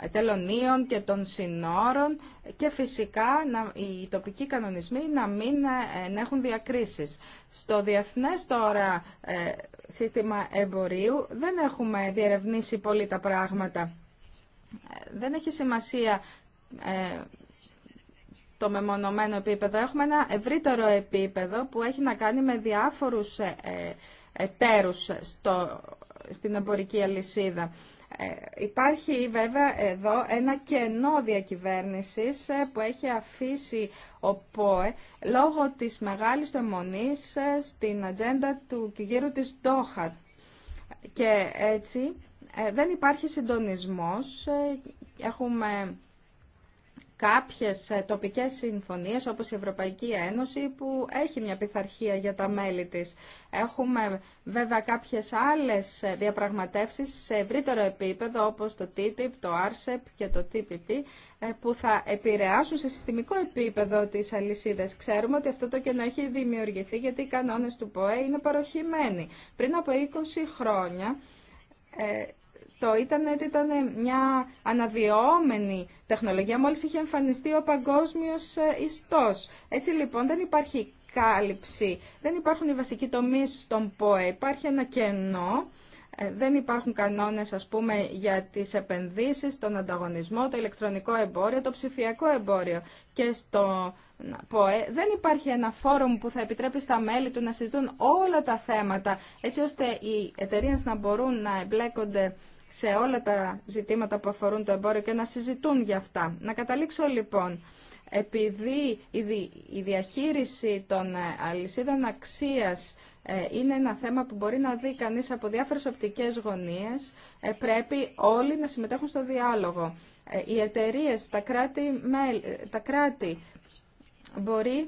τελωνίων και των συνόρων και φυσικά να, οι τοπικοί κανονισμοί να μην ε, έχουν διακρίσεις. Στο διεθνές τώρα σύστημα εμπορίου δεν έχουμε διερευνήσει πολύ τα πράγματα. Δεν έχει σημασία το μεμονωμένο επίπεδο. Έχουμε ένα ευρύτερο επίπεδο που έχει να κάνει με διάφορους ε, ε, εταίρους στο, στην εμπορική αλυσίδα. Ε, υπάρχει βέβαια εδώ ένα κενό διακυβέρνησης που έχει αφήσει ο ΠΟΕ λόγω της μεγάλης τεμονής στην ατζέντα του κυγύρου της Ντόχα. Και έτσι δεν υπάρχει συντονισμός. Έχουμε κάποιες ε, τοπικές συμφωνίες όπως η Ευρωπαϊκή Ένωση που έχει μια πειθαρχία για τα μέλη της. Έχουμε βέβαια κάποιες άλλες ε, διαπραγματεύσεις σε ευρύτερο επίπεδο όπως το TTIP, το RCEP και το TPP ε, που θα επηρεάσουν σε συστημικό επίπεδο τις αλυσίδες. Ξέρουμε ότι αυτό το κενό έχει δημιουργηθεί γιατί οι κανόνες του ΠΟΕ είναι παροχημένοι. Πριν από 20 χρόνια ήταν ότι ήταν μια αναδυόμενη τεχνολογία μόλις είχε εμφανιστεί ο παγκόσμιος ε, ιστός. Έτσι λοιπόν δεν υπάρχει κάλυψη, δεν υπάρχουν οι βασικοί τομείς στον ΠΟΕ, υπάρχει ένα κενό ε, δεν υπάρχουν κανόνες ας πούμε για τις επενδύσεις, τον ανταγωνισμό, το ηλεκτρονικό εμπόριο, το ψηφιακό εμπόριο και στο ΠΟΕ δεν υπάρχει ένα φόρουμ που θα επιτρέπει στα μέλη του να συζητούν όλα τα θέματα έτσι ώστε οι εταιρείες να μπορούν να εμπλέκονται σε όλα τα ζητήματα που αφορούν το εμπόριο και να συζητούν για αυτά. Να καταλήξω λοιπόν, επειδή η διαχείριση των ε, αλυσίδων αξίας ε, είναι ένα θέμα που μπορεί να δει κανείς από διάφορες οπτικές γωνίες, ε, πρέπει όλοι να συμμετέχουν στο διάλογο. Οι εταιρείες, τα κράτη, τα κράτη μπορεί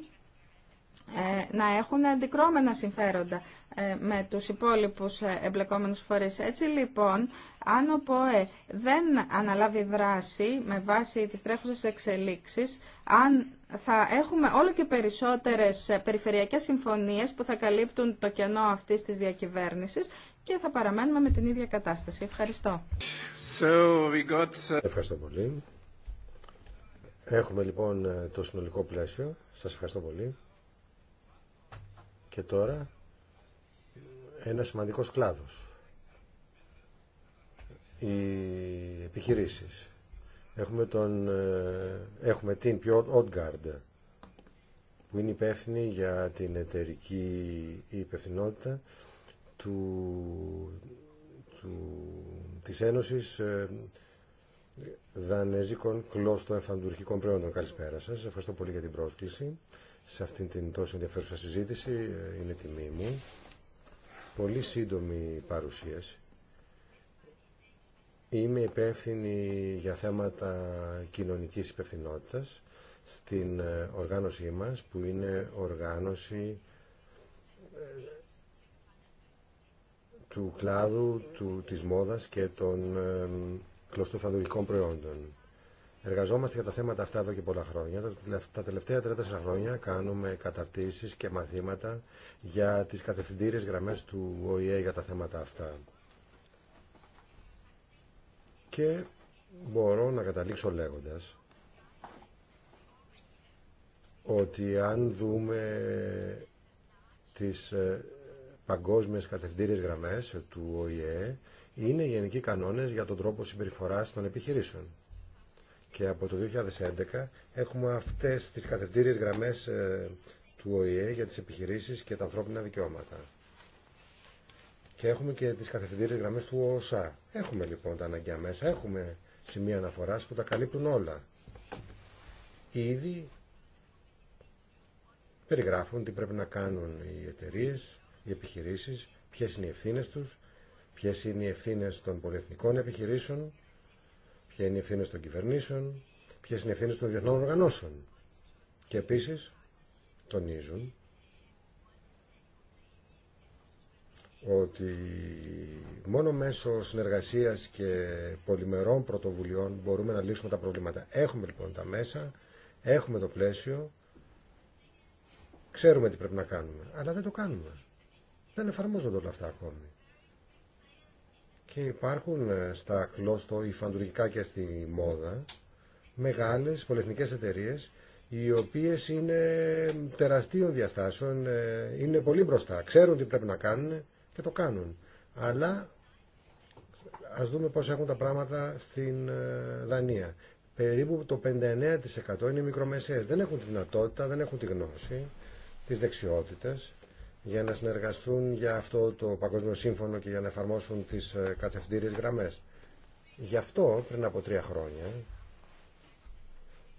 ε, να έχουν αντικρώμενα συμφέροντα ε, με τους υπόλοιπους ε, εμπλεκόμενους φορείς. Έτσι λοιπόν, αν ο ΠΟΕ δεν αναλάβει δράση με βάση τις τρέχουσες εξελίξεις, αν θα έχουμε όλο και περισσότερες περιφερειακές συμφωνίες που θα καλύπτουν το κενό αυτής της διακυβέρνησης και θα παραμένουμε με την ίδια κατάσταση. Ευχαριστώ. So we got... Ευχαριστώ πολύ. Έχουμε λοιπόν το συνολικό πλαίσιο. Σας ευχαριστώ πολύ. Και τώρα ένα σημαντικός κλάδος. Οι επιχειρήσεις. Έχουμε, τον, ε, έχουμε την πιο Odgard που είναι υπεύθυνη για την εταιρική υπευθυνότητα του, του, της Ένωσης ε, Δανέζικων Κλώστων Εμφαντουργικών Προϊόντων. Καλησπέρα σας. Ευχαριστώ πολύ για την πρόσκληση σε αυτήν την τόσο ενδιαφέρουσα συζήτηση. Ε, είναι τιμή μου. Πολύ σύντομη παρουσίαση. Είμαι υπεύθυνη για θέματα κοινωνικής υπευθυνότητας στην ε, οργάνωσή μας που είναι οργάνωση ε, του κλάδου του, της μόδας και των κλωστοφαντουργικών προϊόντων. Εργαζόμαστε για τα θέματα αυτά εδώ και πολλά χρόνια. Τα τελευταία 34 χρόνια κάνουμε καταρτήσεις και μαθήματα για τις κατευθυντήριες γραμμές του ΟΗΕ για τα θέματα αυτά. Και μπορώ να καταλήξω λέγοντας ότι αν δούμε τις ε, παγκόσμιες κατευθυντήριες γραμμές του ΟΗΕ, είναι γενικοί κανόνες για τον τρόπο συμπεριφοράς των επιχειρήσεων και από το 2011 έχουμε αυτές τις κατευθύνες γραμμές ε, του ΟΗΕ για τις επιχειρήσεις και τα ανθρώπινα δικαιώματα. Και έχουμε και τις κατευθυντήριες γραμμές του ΟΣΑ. Έχουμε λοιπόν τα αναγκαία μέσα, έχουμε σημεία αναφοράς που τα καλύπτουν όλα. Ήδη περιγράφουν τι πρέπει να κάνουν οι εταιρείε, οι επιχειρήσεις, ποιες είναι οι ευθύνε τους, ποιες είναι οι ευθύνε των πολυεθνικών επιχειρήσεων ποια είναι η ευθύνη των κυβερνήσεων, ποιε είναι οι ευθύνε των διεθνών οργανώσεων. Και επίση τονίζουν ότι μόνο μέσω συνεργασίας και πολυμερών πρωτοβουλειών μπορούμε να λύσουμε τα προβλήματα. Έχουμε λοιπόν τα μέσα, έχουμε το πλαίσιο, ξέρουμε τι πρέπει να κάνουμε, αλλά δεν το κάνουμε. Δεν εφαρμόζονται όλα αυτά ακόμη και υπάρχουν ε, στα κλώστο ή φαντουργικά και στη μόδα μεγάλες πολυεθνικές εταιρείες οι οποίες είναι τεραστίων διαστάσεων, ε, είναι πολύ μπροστά, ξέρουν τι πρέπει να κάνουν και το κάνουν. Αλλά ας δούμε πώς έχουν τα πράγματα στην ε, Δανία. Περίπου το 59% είναι μικρομεσαίες. Δεν έχουν τη δυνατότητα, δεν έχουν τη γνώση, τις δεξιότητες για να συνεργαστούν για αυτό το Παγκόσμιο Σύμφωνο και για να εφαρμόσουν τις ε, κατευθυντήριες γραμμές. Γι' αυτό πριν από τρία χρόνια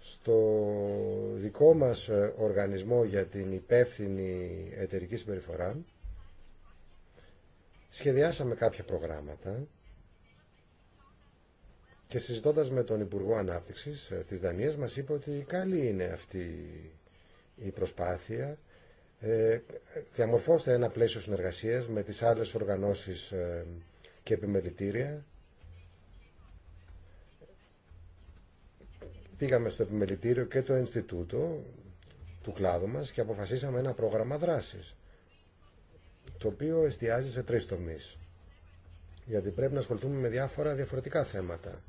στο δικό μας ε, οργανισμό για την υπεύθυνη εταιρική συμπεριφορά σχεδιάσαμε κάποια προγράμματα και συζητώντας με τον Υπουργό Ανάπτυξης ε, της Δανίας μας είπε ότι καλή είναι αυτή η προσπάθεια ε, διαμορφώστε ένα πλαίσιο συνεργασίας με τις άλλες οργανώσεις ε, και επιμελητήρια. Πήγαμε στο επιμελητήριο και το Ινστιτούτο του κλάδου μας και αποφασίσαμε ένα πρόγραμμα δράσης το οποίο εστιάζει σε τρεις τομείς γιατί πρέπει να ασχοληθούμε με διάφορα διαφορετικά θέματα.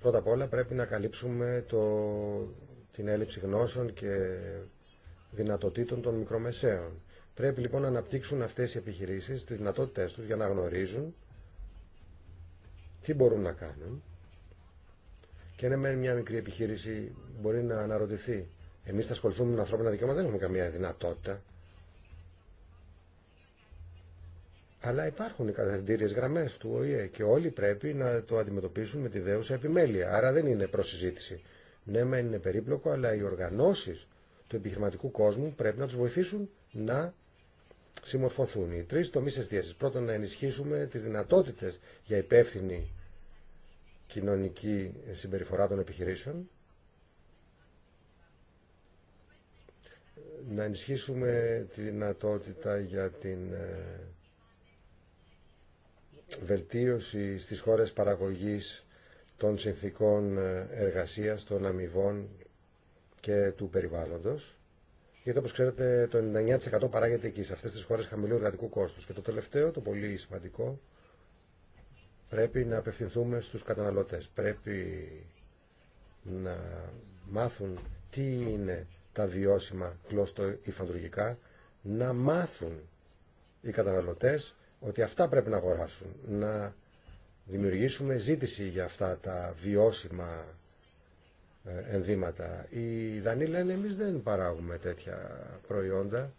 Πρώτα απ' όλα πρέπει να καλύψουμε το, την έλλειψη γνώσεων και δυνατοτήτων των μικρομεσαίων. Πρέπει λοιπόν να αναπτύξουν αυτές οι επιχειρήσεις τις δυνατότητές τους για να γνωρίζουν τι μπορούν να κάνουν και ναι, μια μικρή επιχείρηση μπορεί να αναρωτηθεί. Εμείς θα ασχοληθούμε με ανθρώπινα δικαιώματα, δεν έχουμε καμία δυνατότητα. Αλλά υπάρχουν οι καθεντήριες γραμμέ του ΟΗΕ και όλοι πρέπει να το αντιμετωπίσουν με τη δέουσα επιμέλεια. Άρα δεν είναι προσυζήτηση. Ναι, μεν είναι περίπλοκο, αλλά οι οργανώσει του επιχειρηματικού κόσμου πρέπει να τους βοηθήσουν να συμμορφωθούν. Οι τρεις τομείς εστίαση. Πρώτον, να ενισχύσουμε τι δυνατότητες για υπεύθυνη κοινωνική συμπεριφορά των επιχειρήσεων. Να ενισχύσουμε τη δυνατότητα για την ε, βελτίωση στις χώρες παραγωγής των συνθήκων ε, εργασίας, των αμοιβών και του περιβάλλοντος. Γιατί όπως ξέρετε το 99% παράγεται εκεί, σε αυτές τις χώρες χαμηλού εργατικού κόστους. Και το τελευταίο, το πολύ σημαντικό, πρέπει να απευθυνθούμε στους καταναλωτές. Πρέπει να μάθουν τι είναι τα βιώσιμα κλώστο υφαντουργικά, να μάθουν οι καταναλωτές ότι αυτά πρέπει να αγοράσουν, να δημιουργήσουμε ζήτηση για αυτά τα βιώσιμα ε, ενδύματα. Οι Δανείοι λένε εμείς δεν παράγουμε τέτοια προϊόντα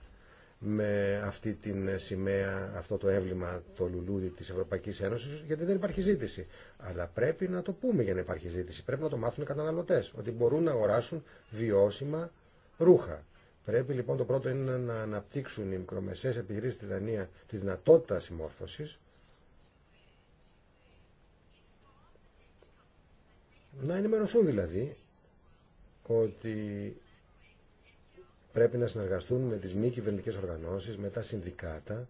με αυτή την σημαία, αυτό το έβλημα, το λουλούδι της Ευρωπαϊκής Ένωσης, γιατί δεν υπάρχει ζήτηση. Αλλά πρέπει να το πούμε για να υπάρχει ζήτηση. Πρέπει να το μάθουν οι καταναλωτές, ότι μπορούν να αγοράσουν βιώσιμα ρούχα. Πρέπει λοιπόν το πρώτο είναι να αναπτύξουν οι μικρομεσαίες επιχειρήσεις στη Δανία τη δυνατότητα συμμόρφωσης, να ενημερωθούν δηλαδή ότι πρέπει να συνεργαστούν με τις μη κυβερνητικέ οργανώσεις, με τα συνδικάτα.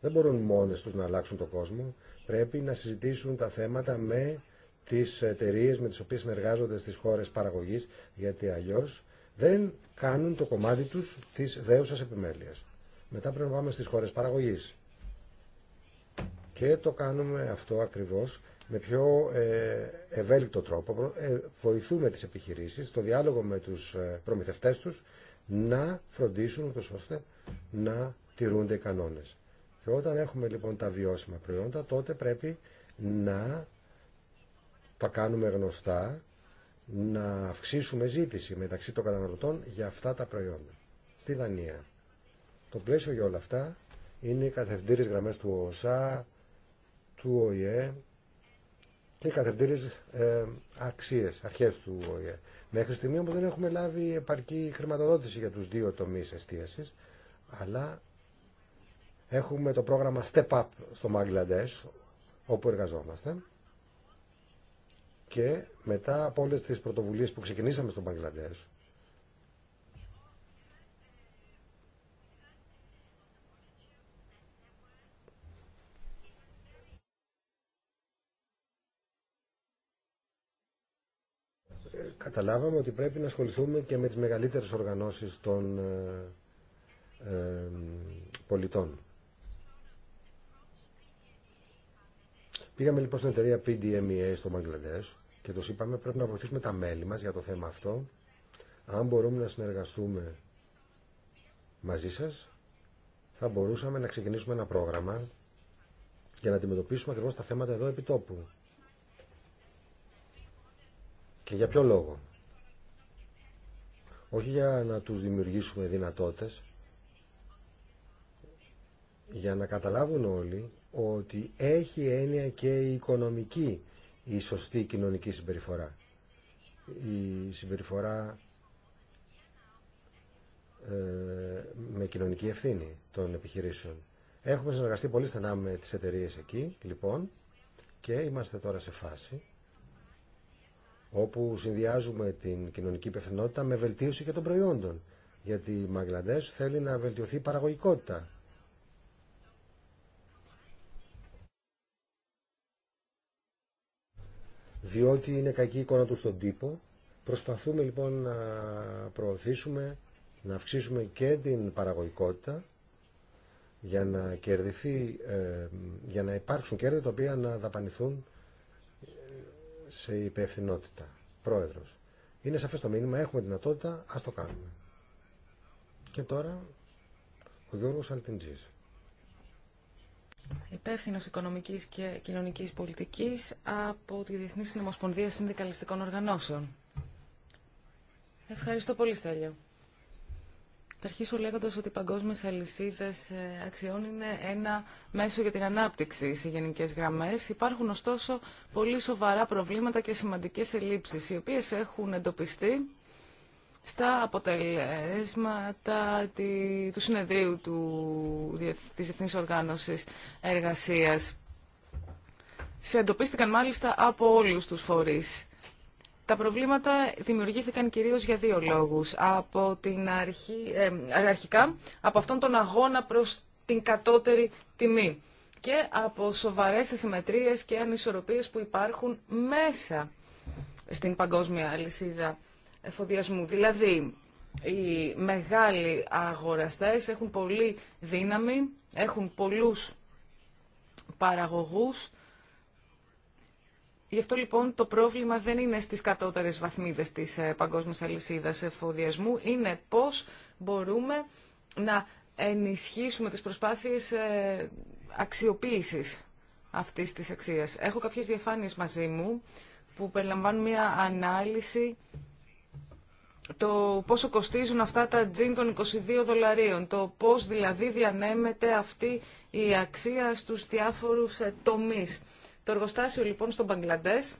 Δεν μπορούν μόνες τους να αλλάξουν τον κόσμο. Πρέπει να συζητήσουν τα θέματα με τις εταιρείε με τις οποίες συνεργάζονται στις χώρες παραγωγής, γιατί αλλιώς δεν κάνουν το κομμάτι τους της δέουσας επιμέλειας. Μετά πρέπει να πάμε στις χώρες παραγωγής. Και το κάνουμε αυτό ακριβώς με πιο ε, ευέλικτο τρόπο ε, βοηθούμε τις επιχειρήσεις στο διάλογο με τους ε, προμηθευτές τους να φροντίσουν ώστε να τηρούνται οι κανόνες. Και όταν έχουμε λοιπόν τα βιώσιμα προϊόντα τότε πρέπει να τα κάνουμε γνωστά να αυξήσουμε ζήτηση μεταξύ των καταναλωτών για αυτά τα προϊόντα. Στη Δανία. Το πλαίσιο για όλα αυτά είναι οι γραμμές του ΟΣΑ, του ΟΗΕ και κατευθύνει ε, αξίες, αρχές του ΟΗΕ. Μέχρι στιγμή όμως δεν έχουμε λάβει επαρκή χρηματοδότηση για τους δύο τομείς εστίαση, αλλά έχουμε το πρόγραμμα Step Up στο Μαγκλαντές, όπου εργαζόμαστε, και μετά από όλε τις πρωτοβουλίες που ξεκινήσαμε στο Μαγκλαντές, καταλάβαμε ότι πρέπει να ασχοληθούμε και με τις μεγαλύτερες οργανώσεις των ε, ε, πολιτών. Πήγαμε λοιπόν στην εταιρεία PDMEA στο Μαγκλαντές και τους είπαμε πρέπει να βοηθήσουμε τα μέλη μας για το θέμα αυτό. Αν μπορούμε να συνεργαστούμε μαζί σας, θα μπορούσαμε να ξεκινήσουμε ένα πρόγραμμα για να αντιμετωπίσουμε ακριβώς τα θέματα εδώ επιτόπου. Και για ποιο λόγο. Όχι για να τους δημιουργήσουμε δυνατότητες, για να καταλάβουν όλοι ότι έχει έννοια και η οικονομική, η σωστή κοινωνική συμπεριφορά. Η συμπεριφορά ε, με κοινωνική ευθύνη των επιχειρήσεων. Έχουμε συνεργαστεί πολύ στενά με τις εταιρείες εκεί, λοιπόν, και είμαστε τώρα σε φάση όπου συνδυάζουμε την κοινωνική υπευθυνότητα με βελτίωση και των προϊόντων. Γιατί η Μαγκλαντές θέλει να βελτιωθεί η παραγωγικότητα. Διότι είναι κακή εικόνα του στον τύπο. Προσπαθούμε λοιπόν να προωθήσουμε, να αυξήσουμε και την παραγωγικότητα για να, κερδιθεί, ε, για να υπάρξουν κέρδη τα οποία να δαπανηθούν σε υπευθυνότητα. Πρόεδρος. Είναι σαφέ το μήνυμα, έχουμε δυνατότητα, ά το κάνουμε. Και τώρα, ο Γιώργο Αλτιντζή. Υπεύθυνο οικονομικής και κοινωνικής πολιτικής από τη Διεθνή Συνομοσπονδία Συνδικαλιστικών Οργανώσεων. Ευχαριστώ πολύ, Στέλιο. Θα αρχίσω λέγοντας ότι οι παγκόσμιες αλυσίδες ε, αξιών είναι ένα μέσο για την ανάπτυξη σε γενικές γραμμές. Υπάρχουν ωστόσο πολύ σοβαρά προβλήματα και σημαντικές ελλείψεις, οι οποίες έχουν εντοπιστεί στα αποτελέσματα του συνεδρίου του, της Διεθνής Οργάνωσης Εργασίας. Σε εντοπίστηκαν μάλιστα από όλους τους φορείς. Τα προβλήματα δημιουργήθηκαν κυρίως για δύο λόγους. Από την αρχή, ε, αρχικά, από αυτόν τον αγώνα προς την κατώτερη τιμή και από σοβαρές ασυμμετρίες και ανισορροπίες που υπάρχουν μέσα στην παγκόσμια αλυσίδα εφοδιασμού. Δηλαδή, οι μεγάλοι αγοραστές έχουν πολύ δύναμη, έχουν πολλούς παραγωγούς Γι' αυτό λοιπόν το πρόβλημα δεν είναι στις κατώτερες βαθμίδες της ε, παγκόσμιας αλυσίδας εφοδιασμού, είναι πώς μπορούμε να ενισχύσουμε τις προσπάθειες ε, αξιοποίησης αυτής της αξίας. Έχω κάποιες διαφάνειες μαζί μου που περιλαμβάνουν μια ανάλυση το πόσο κοστίζουν αυτά τα τζιν των 22 δολαρίων, το πώς δηλαδή διανέμεται αυτή η αξία στους διάφορους ε, τομείς. Το εργοστάσιο λοιπόν στον Μπαγκλαντές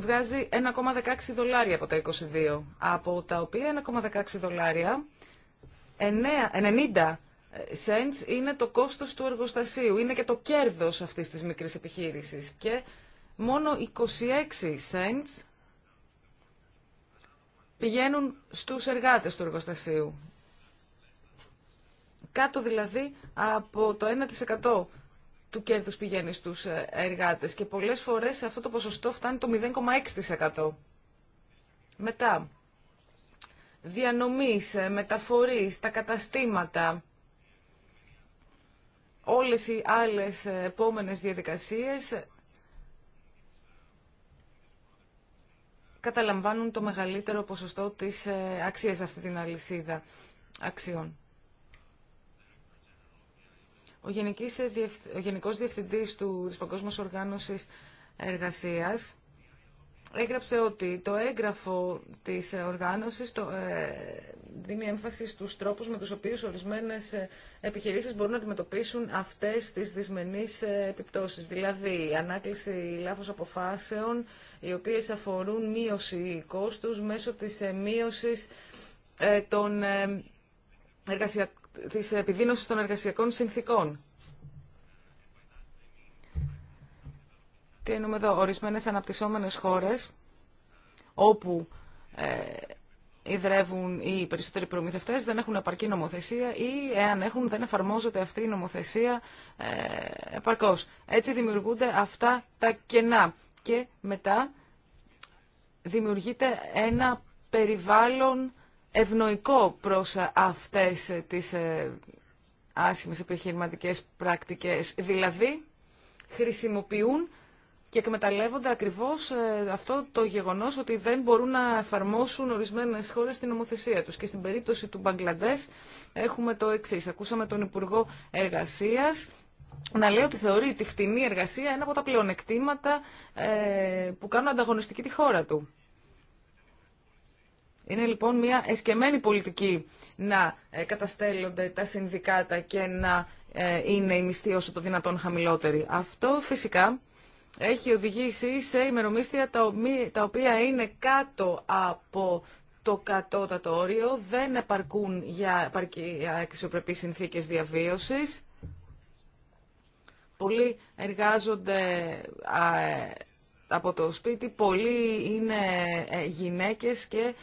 βγάζει 1,16 δολάρια από τα 22, από τα οποία 1,16 δολάρια 90 cents είναι το κόστος του εργοστασίου, είναι και το κέρδος αυτής της μικρής επιχείρησης και μόνο 26 cents πηγαίνουν στους εργάτες του εργοστασίου. Κάτω δηλαδή από το 1% του κέρδου πηγαίνει στου ε, εργάτες και πολλές φορές αυτό το ποσοστό φτάνει το 0,6%. Μετά, διανομής, ε, μεταφορής τα καταστήματα, όλες οι άλλες ε, επόμενες διαδικασίες καταλαμβάνουν το μεγαλύτερο ποσοστό της αξίας αυτή την αλυσίδα αξιών. Ο, ε, ο Γενικός Διευθυντής του, της Παγκόσμιας Οργάνωσης Εργασίας έγραψε ότι το έγγραφο της οργάνωσης το, ε, δίνει έμφαση στους τρόπους με τους οποίους ορισμένες ε, επιχειρήσεις μπορούν να αντιμετωπίσουν αυτές τις δυσμενείς επιπτώσεις. Δηλαδή, η ανάκληση λάθος αποφάσεων, οι οποίες αφορούν μείωση κόστους μέσω της μείωσης των εργασιακών της επιδείνωσης των εργασιακών συνθήκων. Τι εννοούμε εδώ, ορισμένες αναπτυσσόμενες χώρες όπου ε, ιδρεύουν οι περισσότεροι προμηθευτές δεν έχουν επαρκή νομοθεσία ή εάν έχουν δεν εφαρμόζεται αυτή η νομοθεσία ε, επαρκώς. Έτσι δημιουργούνται αυτά τα κενά και μετά δημιουργείται ένα περιβάλλον ευνοϊκό προς ε, αυτές ε, τις ε, άσχημες επιχειρηματικές πρακτικές. Δηλαδή, χρησιμοποιούν και εκμεταλλεύονται ακριβώς αυτό το γεγονός ότι δεν μπορούν να εφαρμόσουν ορισμένες χώρες την νομοθεσία τους. Και στην περίπτωση του Μπαγκλαντές έχουμε το εξής. Ακούσαμε τον Υπουργό Εργασίας να λέει ότι θεωρεί τη φτηνή εργασία ένα από τα πλεονεκτήματα που κάνουν ανταγωνιστική τη χώρα του. Είναι λοιπόν μια εσκεμμένη πολιτική να ε, καταστέλλονται τα συνδικάτα και να ε, είναι η μισθή όσο το δυνατόν χαμηλότερη. Αυτό φυσικά έχει οδηγήσει σε ημερομίσθια τα οποία είναι κάτω από το κατώτατο όριο, δεν επαρκούν για αξιοπρεπείς συνθήκες διαβίωσης. Πολλοί εργάζονται ε, από το σπίτι, πολλοί είναι γυναίκες και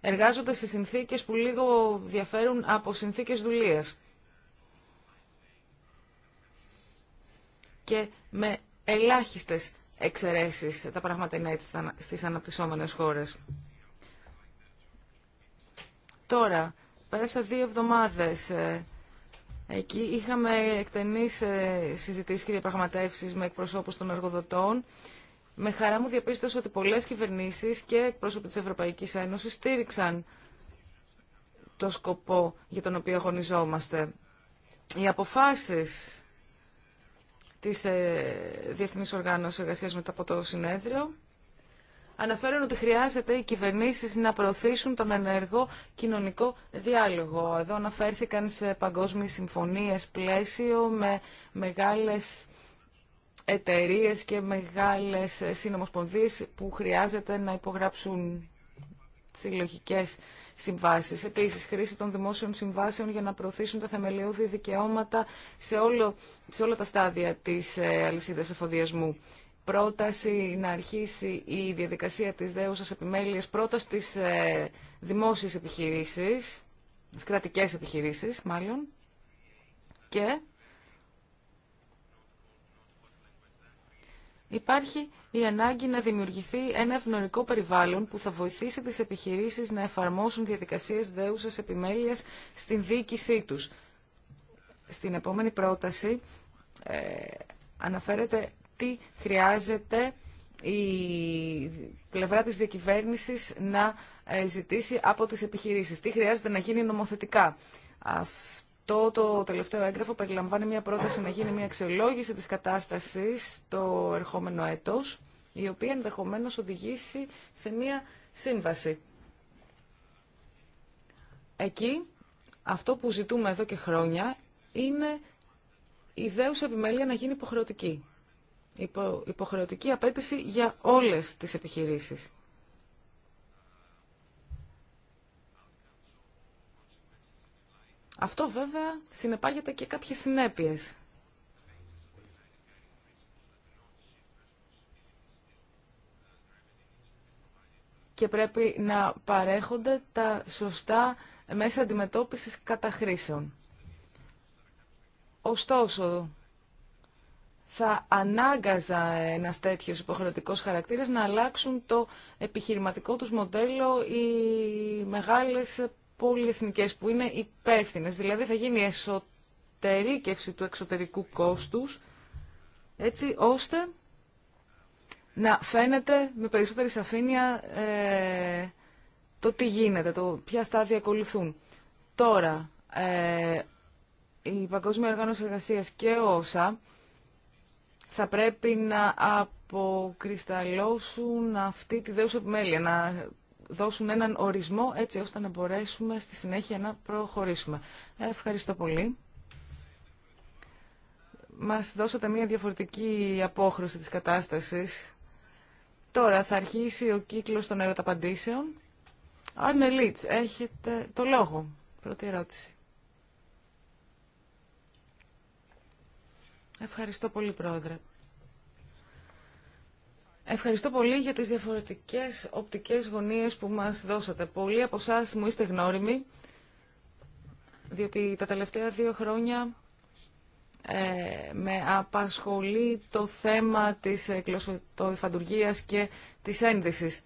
εργάζονται σε συνθήκες που λίγο διαφέρουν από συνθήκες δουλείας. Και με ελάχιστες εξαιρέσεις τα πράγματα είναι έτσι στις αναπτυσσόμενες χώρες. Τώρα, πέρασα δύο εβδομάδες. Ε, εκεί είχαμε εκτενείς ε, συζητήσεις και διαπραγματεύσεις με εκπροσώπους των εργοδοτών με χαρά μου διαπίστωσα ότι πολλές κυβερνήσεις και εκπρόσωποι της Ευρωπαϊκής Ένωσης στήριξαν το σκοπό για τον οποίο αγωνιζόμαστε. Οι αποφάσεις της ε, Διεθνής Οργάνωσης Εργασίας μετά από το συνέδριο αναφέρουν ότι χρειάζεται οι κυβερνήσεις να προωθήσουν τον ενεργό κοινωνικό διάλογο. Εδώ αναφέρθηκαν σε παγκόσμιες συμφωνίες πλαίσιο με μεγάλες εταιρείε και μεγάλες συνομοσπονδίες που χρειάζεται να υπογράψουν συλλογικέ συμβάσει. Επίση, χρήση των δημόσιων συμβάσεων για να προωθήσουν τα θεμελιώδη δικαιώματα σε, όλο, σε όλα τα στάδια της ε, αλυσίδα εφοδιασμού. Πρόταση να αρχίσει η διαδικασία της δέουσας επιμέλειας πρώτα στις δημόσιε δημόσιες επιχειρήσεις, στις κρατικές επιχειρήσεις μάλλον, και Υπάρχει η ανάγκη να δημιουργηθεί ένα ευνορικό περιβάλλον που θα βοηθήσει τις επιχειρήσεις να εφαρμόσουν διαδικασίες δέουσας επιμέλειας στην διοίκησή τους. Στην επόμενη πρόταση ε, αναφέρεται τι χρειάζεται η πλευρά της διακυβέρνησης να ε, ζητήσει από τις επιχειρήσεις. Τι χρειάζεται να γίνει νομοθετικά. Αυτό το τελευταίο έγγραφο περιλαμβάνει μια πρόταση να γίνει μια αξιολόγηση της κατάστασης το ερχόμενο έτος, η οποία ενδεχομένως οδηγήσει σε μια σύμβαση. Εκεί αυτό που ζητούμε εδώ και χρόνια είναι η δέουσα επιμέλεια να γίνει υποχρεωτική. υποχρεωτική απέτηση για όλες τις επιχειρήσεις. Αυτό βέβαια συνεπάγεται και κάποιες συνέπειες. Και πρέπει να παρέχονται τα σωστά μέσα αντιμετώπισης καταχρήσεων. Ωστόσο, θα ανάγκαζα ένα τέτοιο υποχρεωτικό χαρακτήρα να αλλάξουν το επιχειρηματικό τους μοντέλο οι μεγάλες πολυεθνικές που είναι υπεύθυνε, Δηλαδή θα γίνει εσωτερήκευση του εξωτερικού κόστους έτσι ώστε να φαίνεται με περισσότερη σαφήνεια ε, το τι γίνεται, το ποια στάδια ακολουθούν. Τώρα, ε, η Παγκόσμια Οργάνωση Εργασίας και όσα θα πρέπει να αποκρισταλώσουν αυτή τη δέουσα επιμέλεια, να δώσουν έναν ορισμό έτσι ώστε να μπορέσουμε στη συνέχεια να προχωρήσουμε. Ευχαριστώ πολύ. Μας δώσατε μια διαφορετική απόχρωση της κατάστασης. Τώρα θα αρχίσει ο κύκλος των ερωταπαντήσεων. Άρνε Λίτς, έχετε το λόγο. Πρώτη ερώτηση. Ευχαριστώ πολύ, Πρόεδρε. Ευχαριστώ πολύ για τις διαφορετικές οπτικές γωνίες που μας δώσατε. Πολλοί από εσά μου είστε γνώριμοι, διότι τα τελευταία δύο χρόνια ε, με απασχολεί το θέμα της ε, κλωσοφαντουργία και της ένδυσης.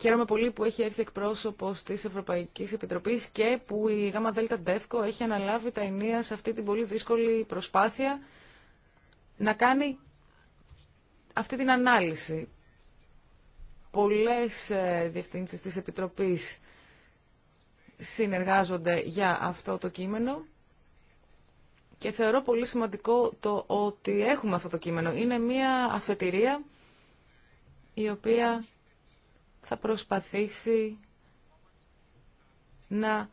Χαίρομαι πολύ που έχει έρθει εκπρόσωπο τη Ευρωπαϊκή Επιτροπή και που η ΓΑΜΑ ΔΕΛΤΑ έχει αναλάβει τα ενία σε αυτή την πολύ δύσκολη προσπάθεια να κάνει αυτή την ανάλυση. Πολλές ε, διευθύνσεις της Επιτροπής συνεργάζονται για αυτό το κείμενο και θεωρώ πολύ σημαντικό το ότι έχουμε αυτό το κείμενο. Είναι μια αφετηρία η οποία θα προσπαθήσει να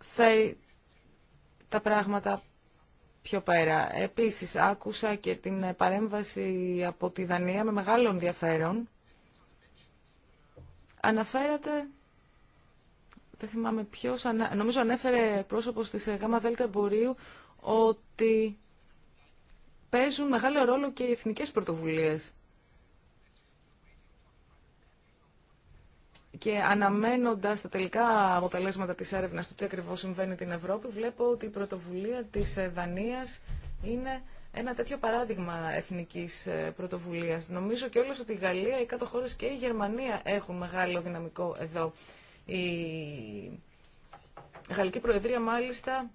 φέρει τα πράγματα πιο πέρα. Επίσης, άκουσα και την παρέμβαση από τη Δανία με μεγάλο ενδιαφέρον. Αναφέρατε, δεν θυμάμαι ποιος, νομίζω ανέφερε πρόσωπος της ε, ΓΑΜΑ ΔΕΛΤΑ Εμπορίου, ότι παίζουν μεγάλο ρόλο και οι εθνικές πρωτοβουλίες. και αναμένοντας τα τελικά αποτελέσματα της έρευνα του τι ακριβώ συμβαίνει την Ευρώπη, βλέπω ότι η πρωτοβουλία της ε, Δανία είναι ένα τέτοιο παράδειγμα εθνικής ε, πρωτοβουλίας. Νομίζω και όλες ότι η Γαλλία, οι κάτω χώρες και η Γερμανία έχουν μεγάλο δυναμικό εδώ. Η Γαλλική Προεδρία μάλιστα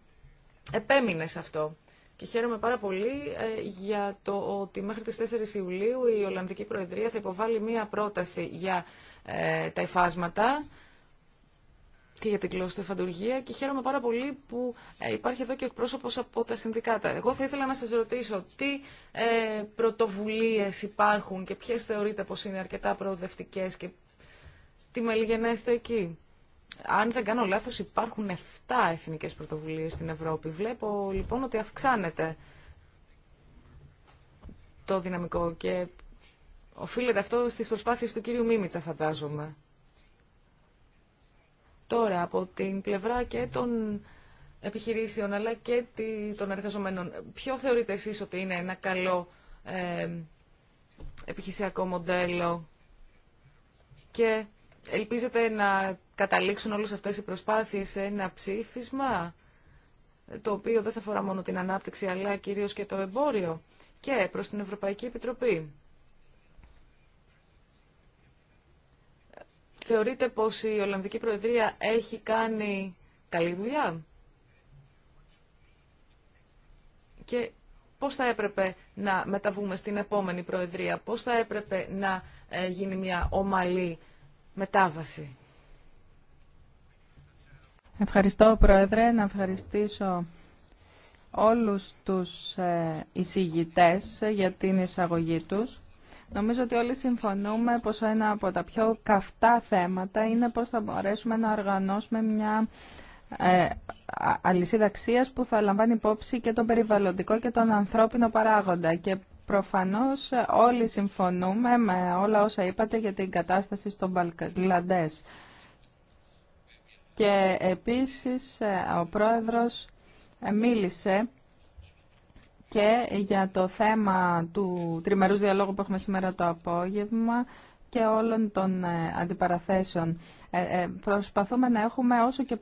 επέμεινε σε αυτό. Και χαίρομαι πάρα πολύ ε, για το ότι μέχρι τις 4 Ιουλίου η Ολλανδική Προεδρία θα υποβάλει μία πρόταση για ε, τα εφάσματα και για την φαντουργία. και χαίρομαι πάρα πολύ που ε, υπάρχει εδώ και εκπρόσωπος από τα συνδικάτα. Εγώ θα ήθελα να σας ρωτήσω τι πρωτοβουλίες υπάρχουν και ποιες θεωρείτε πως είναι αρκετά προοδευτικές και τι μελιγενέστε εκεί. Αν δεν κάνω λάθος υπάρχουν 7 εθνικές πρωτοβουλίες στην Ευρώπη. Βλέπω λοιπόν ότι αυξάνεται το δυναμικό και οφείλεται αυτό στις προσπάθειες του κύριου Μίμητσα φαντάζομαι. Τώρα από την πλευρά και των επιχειρήσεων αλλά και των εργαζομένων, ποιο θεωρείτε εσείς ότι είναι ένα καλό ε, επιχειρησιακό μοντέλο και Ελπίζετε να καταλήξουν όλες αυτές οι προσπάθειες σε ένα ψήφισμα, το οποίο δεν θα αφορά μόνο την ανάπτυξη, αλλά κυρίως και το εμπόριο και προς την Ευρωπαϊκή Επιτροπή. Θεωρείτε πως η Ολλανδική Προεδρία έχει κάνει καλή δουλειά και πώς θα έπρεπε να μεταβούμε στην επόμενη Προεδρία, πώς θα έπρεπε να ε, γίνει μια ομαλή μετάβαση. Ευχαριστώ, Πρόεδρε. Να ευχαριστήσω όλους τους ε, εισηγητές ε, για την εισαγωγή τους. Νομίζω ότι όλοι συμφωνούμε πως ένα από τα πιο καυτά θέματα είναι πως θα μπορέσουμε να οργανώσουμε μια ε, αλυσίδα αξίας που θα λαμβάνει υπόψη και τον περιβαλλοντικό και τον ανθρώπινο παράγοντα. Και Προφανώς όλοι συμφωνούμε με όλα όσα είπατε για την κατάσταση στον Μπαλκλαντές. Και επίσης ο πρόεδρος μίλησε και για το θέμα του τριμερούς διαλόγου που έχουμε σήμερα το απόγευμα και όλων των ε, αντιπαραθέσεων. Ε, ε, προσπαθούμε να έχουμε όσο και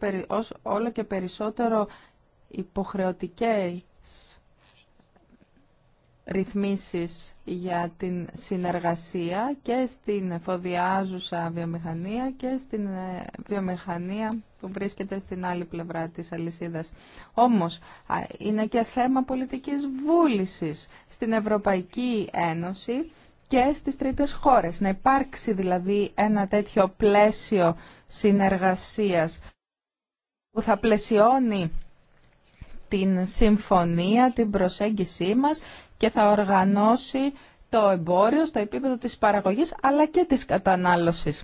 όλο και περισσότερο υποχρεωτικές ρυθμίσεις για την συνεργασία και στην εφοδιάζουσα βιομηχανία και στην ε, βιομηχανία που βρίσκεται στην άλλη πλευρά της αλυσίδας. Όμως, είναι και θέμα πολιτικής βούλησης στην Ευρωπαϊκή Ένωση και στις τρίτες χώρες. Να υπάρξει δηλαδή ένα τέτοιο πλαίσιο συνεργασίας που θα πλαισιώνει την συμφωνία, την προσέγγισή μας και θα οργανώσει το εμπόριο στο επίπεδο της παραγωγής αλλά και της κατανάλωσης.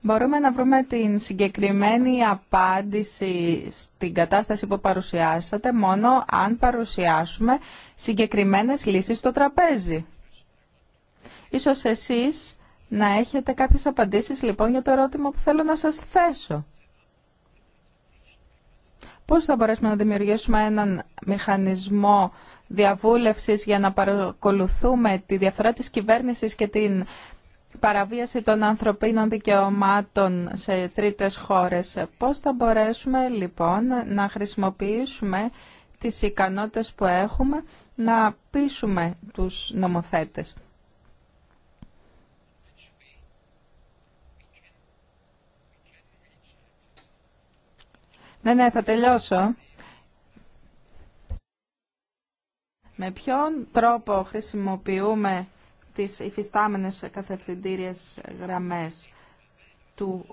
Μπορούμε να βρούμε την συγκεκριμένη απάντηση στην κατάσταση που παρουσιάσατε μόνο αν παρουσιάσουμε συγκεκριμένες λύσεις στο τραπέζι. Ίσως εσείς να έχετε κάποιες απαντήσεις λοιπόν για το ερώτημα που θέλω να σας θέσω. Πώς θα μπορέσουμε να δημιουργήσουμε έναν μηχανισμό διαβούλευσης για να παρακολουθούμε τη διαφθορά της κυβέρνησης και την παραβίαση των ανθρωπίνων δικαιωμάτων σε τρίτες χώρες. Πώς θα μπορέσουμε λοιπόν να χρησιμοποιήσουμε τις ικανότητες που έχουμε να πείσουμε τους νομοθέτες. Ναι, ναι, θα τελειώσω. Με ποιον τρόπο χρησιμοποιούμε τις υφιστάμενες καθευθυντήριες γραμμές του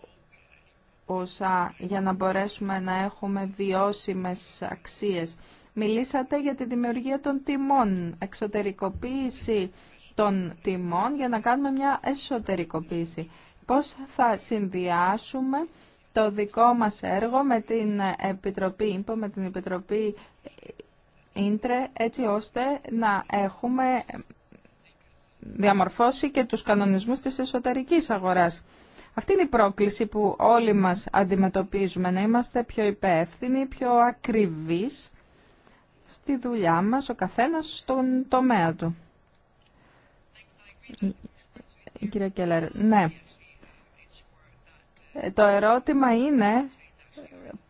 ΩΣΑ για να μπορέσουμε να έχουμε βιώσιμες αξίες. Μιλήσατε για τη δημιουργία των τιμών, εξωτερικοποίηση των τιμών για να κάνουμε μια εσωτερικοποίηση. Πώς θα συνδυάσουμε το δικό μας έργο με την Επιτροπή ΙΜΠΟ, με την Επιτροπή ΙΝΤΡΕ, έτσι ώστε να έχουμε διαμορφώσει και τους κανονισμούς της εσωτερικής αγοράς. Αυτή είναι η πρόκληση που όλοι μας αντιμετωπίζουμε, να είμαστε πιο υπεύθυνοι, πιο ακριβείς στη δουλειά μας, ο καθένας στον τομέα του. Κύριε ναι. Ε, το ερώτημα είναι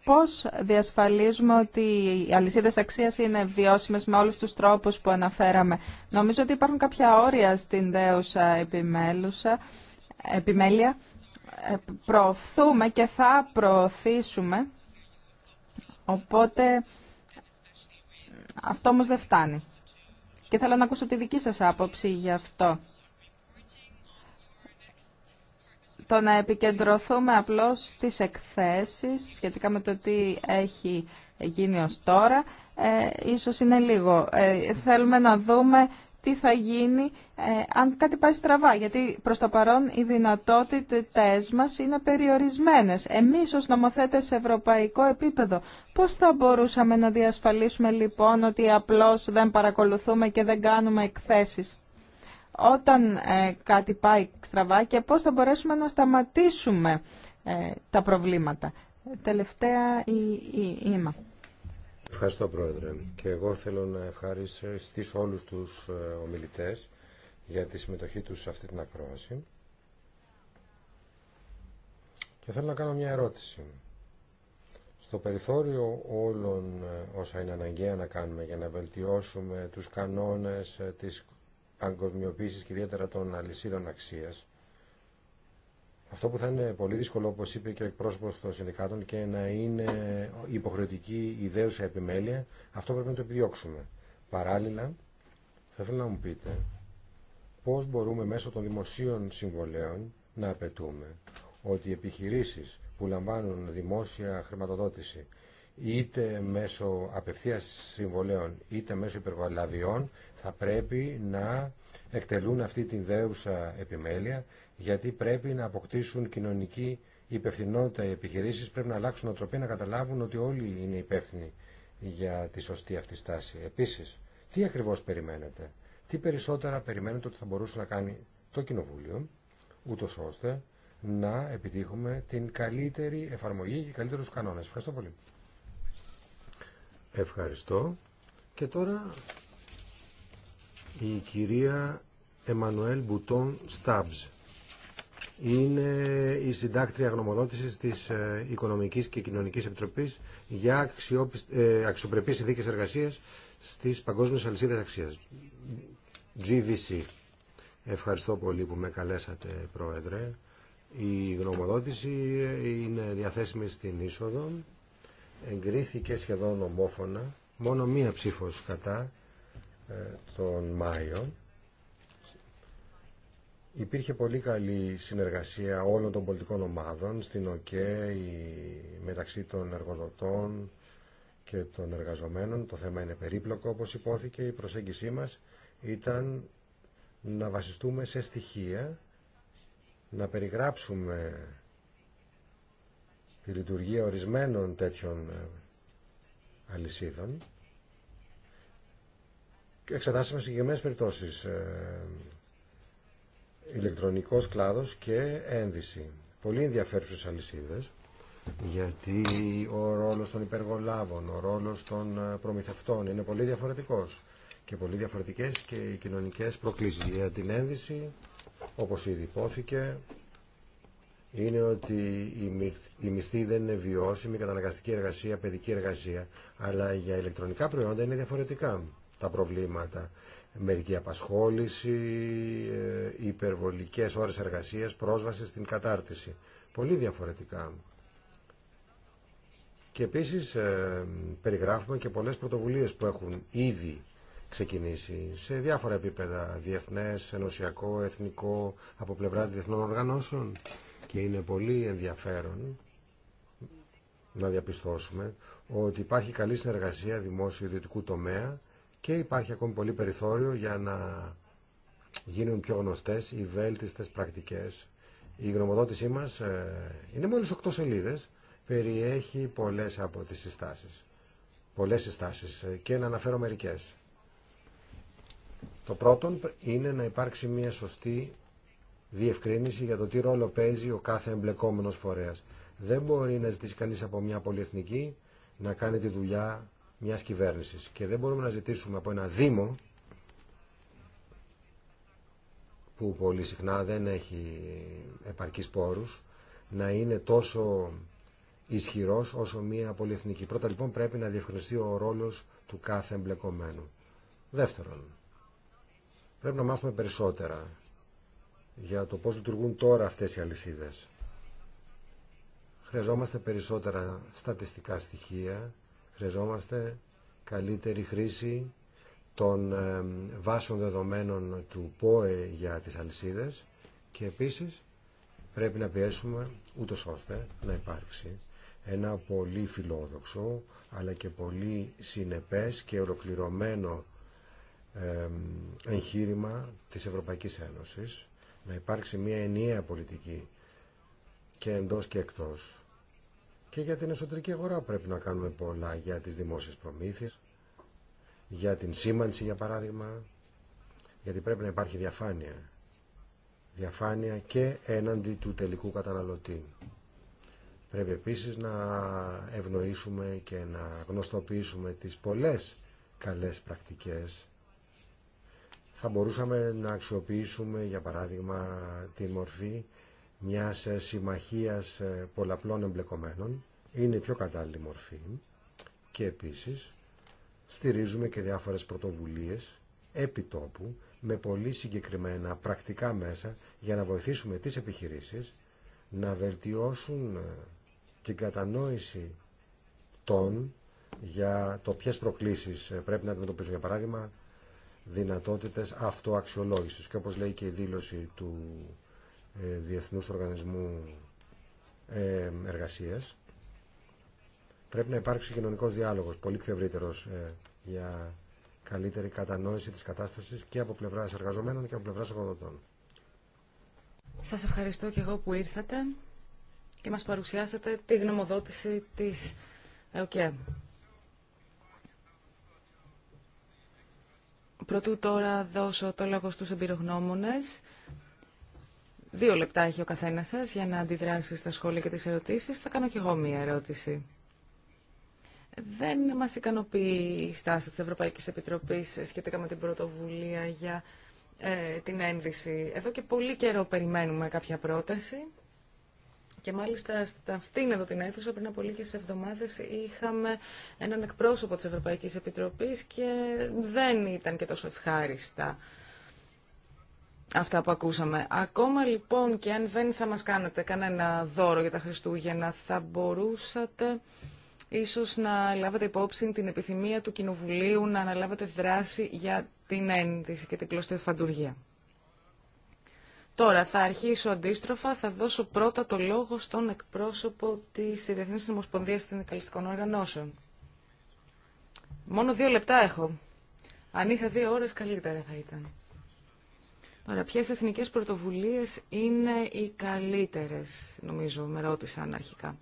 πώς διασφαλίζουμε ότι οι αλυσίδες αξίας είναι βιώσιμες με όλους τους τρόπους που αναφέραμε. Νομίζω ότι υπάρχουν κάποια όρια στην δέουσα επιμέλουσα, επιμέλεια. Ε, προωθούμε και θα προωθήσουμε. Οπότε αυτό όμως δεν φτάνει. Και θέλω να ακούσω τη δική σας άποψη γι' αυτό το να επικεντρωθούμε απλώς στις εκθέσεις σχετικά με το τι έχει γίνει ως τώρα, ε, ίσως είναι λίγο. Ε, θέλουμε να δούμε τι θα γίνει ε, αν κάτι πάει στραβά, γιατί προς το παρόν οι δυνατότητες μας είναι περιορισμένες. Εμείς ως νομοθέτες σε ευρωπαϊκό επίπεδο, πώς θα μπορούσαμε να διασφαλίσουμε λοιπόν ότι απλώς δεν παρακολουθούμε και δεν κάνουμε εκθέσεις όταν ε, κάτι πάει στραβά και πώς θα μπορέσουμε να σταματήσουμε ε, τα προβλήματα. Τελευταία η, η, Ευχαριστώ Πρόεδρε και εγώ θέλω να ευχαριστήσω όλους τους ε, ομιλητές για τη συμμετοχή τους σε αυτή την ακρόαση και θέλω να κάνω μια ερώτηση. Στο περιθώριο όλων όσα είναι αναγκαία να κάνουμε για να βελτιώσουμε τους κανόνες της παγκοσμιοποίηση και ιδιαίτερα των αλυσίδων αξία, αυτό που θα είναι πολύ δύσκολο, όπω είπε και ο εκπρόσωπο των συνδικάτων, και να είναι υποχρεωτική ιδέουσα επιμέλεια, αυτό πρέπει να το επιδιώξουμε. Παράλληλα, θα ήθελα να μου πείτε πώ μπορούμε μέσω των δημοσίων συμβολέων να απαιτούμε ότι οι επιχειρήσεις που λαμβάνουν δημόσια χρηματοδότηση είτε μέσω απευθείας συμβολέων είτε μέσω υπεργολαβιών θα πρέπει να εκτελούν αυτή την δέουσα επιμέλεια γιατί πρέπει να αποκτήσουν κοινωνική υπευθυνότητα οι επιχειρήσεις πρέπει να αλλάξουν οτροπή να καταλάβουν ότι όλοι είναι υπεύθυνοι για τη σωστή αυτή στάση. Επίσης, τι ακριβώς περιμένετε, τι περισσότερα περιμένετε ότι θα μπορούσε να κάνει το Κοινοβούλιο, ούτω ώστε να επιτύχουμε την καλύτερη εφαρμογή και καλύτερους κανόνες. Ευχαριστώ πολύ. Ευχαριστώ. Και τώρα η κυρία Εμμανουέλ Μπουτόν Στάμπς. Είναι η συντάκτρια γνωμοδότησης της ε, Οικονομικής και Κοινωνικής Επιτροπής για ε, αξιοπρεπείς συνθήκες εργασίας στις παγκόσμιες αλυσίδες αξίας. GVC. Ευχαριστώ πολύ που με καλέσατε, Πρόεδρε. Η γνωμοδότηση ε, είναι διαθέσιμη στην είσοδο εγκρίθηκε σχεδόν ομόφωνα, μόνο μία ψήφος κατά ε, τον Μάιο. Υπήρχε πολύ καλή συνεργασία όλων των πολιτικών ομάδων στην ΟΚΕ μεταξύ των εργοδοτών και των εργαζομένων. Το θέμα είναι περίπλοκο όπως υπόθηκε. Η προσέγγισή μας ήταν να βασιστούμε σε στοιχεία, να περιγράψουμε τη λειτουργία ορισμένων τέτοιων ε, αλυσίδων και εξετάσαμε συγκεκριμένες περιπτώσεις ε, ηλεκτρονικός κλάδος και ένδυση. Πολύ ενδιαφέρουσες αλυσίδες γιατί ο ρόλος των υπεργολάβων, ο ρόλος των ε, προμηθευτών είναι πολύ διαφορετικός και πολύ διαφορετικές και οι κοινωνικές προκλήσεις για την ένδυση όπως ήδη υπόθηκε είναι ότι η μισθή δεν είναι βιώσιμη, καταναγκαστική εργασία, παιδική εργασία, αλλά για ηλεκτρονικά προϊόντα είναι διαφορετικά τα προβλήματα. Μερική απασχόληση, ε, υπερβολικές ώρες εργασίας, πρόσβαση στην κατάρτιση. Πολύ διαφορετικά. Και επίσης ε, περιγράφουμε και πολλές πρωτοβουλίες που έχουν ήδη ξεκινήσει σε διάφορα επίπεδα, διεθνές, ενωσιακό, εθνικό, από πλευράς διεθνών οργανώσεων και είναι πολύ ενδιαφέρον να διαπιστώσουμε ότι υπάρχει καλή συνεργασία δημόσιο-ιδιωτικού τομέα και υπάρχει ακόμη πολύ περιθώριο για να γίνουν πιο γνωστές οι βέλτιστες πρακτικές. Η γνωμοδότησή μας ε, είναι μόλις 8 σελίδες, περιέχει πολλές από τις συστάσεις. Πολλές συστάσεις ε, και να αναφέρω μερικές. Το πρώτο είναι να υπάρξει μια σωστή διευκρίνηση για το τι ρόλο παίζει ο κάθε εμπλεκόμενος φορέας. Δεν μπορεί να ζητήσει κανείς από μια πολυεθνική να κάνει τη δουλειά μιας κυβέρνησης. Και δεν μπορούμε να ζητήσουμε από ένα Δήμο που πολύ συχνά δεν έχει επαρκείς πόρους να είναι τόσο ισχυρός όσο μια πολυεθνική. Πρώτα λοιπόν πρέπει να διευκρινιστεί ο ρόλος του κάθε εμπλεκομένου. Δεύτερον, πρέπει να μάθουμε περισσότερα για το πώς λειτουργούν τώρα αυτές οι αλυσίδες. Χρειαζόμαστε περισσότερα στατιστικά στοιχεία, χρειαζόμαστε καλύτερη χρήση των βάσεων δεδομένων του ΠΟΕ για τις αλυσίδες και επίσης πρέπει να πιέσουμε ούτω ώστε να υπάρξει ένα πολύ φιλόδοξο αλλά και πολύ συνεπές και ολοκληρωμένο εγχείρημα της Ευρωπαϊκής Ένωσης να υπάρξει μια ενιαία πολιτική και εντός και εκτός. Και για την εσωτερική αγορά πρέπει να κάνουμε πολλά για τις δημόσιες προμήθειες, για την σήμανση για παράδειγμα, γιατί πρέπει να υπάρχει διαφάνεια. Διαφάνεια και έναντι του τελικού καταναλωτή. Πρέπει επίσης να ευνοήσουμε και να γνωστοποιήσουμε τις πολλές καλές πρακτικές θα μπορούσαμε να αξιοποιήσουμε, για παράδειγμα, τη μορφή μιας ε, συμμαχίας ε, πολλαπλών εμπλεκομένων. Είναι πιο κατάλληλη μορφή. Και επίσης, στηρίζουμε και διάφορες πρωτοβουλίες επιτόπου με πολύ συγκεκριμένα πρακτικά μέσα για να βοηθήσουμε τις επιχειρήσεις να βελτιώσουν ε, την κατανόηση των για το ποιες προκλήσεις πρέπει να αντιμετωπίσουν. Για παράδειγμα, δυνατότητες αυτοαξιολόγησης. Και όπως λέει και η δήλωση του ε, Διεθνούς Οργανισμού ε, Εργασίας, πρέπει να υπάρξει κοινωνικός διάλογος, πολύ πιο ευρύτερος ε, για καλύτερη κατανόηση της κατάστασης και από πλευράς εργαζομένων και από πλευράς εργοδοτών. Σας ευχαριστώ και εγώ που ήρθατε και μας παρουσιάσατε τη γνωμοδότηση της ΕΟΚΕΜ. Πρωτού τώρα δώσω το λόγο στους εμπειρογνώμονες. Δύο λεπτά έχει ο καθένας σας για να αντιδράσει στα σχόλια και τις ερωτήσεις. Θα κάνω κι εγώ μία ερώτηση. Δεν μας ικανοποιεί η στάση της Ευρωπαϊκής Επιτροπής σχετικά με την πρωτοβουλία για ε, την ένδυση. Εδώ και πολύ καιρό περιμένουμε κάποια πρόταση. Και μάλιστα στα αυτήν εδώ την αίθουσα πριν από λίγες εβδομάδες είχαμε έναν εκπρόσωπο της Ευρωπαϊκής Επιτροπής και δεν ήταν και τόσο ευχάριστα αυτά που ακούσαμε. Ακόμα λοιπόν και αν δεν θα μας κάνετε κανένα δώρο για τα Χριστούγεννα θα μπορούσατε ίσως να λάβετε υπόψη την επιθυμία του Κοινοβουλίου να αναλάβετε δράση για την ένδυση και την κλωστοεφαντουργία. Τώρα θα αρχίσω αντίστροφα, θα δώσω πρώτα το λόγο στον εκπρόσωπο της Διεθνής των Συνδικαλιστικών Οργανώσεων. Μόνο δύο λεπτά έχω. Αν είχα δύο ώρες καλύτερα θα ήταν. Τώρα, ποιες εθνικές πρωτοβουλίες είναι οι καλύτερες, νομίζω, με ρώτησαν αρχικά.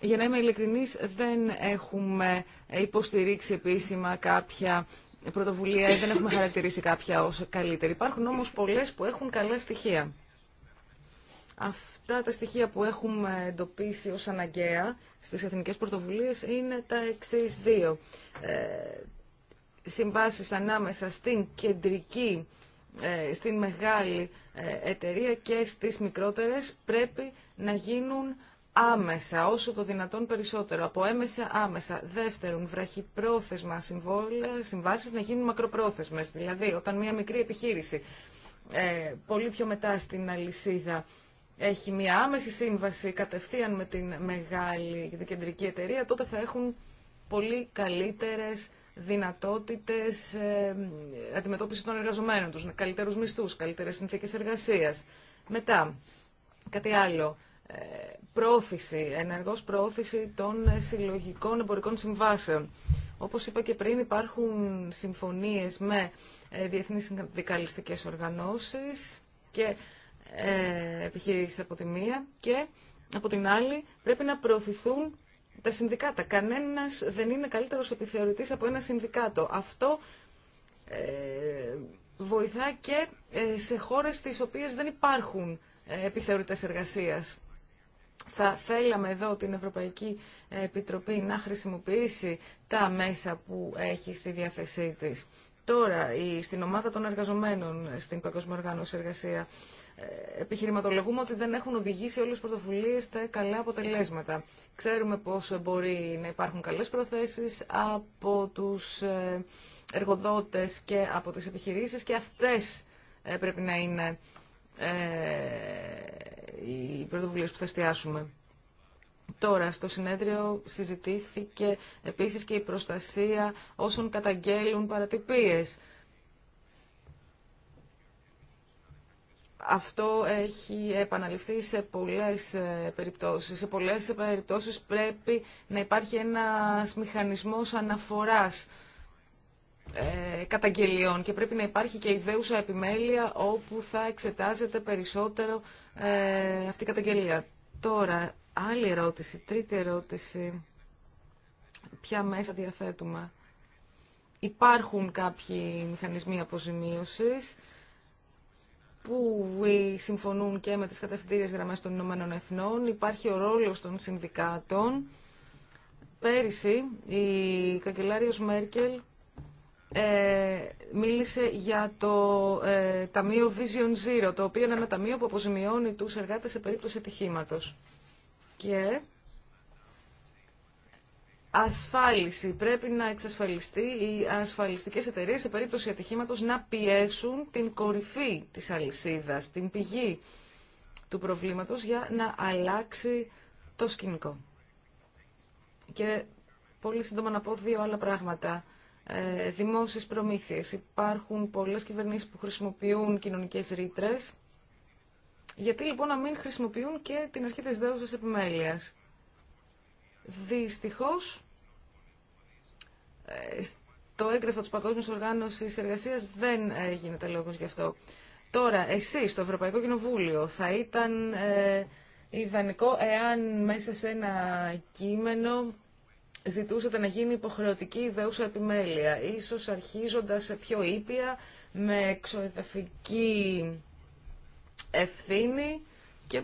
Για να είμαι ειλικρινής, δεν έχουμε υποστηρίξει επίσημα κάποια πρωτοβουλία δεν έχουμε χαρακτηρίσει κάποια ω καλύτερη. Υπάρχουν όμως πολλές που έχουν καλά στοιχεία. Αυτά τα στοιχεία που έχουμε εντοπίσει ως αναγκαία στις εθνικές πρωτοβουλίες είναι τα εξή δύο. Ε, συμβάσεις ανάμεσα στην κεντρική, ε, στην μεγάλη ε, εταιρεία και στις μικρότερες πρέπει να γίνουν άμεσα, όσο το δυνατόν περισσότερο, από έμεσα άμεσα. Δεύτερον, βραχυπρόθεσμα συμβόλαια, συμβάσεις να γίνουν μακροπρόθεσμες. Δηλαδή, όταν μια μικρή επιχείρηση, ε, πολύ πιο μετά στην αλυσίδα, έχει μια άμεση σύμβαση κατευθείαν με την μεγάλη την κεντρική εταιρεία, τότε θα έχουν πολύ καλύτερες δυνατότητες ε, αντιμετώπισης των εργαζομένων τους, καλύτερους μισθούς, καλύτερες συνθήκες εργασίας. Μετά, κάτι άλλο πρόθεση, ενεργός πρόθεση των συλλογικών εμπορικών συμβάσεων. Όπως είπα και πριν υπάρχουν συμφωνίες με ε, διεθνείς συνδικαλιστικές οργανώσεις και ε, επιχειρήσεις από τη μία και από την άλλη πρέπει να προωθηθούν τα συνδικάτα. Κανένας δεν είναι καλύτερος επιθεωρητής από ένα συνδικάτο. Αυτό ε, βοηθά και σε χώρες τις οποίες δεν υπάρχουν επιθεωρητές εργασίας. Θα θέλαμε εδώ την Ευρωπαϊκή Επιτροπή να χρησιμοποιήσει τα μέσα που έχει στη διάθεσή της. Τώρα, στην ομάδα των εργαζομένων στην Παγκόσμια Οργάνωση Εργασία ε, επιχειρηματολογούμε ότι δεν έχουν οδηγήσει όλες τις πρωτοβουλίες τα καλά αποτελέσματα. Ξέρουμε πώς μπορεί να υπάρχουν καλές προθέσεις από τους ε, εργοδότες και από τις επιχειρήσεις και αυτές ε, πρέπει να είναι οι πρωτοβουλίε που θα εστιάσουμε. Τώρα, στο συνέδριο συζητήθηκε επίσης και η προστασία όσων καταγγέλουν παρατυπίες. Αυτό έχει επαναληφθεί σε πολλές ε, περιπτώσεις. Σε πολλές περιπτώσεις πρέπει να υπάρχει ένας μηχανισμός αναφοράς ε, καταγγελιών και πρέπει να υπάρχει και ιδέουσα επιμέλεια όπου θα εξετάζεται περισσότερο ε, αυτή η καταγγελία. Τώρα, άλλη ερώτηση, τρίτη ερώτηση. Ποια μέσα διαθέτουμε. Υπάρχουν κάποιοι μηχανισμοί αποζημίωσης που συμφωνούν και με τις κατευθυντήριες γραμμές των Ηνωμένων Εθνών. Υπάρχει ο ρόλος των συνδικάτων. Πέρυσι, η καγκελάριος Μέρκελ ε, μίλησε για το ε, Ταμείο Vision Zero, το οποίο είναι ένα ταμείο που αποζημιώνει τους εργάτες σε περίπτωση ατυχήματος. Και ασφάλιση. Πρέπει να εξασφαλιστεί οι ασφαλιστικές εταιρείες σε περίπτωση ατυχήματος να πιέσουν την κορυφή της αλυσίδας, την πηγή του προβλήματος για να αλλάξει το σκηνικό. Και πολύ σύντομα να πω δύο άλλα πράγματα. Ε, δημόσιες προμήθειες. Υπάρχουν πολλές κυβερνήσεις που χρησιμοποιούν κοινωνικές ρήτρε. Γιατί λοιπόν να μην χρησιμοποιούν και την αρχή της δέουσας επιμέλειας. Δυστυχώς, ε, το έγγραφο της Παγκόσμιας Οργάνωσης Εργασίας δεν ε, γίνεται λόγος γι' αυτό. Τώρα, εσείς το Ευρωπαϊκό Κοινοβούλιο θα ήταν ε, ιδανικό εάν μέσα σε ένα κείμενο ζητούσατε να γίνει υποχρεωτική ιδέουσα επιμέλεια, ίσως αρχίζοντας σε πιο ήπια, με εξοδευτική ευθύνη και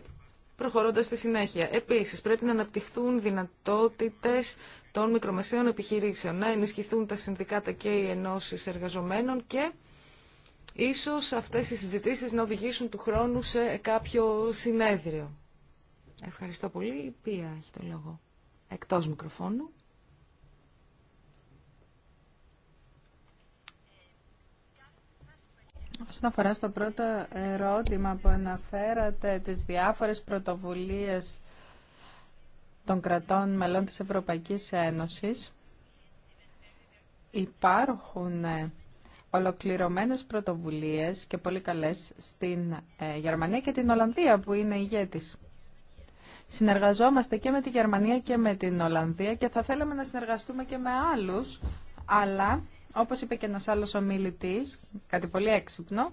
προχωρώντας στη συνέχεια. Επίσης, πρέπει να αναπτυχθούν δυνατότητες των μικρομεσαίων επιχειρήσεων, να ενισχυθούν τα συνδικάτα και οι ενώσεις εργαζομένων και ίσως αυτές οι συζητήσεις να οδηγήσουν του χρόνου σε κάποιο συνέδριο. Ευχαριστώ πολύ. Η Πία έχει το λόγο. Εκτός μικροφώνου. Όσον αφορά στο πρώτο ερώτημα που αναφέρατε, τις διάφορες πρωτοβουλίες των κρατών μελών της Ευρωπαϊκής Ένωσης, υπάρχουν ε, ολοκληρωμένες πρωτοβουλίες και πολύ καλές στην ε, Γερμανία και την Ολλανδία που είναι ηγέτης. Συνεργαζόμαστε και με τη Γερμανία και με την Ολλανδία και θα θέλαμε να συνεργαστούμε και με άλλους, αλλά όπως είπε και ένας άλλος ομιλητής, κάτι πολύ έξυπνο,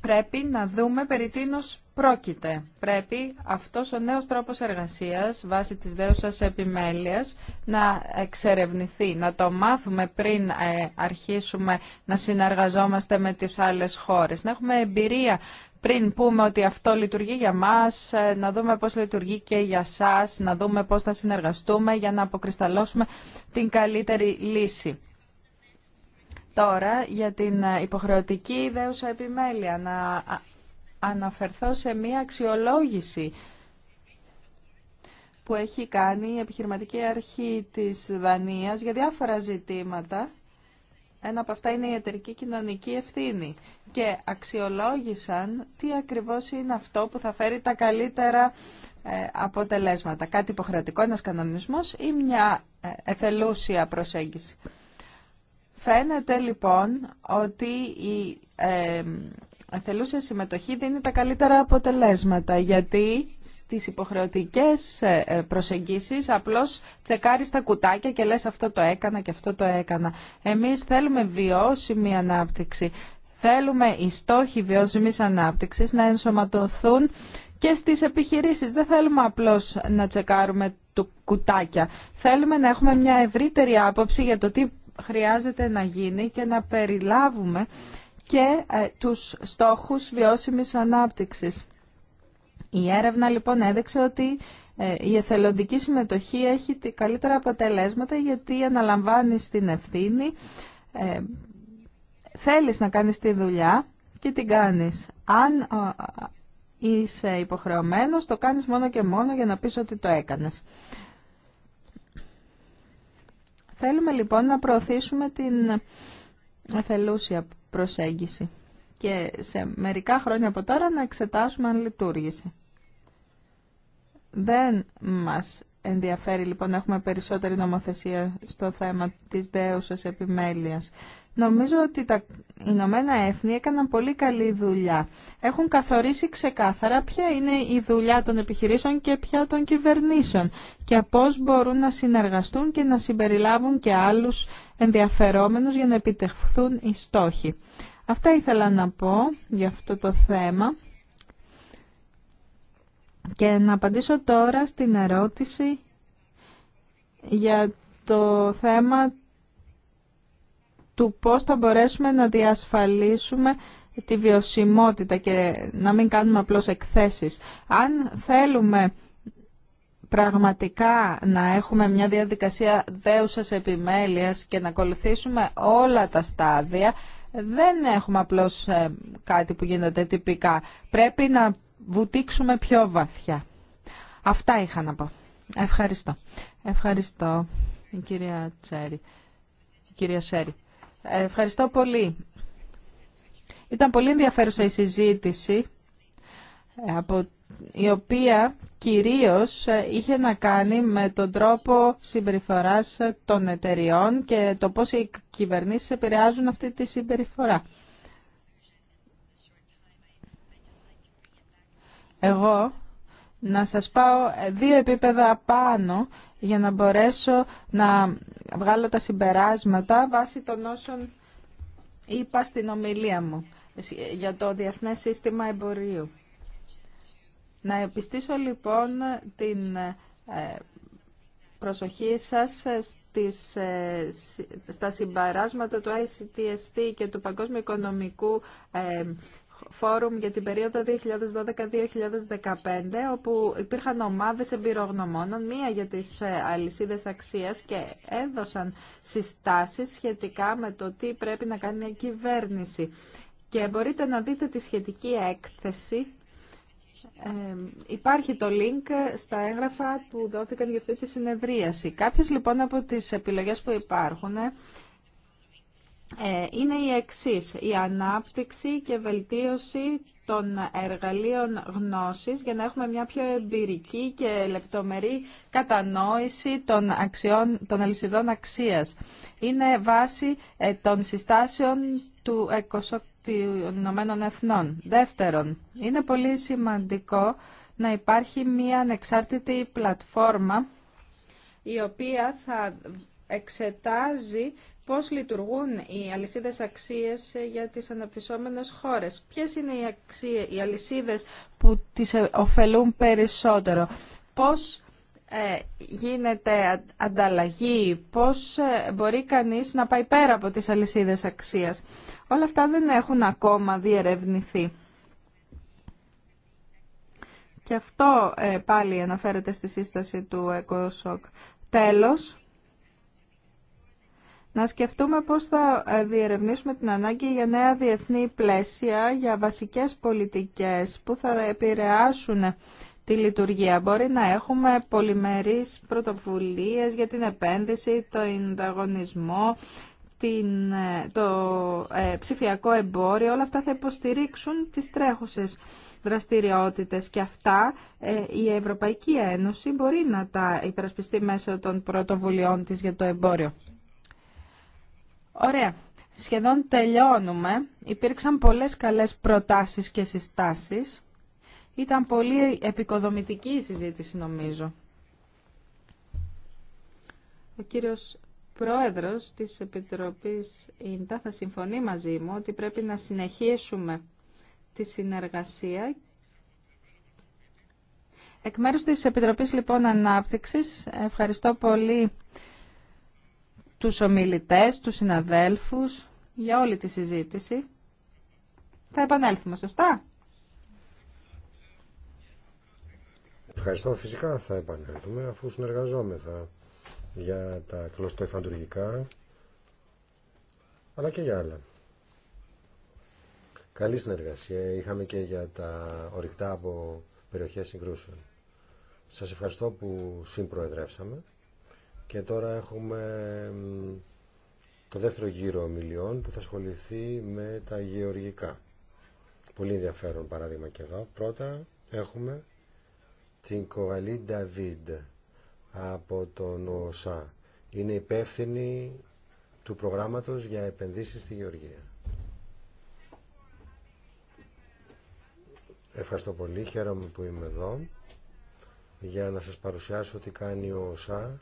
πρέπει να δούμε περί τίνος πρόκειται. Πρέπει αυτός ο νέος τρόπος εργασίας βάσει της δέουσας επιμέλειας να εξερευνηθεί, να το μάθουμε πριν ε, αρχίσουμε να συνεργαζόμαστε με τις άλλες χώρες, να έχουμε εμπειρία πριν πούμε ότι αυτό λειτουργεί για μας, ε, να δούμε πώς λειτουργεί και για σας, να δούμε πώς θα συνεργαστούμε για να αποκρισταλώσουμε την καλύτερη λύση. Τώρα για την ε, υποχρεωτική ιδέουσα επιμέλεια να αναφερθώ σε μία αξιολόγηση που έχει κάνει η επιχειρηματική αρχή της Δανίας για διάφορα ζητήματα ένα από αυτά είναι η εταιρική κοινωνική ευθύνη και αξιολόγησαν τι ακριβώς είναι αυτό που θα φέρει τα καλύτερα ε, αποτελέσματα. Κάτι υποχρεωτικό, ένας κανονισμός ή μια ε, εθελούσια προσέγγιση. Φαίνεται λοιπόν ότι η ε, Θελούσε συμμετοχή δίνει τα καλύτερα αποτελέσματα γιατί στις υποχρεωτικές ε, ε, προσεγγίσεις απλώς τσεκάρεις τα κουτάκια και λες αυτό το έκανα και αυτό το έκανα. Εμείς θέλουμε βιώσιμη ανάπτυξη. Θέλουμε οι στόχοι βιώσιμης ανάπτυξης να ενσωματωθούν και στις επιχειρήσεις. Δεν θέλουμε απλώς να τσεκάρουμε του κουτάκια. Θέλουμε να έχουμε μια ευρύτερη άποψη για το τι χρειάζεται να γίνει και να περιλάβουμε και ε, τους στόχους βιώσιμης ανάπτυξης. Η έρευνα λοιπόν έδειξε ότι ε, η εθελοντική συμμετοχή έχει καλύτερα αποτελέσματα γιατί αναλαμβάνεις την ευθύνη, ε, θέλεις να κάνεις τη δουλειά και την κάνεις. Αν είσαι υποχρεωμένος, το κάνεις μόνο και μόνο για να πεις ότι το έκανες. Θέλουμε λοιπόν να προωθήσουμε την εθελούσια προσέγγιση και σε μερικά χρόνια από τώρα να εξετάσουμε αν λειτουργήσε. Δεν μας ενδιαφέρει λοιπόν να έχουμε περισσότερη νομοθεσία στο θέμα της δέουσας επιμέλειας. Νομίζω ότι τα Ηνωμένα Έθνη έκαναν πολύ καλή δουλειά. Έχουν καθορίσει ξεκάθαρα ποια είναι η δουλειά των επιχειρήσεων και ποια των κυβερνήσεων και πώς μπορούν να συνεργαστούν και να συμπεριλάβουν και άλλους ενδιαφερόμενους για να επιτευχθούν οι στόχοι. Αυτά ήθελα να πω για αυτό το θέμα και να απαντήσω τώρα στην ερώτηση για το θέμα του πώς θα μπορέσουμε να διασφαλίσουμε τη βιωσιμότητα και να μην κάνουμε απλώς εκθέσεις. Αν θέλουμε πραγματικά να έχουμε μια διαδικασία δέουσας επιμέλειας και να ακολουθήσουμε όλα τα στάδια, δεν έχουμε απλώς ε, κάτι που γίνεται τυπικά. Πρέπει να βουτήξουμε πιο βαθιά. Αυτά είχα να πω. Ευχαριστώ. Ευχαριστώ, κυρία Τσέρι. Κυρία Σέρι. Ευχαριστώ πολύ. Ήταν πολύ ενδιαφέρουσα η συζήτηση, ε, από η οποία κυρίως ε, είχε να κάνει με τον τρόπο συμπεριφοράς ε, των εταιριών και το πώς οι κυβερνήσεις επηρεάζουν αυτή τη συμπεριφορά. Εγώ να σας πάω δύο επίπεδα πάνω για να μπορέσω να βγάλω τα συμπεράσματα βάσει των όσων είπα στην ομιλία μου για το Διεθνές Σύστημα Εμπορίου. Να επιστήσω λοιπόν την ε, προσοχή σας στις, ε, στα συμπαράσματα του ICTST και του Παγκόσμιου Οικονομικού ε, φόρουμ για την περίοδο 2012-2015, όπου υπήρχαν ομάδες εμπειρογνωμόνων, μία για τις ε, αλυσίδες αξίας και έδωσαν συστάσεις σχετικά με το τι πρέπει να κάνει η κυβέρνηση. Και μπορείτε να δείτε τη σχετική έκθεση. Ε, υπάρχει το link στα έγγραφα που δόθηκαν για αυτή τη συνεδρίαση. Κάποιες λοιπόν από τις επιλογές που υπάρχουν ε, ε, είναι η εξής, η ανάπτυξη και βελτίωση των εργαλείων γνώσης για να έχουμε μια πιο εμπειρική και λεπτομερή κατανόηση των, αξιών, των αλυσιδών αξίας. Είναι βάση ε, των συστάσεων του ΕΕ. Ηνωμένων Δεύτερον, είναι πολύ σημαντικό να υπάρχει μια ανεξάρτητη πλατφόρμα η οποία θα εξετάζει πώς λειτουργούν οι αλυσίδες αξίες ε, για τις αναπτυσσόμενες χώρες. Ποιες είναι οι, αξίες, οι αλυσίδες που τις ε, ωφελούν περισσότερο. Πώς ε, γίνεται ανταλλαγή, πώς μπορεί κανείς να πάει πέρα από τις αλυσίδες αξίας. Όλα αυτά δεν έχουν ακόμα διερευνηθεί. Και αυτό πάλι αναφέρεται στη σύσταση του ECOSOC. Τέλος, να σκεφτούμε πώς θα ε, διερευνήσουμε την ανάγκη για νέα διεθνή πλαίσια, για βασικές πολιτικές που θα επηρεάσουν ε, τη λειτουργία. Μπορεί να έχουμε πολυμερείς πρωτοβουλίες για την επένδυση, το ανταγωνισμό, την, ε, το ψηφιακό εμπόριο. Όλα αυτά θα υποστηρίξουν τις τρέχουσες δραστηριότητες και αυτά η Ευρωπαϊκή Ένωση μπορεί να τα υπερασπιστεί μέσω των πρωτοβουλειών της για το εμπόριο. Ωραία. Σχεδόν τελειώνουμε. Υπήρξαν πολλές καλές προτάσεις και συστάσεις. Ήταν πολύ επικοδομητική η συζήτηση νομίζω. Ο κύριος Πρόεδρος της Επιτροπής ΙΝΤΑ θα συμφωνεί μαζί μου ότι πρέπει να συνεχίσουμε τη συνεργασία. Εκ μέρους της Επιτροπής λοιπόν Ανάπτυξης, ευχαριστώ πολύ τους ομιλητές, τους συναδέλφους για όλη τη συζήτηση. Θα επανέλθουμε, σωστά. Ευχαριστώ. Φυσικά θα επανέλθουμε αφού συνεργαζόμεθα για τα κλωστοεφαντουργικά αλλά και για άλλα. Καλή συνεργασία είχαμε και για τα ορυκτά από περιοχές συγκρούσεων. Σας ευχαριστώ που συμπροεδρεύσαμε και τώρα έχουμε το δεύτερο γύρο ομιλιών που θα ασχοληθεί με τα γεωργικά. Πολύ ενδιαφέρον παράδειγμα και εδώ. Πρώτα έχουμε την Κοαλή Νταβίντ από τον ΟΣΑ. Είναι υπεύθυνη του προγράμματος για επενδύσεις στη Γεωργία. Ευχαριστώ πολύ, χαίρομαι που είμαι εδώ για να σας παρουσιάσω τι κάνει ο ΟΣΑ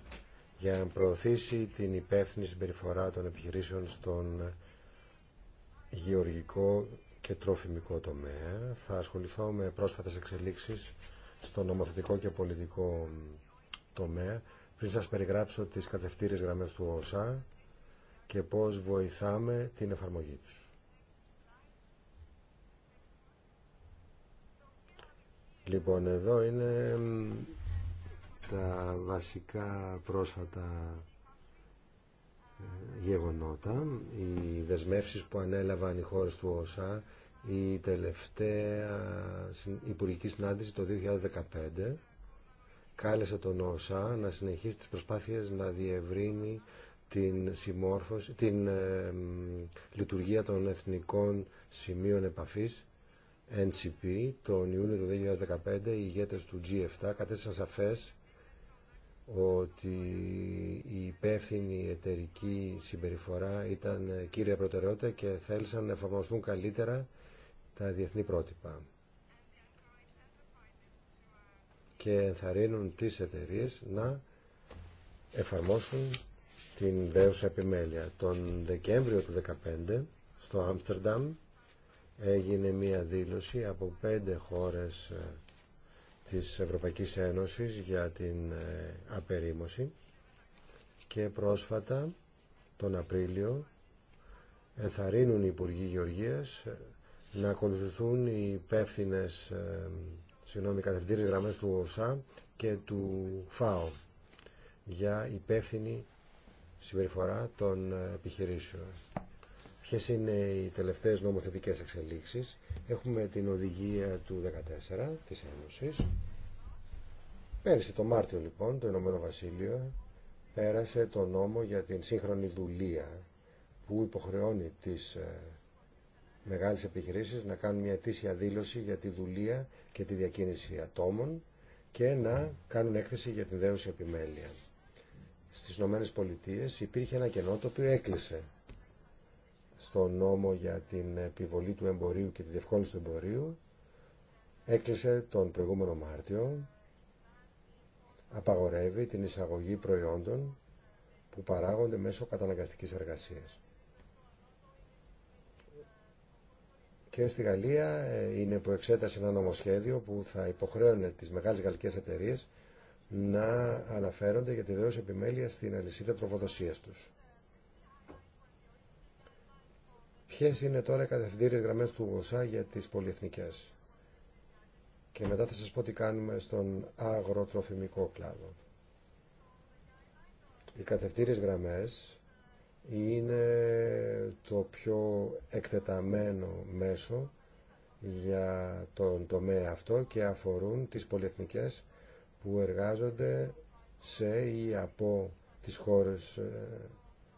για να προωθήσει την υπεύθυνη συμπεριφορά των επιχειρήσεων στον γεωργικό και τροφιμικό τομέα. Θα ασχοληθώ με πρόσφατες εξελίξεις στο νομοθετικό και πολιτικό τομέα πριν σας περιγράψω τις κατευθύνες γραμμές του ΩΣΑ και πώς βοηθάμε την εφαρμογή τους. Λοιπόν, εδώ είναι τα βασικά πρόσφατα ε, γεγονότα, οι δεσμεύσεις που ανέλαβαν οι χώρες του ΩΣΑ, η τελευταία υπουργική συνάντηση το 2015 κάλεσε τον ΩΣΑ να συνεχίσει τις προσπάθειες να διευρύνει την, συμμόρφωση, την ε, λειτουργία των Εθνικών Σημείων Επαφής NCP τον Ιούνιο του 2015 οι ηγέτες του G7 κατέστησαν σαφές ότι η υπεύθυνη εταιρική συμπεριφορά ήταν κύρια προτεραιότητα και θέλησαν να εφαρμοστούν καλύτερα τα διεθνή πρότυπα και ενθαρρύνουν τις εταιρείες να εφαρμόσουν την δέουσα επιμέλεια. Τον Δεκέμβριο του 2015 στο Άμστερνταμ έγινε μία δήλωση από πέντε χώρες ε, της Ευρωπαϊκής Ένωσης για την ε, απερίμωση και πρόσφατα τον Απρίλιο ενθαρρύνουν οι Υπουργοί Γεωργίας ε, να ακολουθούν οι υπεύθυνες ε, συγγνώμη, κατευθύντες γραμμές του ΟΣΑ και του ΦΑΟ για υπεύθυνη συμπεριφορά των επιχειρήσεων. Ποιε είναι οι τελευταίες νομοθετικές εξελίξεις. Έχουμε την οδηγία του 14 της Ένωσης. Πέρυσι, το Μάρτιο λοιπόν το Ηνωμένο Βασίλειο πέρασε το νόμο για την σύγχρονη δουλεία που υποχρεώνει τις ε, μεγάλες επιχειρήσεις να κάνουν μια αιτήσια δήλωση για τη δουλεία και τη διακίνηση ατόμων και να κάνουν έκθεση για την δέωση επιμέλεια. Στις Ηνωμένες Πολιτείες υπήρχε ένα κενό το οποίο έκλεισε στο νόμο για την επιβολή του εμπορίου και τη διευκόλυνση του εμπορίου έκλεισε τον προηγούμενο Μάρτιο απαγορεύει την εισαγωγή προϊόντων που παράγονται μέσω καταναγκαστικής εργασίας. Και στη Γαλλία ε, είναι που εξέτασε ένα νομοσχέδιο που θα υποχρέωνε τις μεγάλες γαλλικές εταιρείες να αναφέρονται για τη δέωση επιμέλεια στην αλυσίδα τροφοδοσίας τους. Ποιε είναι τώρα οι γραμμές του ΟΣΑ για τις πολυεθνικές. Και μετά θα σας πω τι κάνουμε στον αγροτροφημικό κλάδο. Οι κατευθύνες γραμμές είναι το πιο εκτεταμένο μέσο για τον τομέα αυτό και αφορούν τις πολυεθνικές που εργάζονται σε ή από τις χώρες ε,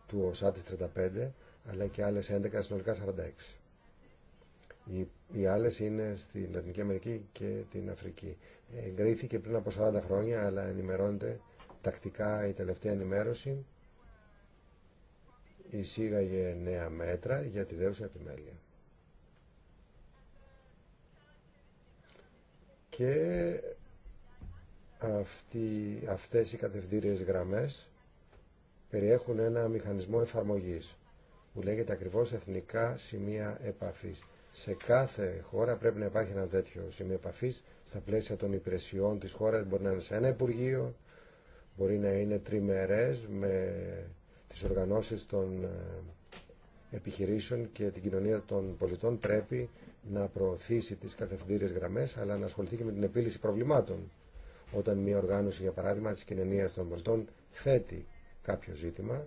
του ΟΣΑ της 35 αλλά και άλλες 11, συνολικά 46. Οι, οι άλλες είναι στην Λατινική Αμερική και την Αφρική. Εγκρίθηκε πριν από 40 χρόνια, αλλά ενημερώνεται τακτικά η τελευταία ενημέρωση. Εισήγαγε νέα μέτρα για τη δέουσα επιμέλεια. Και αυτοί, αυτές οι κατευθύντριες γραμμές περιέχουν ένα μηχανισμό εφαρμογής που λέγεται ακριβώς εθνικά σημεία επαφής. Σε κάθε χώρα πρέπει να υπάρχει ένα τέτοιο σημείο επαφής στα πλαίσια των υπηρεσιών της χώρας. Μπορεί να είναι σε ένα Υπουργείο, μπορεί να είναι τριμερές με τις οργανώσεις των ε, επιχειρήσεων και την κοινωνία των πολιτών πρέπει να προωθήσει τις καθευθυντήριες γραμμές αλλά να ασχοληθεί και με την επίλυση προβλημάτων. Όταν μια οργάνωση, για παράδειγμα, της κοινωνίας των πολιτών θέτει κάποιο ζήτημα,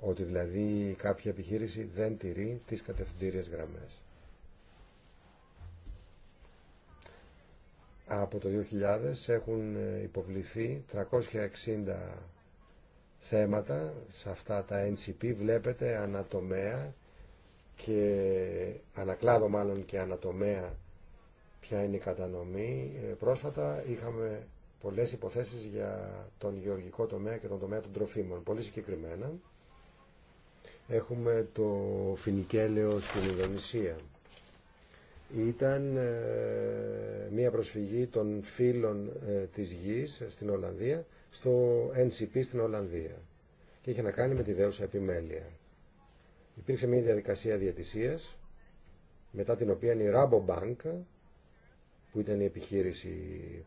ότι δηλαδή κάποια επιχείρηση δεν τηρεί τις κατευθυντήριες γραμμές. Από το 2000 έχουν ε, υποβληθεί 360 θέματα σε αυτά τα NCP. Βλέπετε ανατομέα και ανακλάδο μάλλον και ανατομέα ποια είναι η κατανομή. Ε, πρόσφατα είχαμε πολλές υποθέσεις για τον γεωργικό τομέα και τον τομέα των τροφίμων, πολύ συγκεκριμένα. Έχουμε το φινικέλαιο στην Ινδονησία. Ήταν ε, μία προσφυγή των φίλων ε, της γης στην Ολλανδία, στο NCP στην Ολλανδία. Και είχε να κάνει με τη δέουσα επιμέλεια. Υπήρξε μία διαδικασία διατησίας, μετά την οποία η Rabobank, που ήταν η επιχείρηση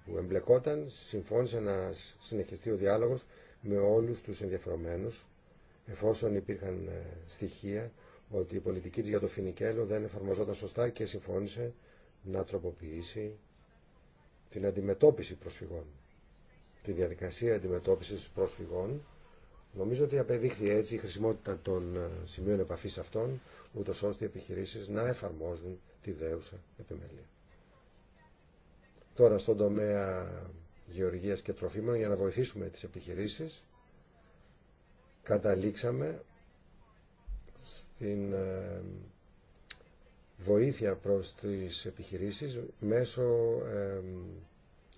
που εμπλεκόταν, συμφώνησε να συνεχιστεί ο διάλογος με όλους τους ενδιαφερομένους εφόσον υπήρχαν ε, στοιχεία ότι η πολιτική της για το Φινικέλο δεν εφαρμοζόταν σωστά και συμφώνησε να τροποποιήσει την αντιμετώπιση προσφυγών. Τη διαδικασία αντιμετώπισης προσφυγών νομίζω ότι απεδείχθη έτσι η χρησιμότητα των ε, σημείων επαφής αυτών ούτως ώστε οι επιχειρήσεις να εφαρμόζουν τη δέουσα επιμέλεια. Τώρα στον τομέα γεωργίας και τροφίμων για να βοηθήσουμε τις επιχειρήσεις καταλήξαμε στην ε, βοήθεια προς τις επιχειρήσεις μέσω ε,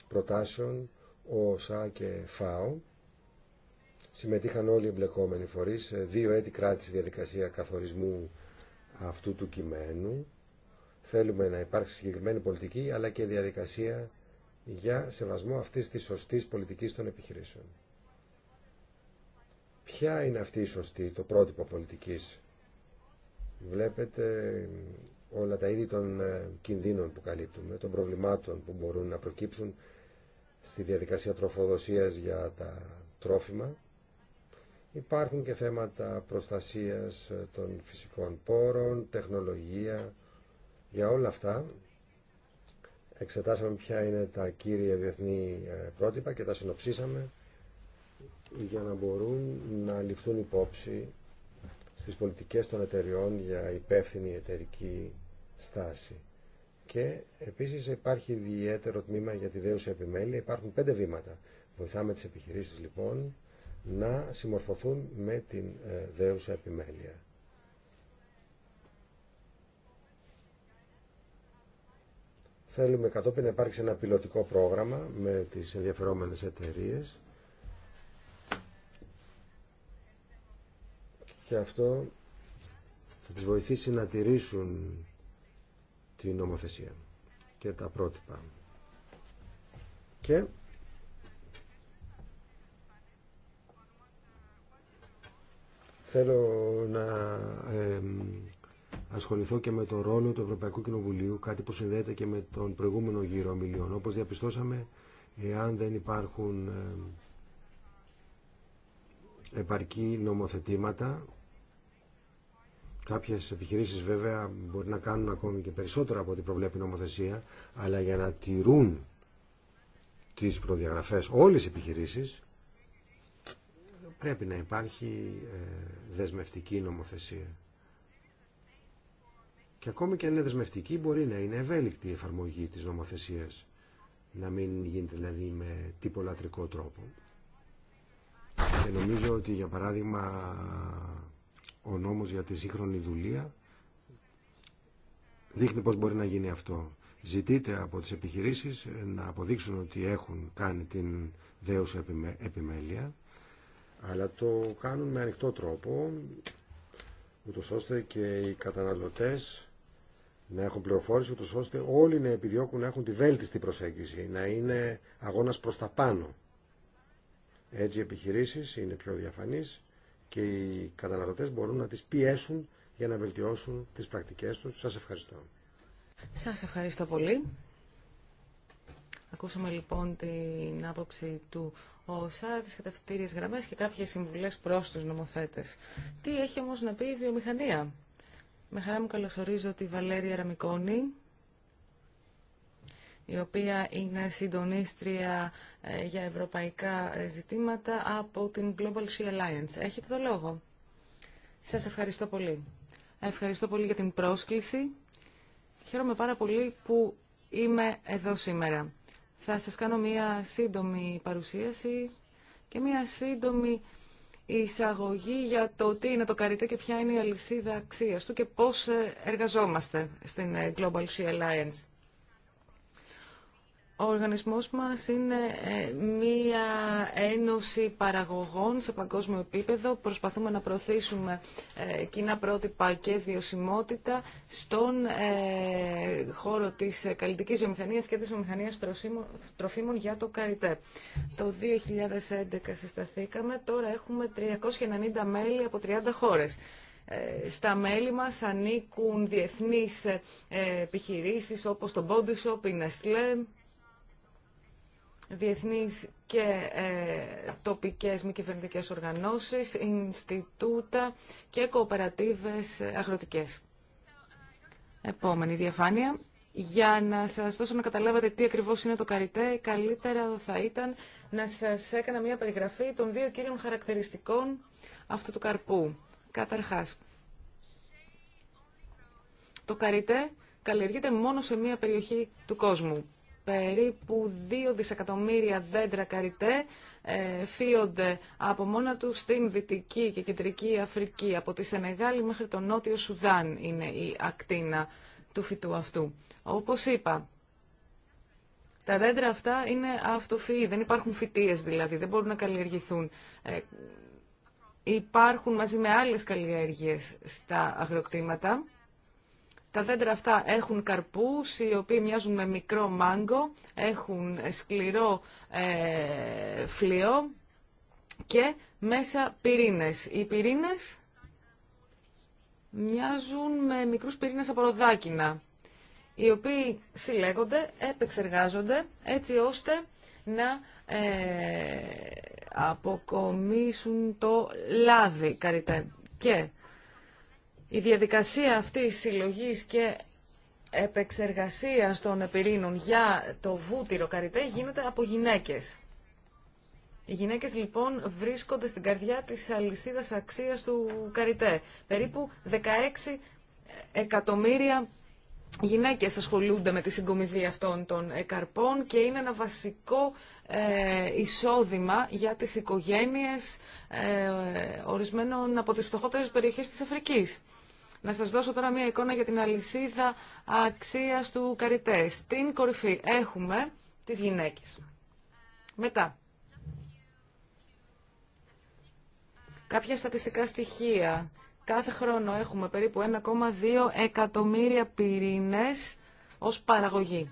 προτάσεων ΟΣΑ και ΦΑΟ. Συμμετείχαν όλοι οι εμπλεκόμενοι φορείς. Ε, δύο έτη κράτησε η διαδικασία καθορισμού αυτού του κειμένου. Θέλουμε να υπάρξει συγκεκριμένη πολιτική αλλά και διαδικασία για σεβασμό αυτής της σωστής πολιτικής των επιχειρήσεων. Ποια είναι αυτή η σωστή, το πρότυπο πολιτικής. Βλέπετε όλα τα είδη των ε, κινδύνων που καλύπτουμε, των προβλημάτων που μπορούν να προκύψουν στη διαδικασία τροφοδοσίας για τα τρόφιμα. Υπάρχουν και θέματα προστασίας ε, των φυσικών πόρων, τεχνολογία. Για όλα αυτά εξετάσαμε ποια είναι τα κύρια διεθνή ε, πρότυπα και τα συνοψίσαμε για να μπορούν να ληφθούν υπόψη στις πολιτικές των εταιριών για υπεύθυνη εταιρική στάση. Και επίσης υπάρχει ιδιαίτερο τμήμα για τη δέουσα επιμέλεια. Υπάρχουν πέντε βήματα. Βοηθάμε τις επιχειρήσεις λοιπόν να συμμορφωθούν με την ε, δέουσα επιμέλεια. Θέλουμε κατόπιν να υπάρξει ένα πιλωτικό πρόγραμμα με τις ενδιαφερόμενες εταιρείες και αυτό θα τις βοηθήσει να τηρήσουν την νομοθεσία και τα πρότυπα. Και θέλω να ασχοληθώ και με τον ρόλο του Ευρωπαϊκού Κοινοβουλίου, κάτι που συνδέεται και με τον προηγούμενο γύρο ομιλίων. Όπως διαπιστώσαμε, εάν δεν υπάρχουν επαρκή νομοθετήματα, Κάποιες επιχειρήσεις βέβαια μπορεί να κάνουν ακόμη και περισσότερα από ό,τι προβλέπει η νομοθεσία, αλλά για να τηρούν τι προδιαγραφές όλες οι επιχειρήσεις πρέπει να υπάρχει ε, δεσμευτική νομοθεσία. Και ακόμη και αν είναι δεσμευτική μπορεί να είναι ευέλικτη η εφαρμογή της νομοθεσία Να μην γίνεται δηλαδή με λατρικό τρόπο. Και νομίζω ότι για παράδειγμα ο νόμος για τη σύγχρονη δουλεία δείχνει πώς μπορεί να γίνει αυτό. Ζητείτε από τις επιχειρήσεις να αποδείξουν ότι έχουν κάνει την δέουσα επιμέλεια, αλλά το κάνουν με ανοιχτό τρόπο, ούτως ώστε και οι καταναλωτές να έχουν πληροφόρηση, ούτως ώστε όλοι να επιδιώκουν να έχουν τη βέλτιστη προσέγγιση, να είναι αγώνας προς τα πάνω. Έτσι οι επιχειρήσεις είναι πιο διαφανείς και οι καταναλωτές μπορούν να τις πιέσουν για να βελτιώσουν τις πρακτικές τους. Σας ευχαριστώ. Σας ευχαριστώ πολύ. Ακούσαμε λοιπόν την άποψη του ΩΣΑ, τι κατευθυντήριες γραμμές και κάποιε συμβουλέ προ του νομοθέτε. Τι έχει όμω να πει η βιομηχανία. Με χαρά μου καλωσορίζω τη Βαλέρια Ραμικόνη, η οποία είναι συντονίστρια ε, για ευρωπαϊκά ε, ζητήματα από την Global Sea Alliance. Έχετε το λόγο. Σας ευχαριστώ πολύ. Ευχαριστώ πολύ για την πρόσκληση. Χαίρομαι πάρα πολύ που είμαι εδώ σήμερα. Θα σας κάνω μία σύντομη παρουσίαση και μία σύντομη εισαγωγή για το τι είναι το καριτέ και ποια είναι η αλυσίδα αξίας του και πώς ε, εργαζόμαστε στην Global Sea Alliance. Ο οργανισμός μας είναι ε, μία ένωση παραγωγών σε παγκόσμιο επίπεδο. Προσπαθούμε να προωθήσουμε ε, κοινά πρότυπα και βιωσιμότητα στον ε, χώρο της καλλιτικής βιομηχανίας και της βιομηχανίας τροφίμων για το Καριτέ. Το 2011 συσταθήκαμε, τώρα έχουμε 390 μέλη από 30 χώρες στα μέλη μας ανήκουν διεθνείς επιχειρήσεις όπως το Body Shop, η Nestlé, διεθνείς και ε, τοπικές μη κυβερνητικέ οργανώσεις, Ινστιτούτα και κοοπερατίβες αγροτικές. Επόμενη διαφάνεια. Για να σας δώσω να καταλάβετε τι ακριβώς είναι το καριτέ, καλύτερα θα ήταν να σας έκανα μια περιγραφή των δύο κύριων χαρακτηριστικών αυτού του καρπού. Καταρχάς, το καριτέ καλλιεργείται μόνο σε μια περιοχή του κόσμου περίπου 2 δισεκατομμύρια δέντρα καριτέ φύονται ε, από μόνα του στην Δυτική και Κεντρική Αφρική. Από τη Σενεγάλη μέχρι το Νότιο Σουδάν είναι η ακτίνα του φυτού αυτού. Όπως είπα, τα δέντρα αυτά είναι αυτοφυή, δεν υπάρχουν φυτίες δηλαδή, δεν μπορούν να καλλιεργηθούν. Ε, υπάρχουν μαζί με άλλες καλλιέργειες στα αγροκτήματα. Τα δέντρα αυτά έχουν καρπούς, οι οποίοι μοιάζουν με μικρό μάγκο, έχουν σκληρό ε, φλοιό και μέσα πυρήνες. Οι πυρήνες μοιάζουν με μικρούς πυρήνες από ροδάκινα, οι οποίοι συλλέγονται, επεξεργάζονται, έτσι ώστε να ε, αποκομίσουν το λάδι, καριτέ. Και η διαδικασία αυτή συλλογή και επεξεργασία των επιρρήνων για το βούτυρο καριτέ γίνεται από γυναίκες. Οι γυναίκες λοιπόν βρίσκονται στην καρδιά της αλυσίδα αξίας του καριτέ. Περίπου 16 εκατομμύρια γυναίκες ασχολούνται με τη συγκομιδή αυτών των καρπών και είναι ένα βασικό ε, εισόδημα για τις οικογένειες ε, ορισμένων από τις φτωχότερες περιοχές της Αφρικής. Να σας δώσω τώρα μία εικόνα για την αλυσίδα αξίας του καριτέ. Στην κορυφή έχουμε τις γυναίκες. Μετά. Κάποια στατιστικά στοιχεία. Κάθε χρόνο έχουμε περίπου 1,2 εκατομμύρια πυρήνες ως παραγωγή.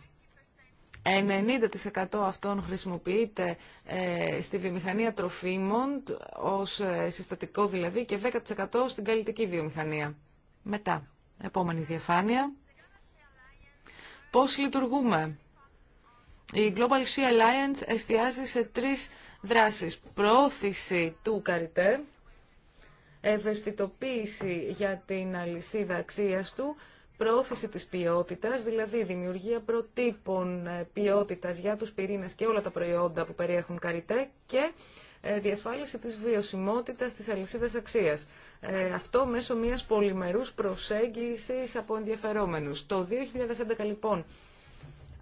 90% αυτών χρησιμοποιείται ε, στη βιομηχανία τροφίμων, ως ε, συστατικό δηλαδή, και 10% στην καλλιτική βιομηχανία. Μετά, επόμενη διαφάνεια. Πώς λειτουργούμε. Η Global Sea Alliance εστιάζει σε τρεις δράσεις. Προώθηση του καριτέ, ευαισθητοποίηση για την αλυσίδα αξίας του, προώθηση της ποιότητας, δηλαδή δημιουργία προτύπων ποιότητας για τους πυρήνες και όλα τα προϊόντα που περιέχουν καριτέ και ε, διασφάλιση της βιωσιμότητας της αλυσίδας αξίας. Ε, αυτό μέσω μιας πολυμερούς προσέγγισης από ενδιαφερόμενους. Το 2011 λοιπόν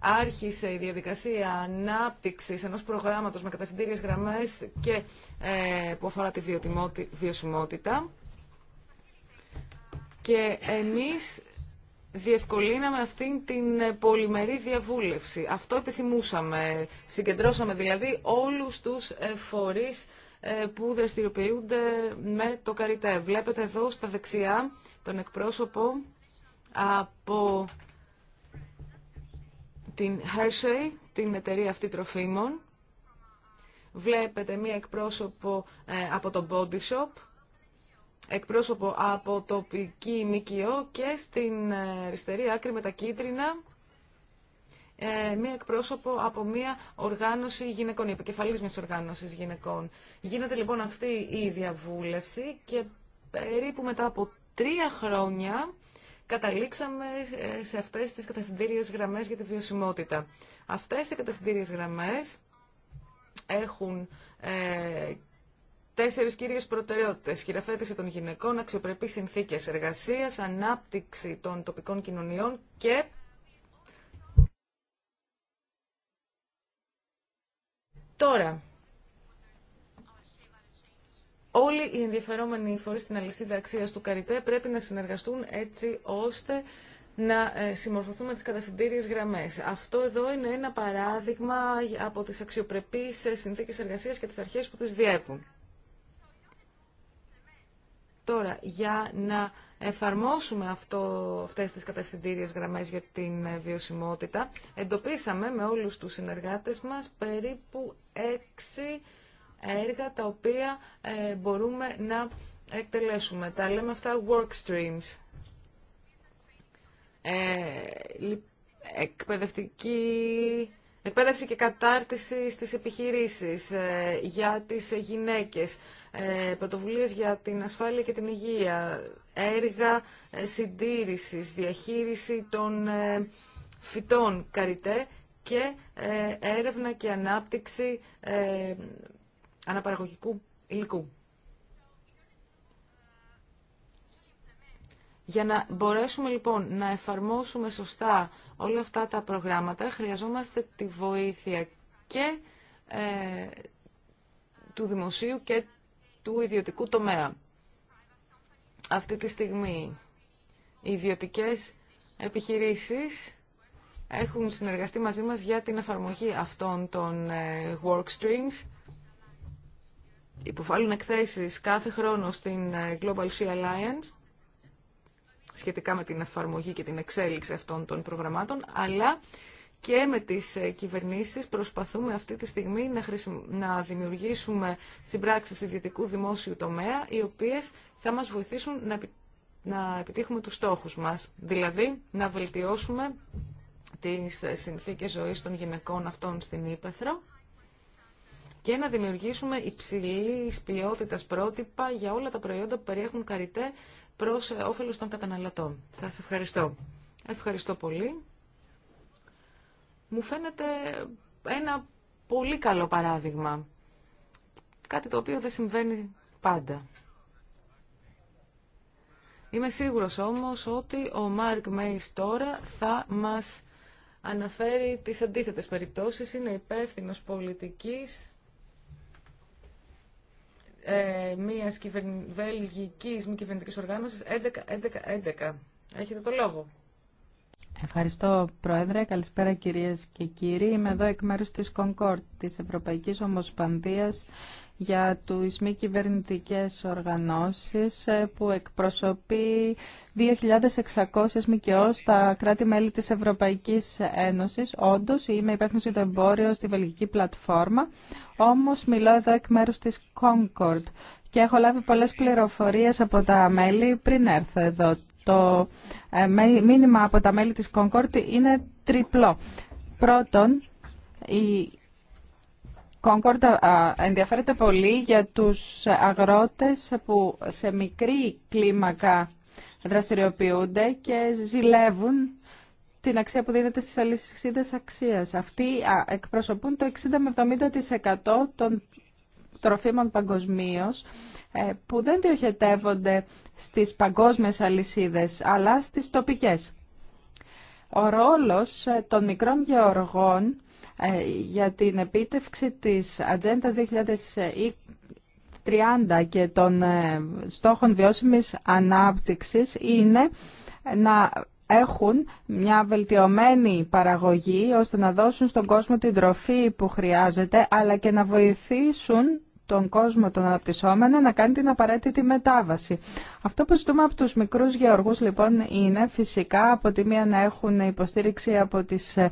άρχισε η διαδικασία ανάπτυξης ενός προγράμματος με κατευθυντήριες γραμμές και ε, που αφορά τη βιωσιμότητα. Και εμείς διευκολύναμε αυτή την ε, πολυμερή διαβούλευση. Αυτό επιθυμούσαμε. Συγκεντρώσαμε δηλαδή όλους τους ε, φορείς ε, που δραστηριοποιούνται με το καριτέ. Βλέπετε εδώ στα δεξιά τον εκπρόσωπο από την Hershey, την εταιρεία αυτή τροφίμων. Βλέπετε μία εκπρόσωπο από το Body Shop εκπρόσωπο από τοπική ΜΚΟ και στην ε, αριστερή άκρη με τα κίτρινα ε, μία εκπρόσωπο από μία οργάνωση γυναικών, η επικεφαλής μιας οργάνωσης γυναικών. Γίνεται λοιπόν αυτή η διαβούλευση και περίπου μετά από τρία χρόνια καταλήξαμε ε, σε αυτές τις κατευθυντήριες γραμμές για τη βιωσιμότητα. Αυτές οι κατευθυντήριες γραμμές έχουν τέσσερις κύριες προτεραιότητες. Χειραφέτηση των γυναικών, αξιοπρεπή συνθήκες εργασίας, ανάπτυξη των τοπικών κοινωνιών και Τώρα, όλοι οι ενδιαφερόμενοι φορείς στην αλυσίδα αξία του Καριτέ πρέπει να συνεργαστούν έτσι ώστε να ε, συμμορφωθούμε τις κατευθυντήριες γραμμές. Αυτό εδώ είναι ένα παράδειγμα από τις αξιοπρεπείς ε, συνθήκες εργασίας και τις αρχές που τις διέπουν. Τώρα, για να εφαρμόσουμε αυτό, αυτές τις κατευθυντήριες γραμμές για την ε, βιωσιμότητα, εντοπίσαμε με όλους τους συνεργάτες μας περίπου έξι έργα τα οποία ε, μπορούμε να εκτελέσουμε. Τα λέμε αυτά work streams. Ε, εκπαιδευτική Εκπαίδευση και κατάρτιση στις επιχειρήσεις, ε, για τις γυναίκες, ε, πρωτοβουλίες για την ασφάλεια και την υγεία, έργα ε, συντήρηση, διαχείριση των ε, φυτών καριτέ και έρευνα και ανάπτυξη αναπαραγωγικού υλικού. Για να μπορέσουμε λοιπόν να εφαρμόσουμε σωστά όλα αυτά τα προγράμματα, χρειαζόμαστε τη βοήθεια και του δημοσίου και του ιδιωτικού τομέα. Αυτή τη στιγμή οι ιδιωτικές επιχειρήσεις έχουν συνεργαστεί μαζί μας για την εφαρμογή αυτών των ε, work streams. Υποφάλουν εκθέσεις κάθε χρόνο στην ε, Global Sea Alliance σχετικά με την εφαρμογή και την εξέλιξη αυτών των προγραμμάτων, αλλά και με τις ε, κυβερνήσεις προσπαθούμε αυτή τη στιγμή να, να δημιουργήσουμε συμπράξεις ιδιωτικού δημόσιου τομέα, οι οποίες θα μας βοηθήσουν να, να επιτύχουμε τους στόχους μας, δηλαδή να βελτιώσουμε τις ε, συνθήκες ζωής των γυναικών αυτών στην Ήπεθρο και να δημιουργήσουμε υψηλή ποιότητα πρότυπα για όλα τα προϊόντα που περιέχουν καριτέ προς ε, όφελος των καταναλωτών. Σας ευχαριστώ. Ευχαριστώ πολύ μου φαίνεται ένα πολύ καλό παράδειγμα. Κάτι το οποίο δεν συμβαίνει πάντα. Είμαι σίγουρος όμως ότι ο Μάρκ Μέις τώρα θα μας αναφέρει τις αντίθετες περιπτώσεις. Είναι υπεύθυνο πολιτικής ε, μιας βελγικής μη κυβερνητικής οργάνωσης 11-11-11. Έχετε το λόγο. Ευχαριστώ Πρόεδρε. Καλησπέρα κυρίες και κύριοι. Είμαι εδώ εκ μέρους της Concord, της Ευρωπαϊκής Ομοσπανδίας για του μη κυβερνητικέ οργανώσεις ε, που εκπροσωπεί 2.600 ΜΚΟ στα κράτη-μέλη της Ευρωπαϊκής Ένωσης. Όντως είμαι υπεύθυνος για το εμπόριο στη βελγική πλατφόρμα, όμως μιλώ εδώ εκ μέρους της Concord και έχω λάβει πολλές πληροφορίες από τα μέλη πριν έρθω εδώ. Το ε, μήνυμα από τα μέλη της Concord είναι τριπλό. Πρώτον, η Concord ενδιαφέρεται πολύ για τους αγρότες που σε μικρή κλίμακα δραστηριοποιούνται και ζηλεύουν την αξία που δίνεται στις αλυσίδες αξίας. Αυτοί εκπροσωπούν το 60 με 70% των τροφίμων παγκοσμίω ε, που δεν διοχετεύονται στις παγκόσμιες αλυσίδες αλλά στις τοπικές. Ο ρόλος ε, των μικρών γεωργών ε, για την επίτευξη της Ατζέντα 2030 και των στόχων βιώσιμης ανάπτυξης είναι να έχουν μια βελτιωμένη παραγωγή ώστε να δώσουν στον κόσμο την τροφή που χρειάζεται αλλά και να βοηθήσουν τον κόσμο τον αναπτυσσόμενο να κάνει την απαραίτητη μετάβαση. Αυτό που ζητούμε από τους μικρούς γεωργούς λοιπόν είναι φυσικά από τη μία να έχουν υποστήριξη από τις ε,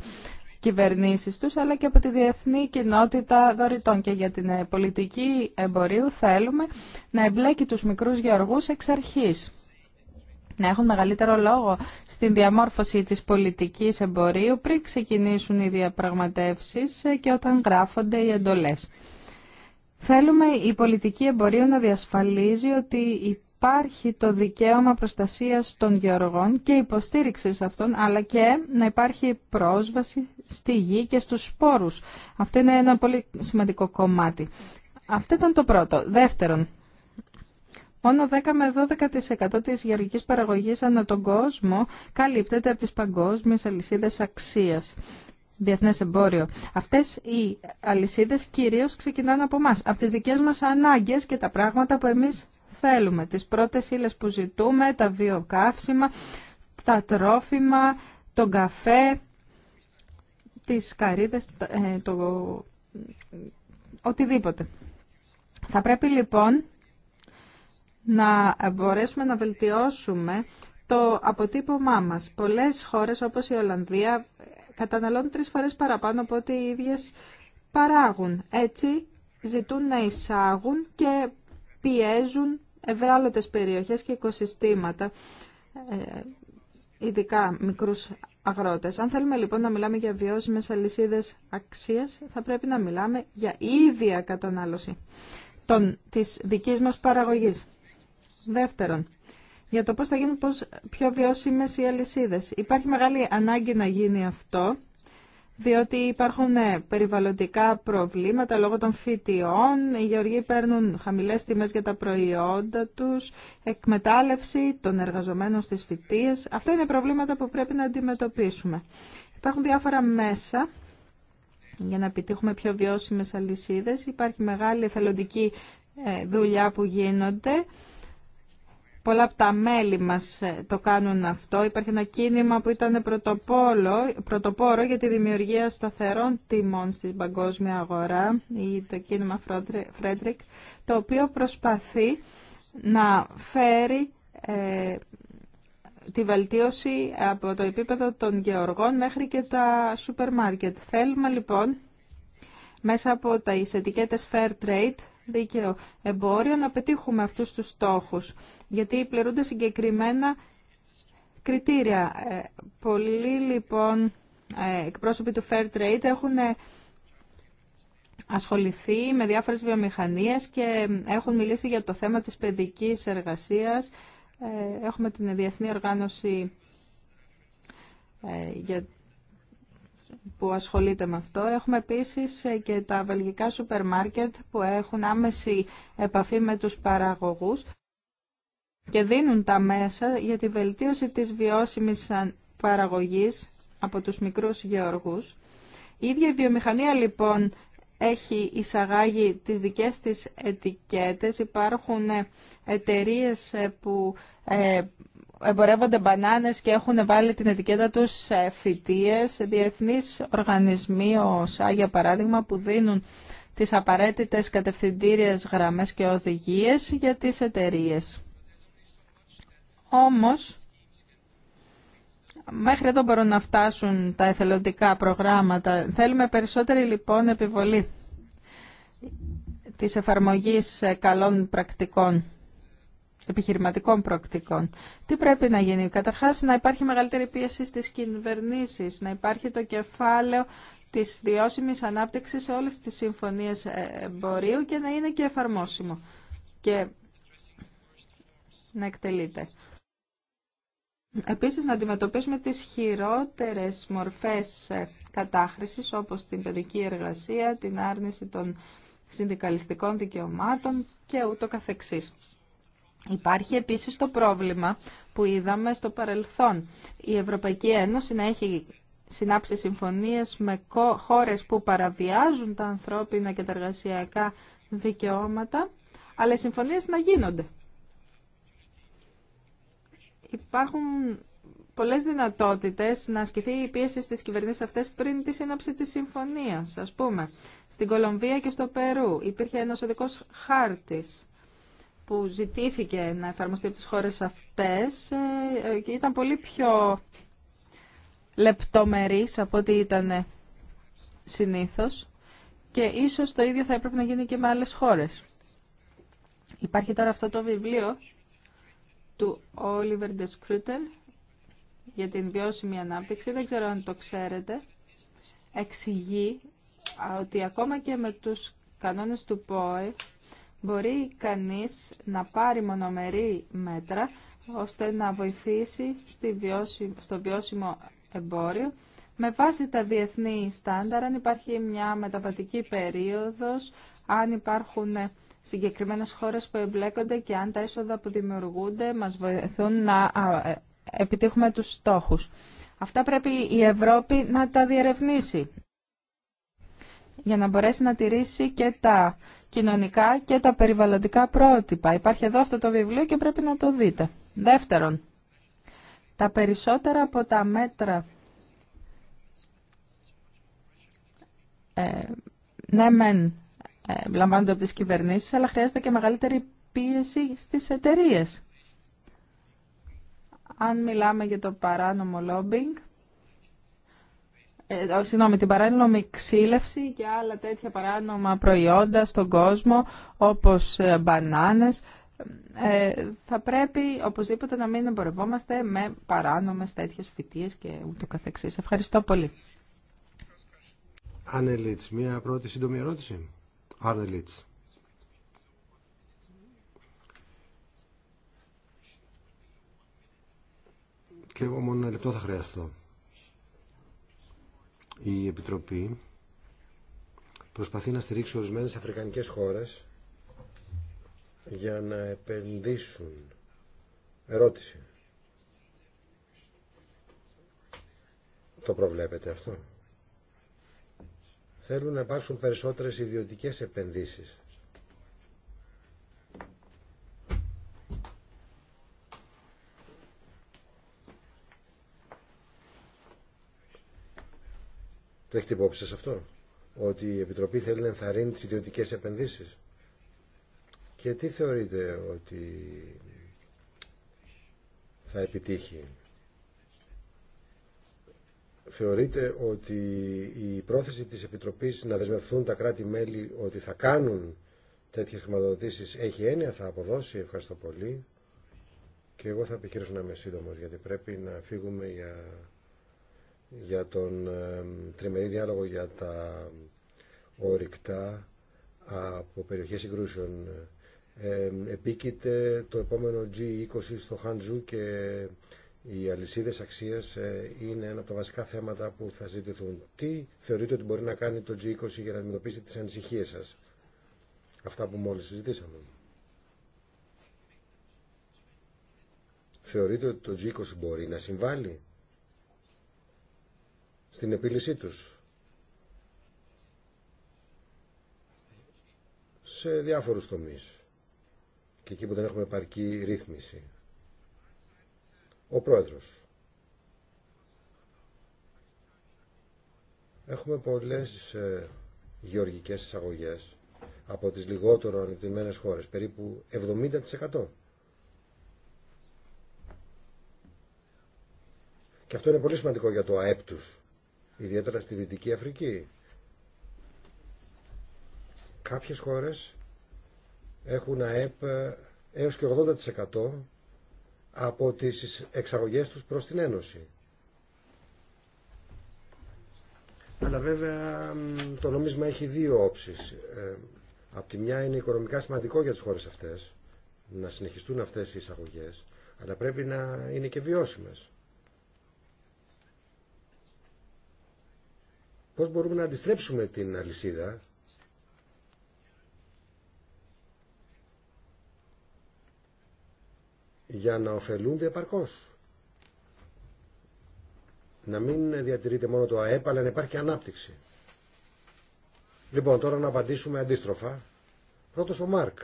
κυβερνήσεις τους αλλά και από τη διεθνή κοινότητα δωρητών και για την ε, πολιτική εμπορίου θέλουμε να εμπλέκει τους μικρούς γεωργούς εξ αρχής να έχουν μεγαλύτερο λόγο στην διαμόρφωση της πολιτικής εμπορίου πριν ξεκινήσουν οι διαπραγματεύσεις ε, και όταν γράφονται οι εντολές. Θέλουμε η πολιτική εμπορίου να διασφαλίζει ότι υπάρχει το δικαίωμα προστασίας των γεωργών και υποστήριξης αυτών, αλλά και να υπάρχει πρόσβαση στη γη και στους σπόρους. Αυτό είναι ένα πολύ σημαντικό κομμάτι. Αυτό ήταν το πρώτο. Δεύτερον, μόνο 10 με 12% της γεωργικής παραγωγής ανά τον κόσμο καλύπτεται από τις παγκόσμιες αλυσίδες αξίας. Διεθνέ εμπόριο. Αυτές οι αλυσίδε κυρίω ξεκινάνε από εμά, από τι δικέ μας ανάγκες και τα πράγματα που εμείς θέλουμε. Τις πρώτες ύλε που ζητούμε, τα βιοκαύσιμα, τα τρόφιμα, τον καφέ, τις καρύδες, ε, το... οτιδήποτε. Θα πρέπει λοιπόν να μπορέσουμε να βελτιώσουμε το αποτύπωμά μας. Πολλές χώρες όπως η Ολλανδία καταναλώνουν τρεις φορές παραπάνω από ό,τι οι ίδιες παράγουν. Έτσι ζητούν να εισάγουν και πιέζουν ευάλωτες περιοχές και οικοσυστήματα, ε, ειδικά μικρούς αγρότες. Αν θέλουμε λοιπόν να μιλάμε για βιώσιμες αλυσίδες αξίας, θα πρέπει να μιλάμε για ίδια κατανάλωση των, της δικής μας παραγωγής. Δεύτερον, για το πώς θα γίνουν πώς πιο βιώσιμες οι αλυσίδες. Υπάρχει μεγάλη ανάγκη να γίνει αυτό, διότι υπάρχουν ε, περιβαλλοντικά προβλήματα λόγω των φυτιών, οι γεωργοί παίρνουν χαμηλές τιμές για τα προϊόντα τους, εκμετάλλευση των εργαζομένων στις φυτίες. Αυτά είναι προβλήματα που πρέπει να αντιμετωπίσουμε. Υπάρχουν διάφορα μέσα για να επιτύχουμε πιο βιώσιμες αλυσίδες. Υπάρχει μεγάλη εθελοντική ε, δουλειά που γίνονται. Πολλά από τα μέλη μας ε, το κάνουν αυτό. Υπάρχει ένα κίνημα που ήταν πρωτοπόρο για τη δημιουργία σταθερών τιμών στην παγκόσμια αγορά, ή το κίνημα Φρέντρικ, το οποίο προσπαθεί να φέρει ε, τη βελτίωση από το επίπεδο των γεωργών μέχρι και τα σούπερ μάρκετ. Θέλουμε λοιπόν μέσα από τα ετικέτες Fair Trade δίκαιο εμπόριο να πετύχουμε αυτούς τους στόχους, γιατί πληρούνται συγκεκριμένα κριτήρια. Ε, πολλοί λοιπόν ε, εκπρόσωποι του Fair Trade έχουν ε, ασχοληθεί με διάφορες βιομηχανίες και έχουν μιλήσει για το θέμα της παιδικής εργασίας. Έχουμε την Διεθνή Οργάνωση για που ασχολείται με αυτό. Έχουμε επίσης ε, και τα βελγικά σούπερ μάρκετ που έχουν άμεση επαφή με τους παραγωγούς και δίνουν τα μέσα για τη βελτίωση της βιώσιμης παραγωγής από τους μικρούς γεωργούς. Η ίδια η βιομηχανία λοιπόν έχει εισαγάγει τις δικές της ετικέτες. Υπάρχουν ε, εταιρείες ε, που εμπορεύονται μπανάνες και έχουν βάλει την ετικέτα τους σε φυτίες, διεθνείς οργανισμοί, ο ΣΑ για παράδειγμα, που δίνουν τις απαραίτητες κατευθυντήριες γραμμές και οδηγίες για τις εταιρείε. Όμως, μέχρι εδώ μπορούν να φτάσουν τα εθελοντικά προγράμματα. Θέλουμε περισσότερη λοιπόν επιβολή της εφαρμογής καλών πρακτικών επιχειρηματικών προοπτικών. Τι πρέπει να γίνει. Καταρχάς να υπάρχει μεγαλύτερη πίεση στις κυβερνήσεις, να υπάρχει το κεφάλαιο της διώσιμης ανάπτυξης σε όλες τις συμφωνίες εμπορίου και να είναι και εφαρμόσιμο και να εκτελείται. Επίσης να αντιμετωπίσουμε τις χειρότερες μορφές κατάχρησης όπως την παιδική εργασία, την άρνηση των συνδικαλιστικών δικαιωμάτων και ούτω καθεξής. Υπάρχει επίσης το πρόβλημα που είδαμε στο παρελθόν. Η Ευρωπαϊκή Ένωση να έχει συνάψει συμφωνίες με χώρες που παραβιάζουν τα ανθρώπινα και τα εργασιακά δικαιώματα, αλλά οι συμφωνίες να γίνονται. Υπάρχουν πολλές δυνατότητες να ασκηθεί η πίεση στις κυβερνήσεις αυτές πριν τη σύναψη της συμφωνίας. Ας πούμε, στην Κολομβία και στο Περού υπήρχε ένας οδικός χάρτης που ζητήθηκε να εφαρμοστεί από τις χώρες αυτές ε, ε, ήταν πολύ πιο λεπτομερής από ό,τι ήταν συνήθως και ίσως το ίδιο θα έπρεπε να γίνει και με άλλες χώρες. Υπάρχει τώρα αυτό το βιβλίο του Oliver de για την βιώσιμη ανάπτυξη, δεν ξέρω αν το ξέρετε, εξηγεί ότι ακόμα και με τους κανόνες του ΠΟΕ μπορεί κανείς να πάρει μονομερή μέτρα ώστε να βοηθήσει στο βιώσιμο εμπόριο με βάση τα διεθνή στάνταρα, αν υπάρχει μια μεταβατική περίοδος, αν υπάρχουν συγκεκριμένες χώρες που εμπλέκονται και αν τα έσοδα που δημιουργούνται μας βοηθούν να ε, επιτύχουμε τους στόχους. Αυτά πρέπει η Ευρώπη να τα διερευνήσει για να μπορέσει να τηρήσει και τα κοινωνικά και τα περιβαλλοντικά πρότυπα. Υπάρχει εδώ αυτό το βιβλίο και πρέπει να το δείτε. Δεύτερον, τα περισσότερα από τα μέτρα ε, ναι μεν ε, λαμβάνονται από τις κυβερνήσεις, αλλά χρειάζεται και μεγαλύτερη πίεση στις εταιρείες. Αν μιλάμε για το παράνομο λόμπινγκ, ε, ε, συγγνώμη, την παράνομη ξύλευση και άλλα τέτοια παράνομα προϊόντα στον κόσμο όπως ε, μπανάνες ε, θα πρέπει οπωσδήποτε να μην εμπορευόμαστε με παράνομες τέτοιες φυτίες και ούτω καθεξής. Ευχαριστώ πολύ. Ανελίτς, μία πρώτη σύντομη ερώτηση. Ανελίτς. Και εγώ μόνο ένα λεπτό θα χρειαστώ η Επιτροπή προσπαθεί να στηρίξει ορισμένες αφρικανικές χώρες για να επενδύσουν. Ερώτηση. Το προβλέπετε αυτό. Θέλουν να υπάρξουν περισσότερες ιδιωτικές επενδύσεις Το έχετε υπόψη σας αυτό, ότι η Επιτροπή θέλει να ενθαρρύνει τις ιδιωτικές επενδύσεις. Και τι θεωρείτε ότι θα επιτύχει. Θεωρείτε ότι η πρόθεση της Επιτροπής να δεσμευθούν τα κράτη-μέλη ότι θα κάνουν τέτοιες χρηματοδοτήσεις έχει έννοια, θα αποδώσει, ευχαριστώ πολύ. Και εγώ θα επιχειρήσω να είμαι σύντομο γιατί πρέπει να φύγουμε για για τον τριμερή διάλογο για τα ορυκτά από περιοχές συγκρούσεων. επίκειται το επόμενο G20 στο Χαντζού και οι αλυσίδες αξίας ε, είναι ένα από τα βασικά θέματα που θα ζητηθούν. Τι θεωρείτε ότι μπορεί να κάνει το G20 για να αντιμετωπίσει τις ανησυχίες σας, αυτά που μόλις συζητήσαμε. Θεωρείτε ότι το G20 μπορεί να συμβάλλει στην επίλυσή τους σε διάφορους τομείς και εκεί που δεν έχουμε επαρκή ρύθμιση. Ο πρόεδρος. Έχουμε πολλές ε, γεωργικές εισαγωγές από τις λιγότερο ανεπτυγμένες χώρες, περίπου 70%. Και αυτό είναι πολύ σημαντικό για το ΑΕΠ τους ιδιαίτερα στη Δυτική Αφρική. Κάποιες χώρες έχουν ΑΕΠ ε, έως και 80% από τις εξαγωγές τους προς την Ένωση. Αλλά βέβαια το νομίσμα έχει δύο όψεις. Ε, απ' τη μια είναι οικονομικά σημαντικό για τις χώρες αυτές να συνεχιστούν αυτές οι εισαγωγές, αλλά πρέπει να είναι και βιώσιμες. Πώς μπορούμε να αντιστρέψουμε την αλυσίδα για να ωφελούνται επαρκώς. Να μην διατηρείται μόνο το ΑΕΠ, αλλά να υπάρχει ανάπτυξη. Λοιπόν, τώρα να απαντήσουμε αντίστροφα. Πρώτος ο Μάρκ.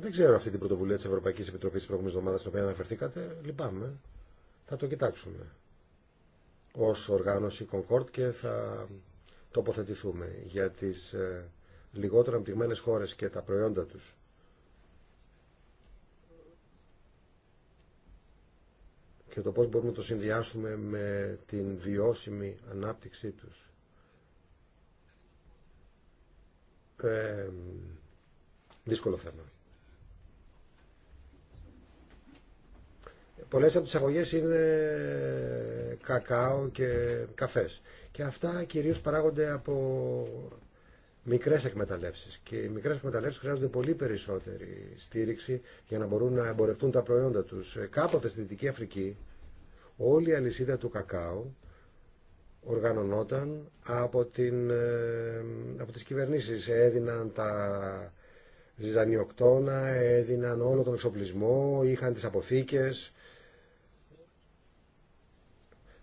Δεν ξέρω αυτή την πρωτοβουλία τη Ευρωπαϊκή Επιτροπή τη προηγούμενη εβδομάδα στην οποία αναφερθήκατε. Λυπάμαι. Θα το κοιτάξουμε ω οργάνωση Concord και θα τοποθετηθούμε για τι ε, λιγότερο αμπτυγμένε χώρε και τα προϊόντα του. και το πώς μπορούμε να το συνδυάσουμε με την βιώσιμη ανάπτυξή τους. Ε, δύσκολο θέμα. πολλές από τις αγωγές είναι κακάο και καφές. Και αυτά κυρίως παράγονται από μικρές εκμεταλλεύσεις. Και οι μικρές εκμεταλλεύσεις χρειάζονται πολύ περισσότερη στήριξη για να μπορούν να εμπορευτούν τα προϊόντα τους. Ε, κάποτε στη Δυτική Αφρική όλη η αλυσίδα του κακάο οργανωνόταν από, την, ε, από τις κυβερνήσεις. Έδιναν τα ζυζανιοκτώνα, έδιναν όλο τον εξοπλισμό, είχαν τις αποθήκες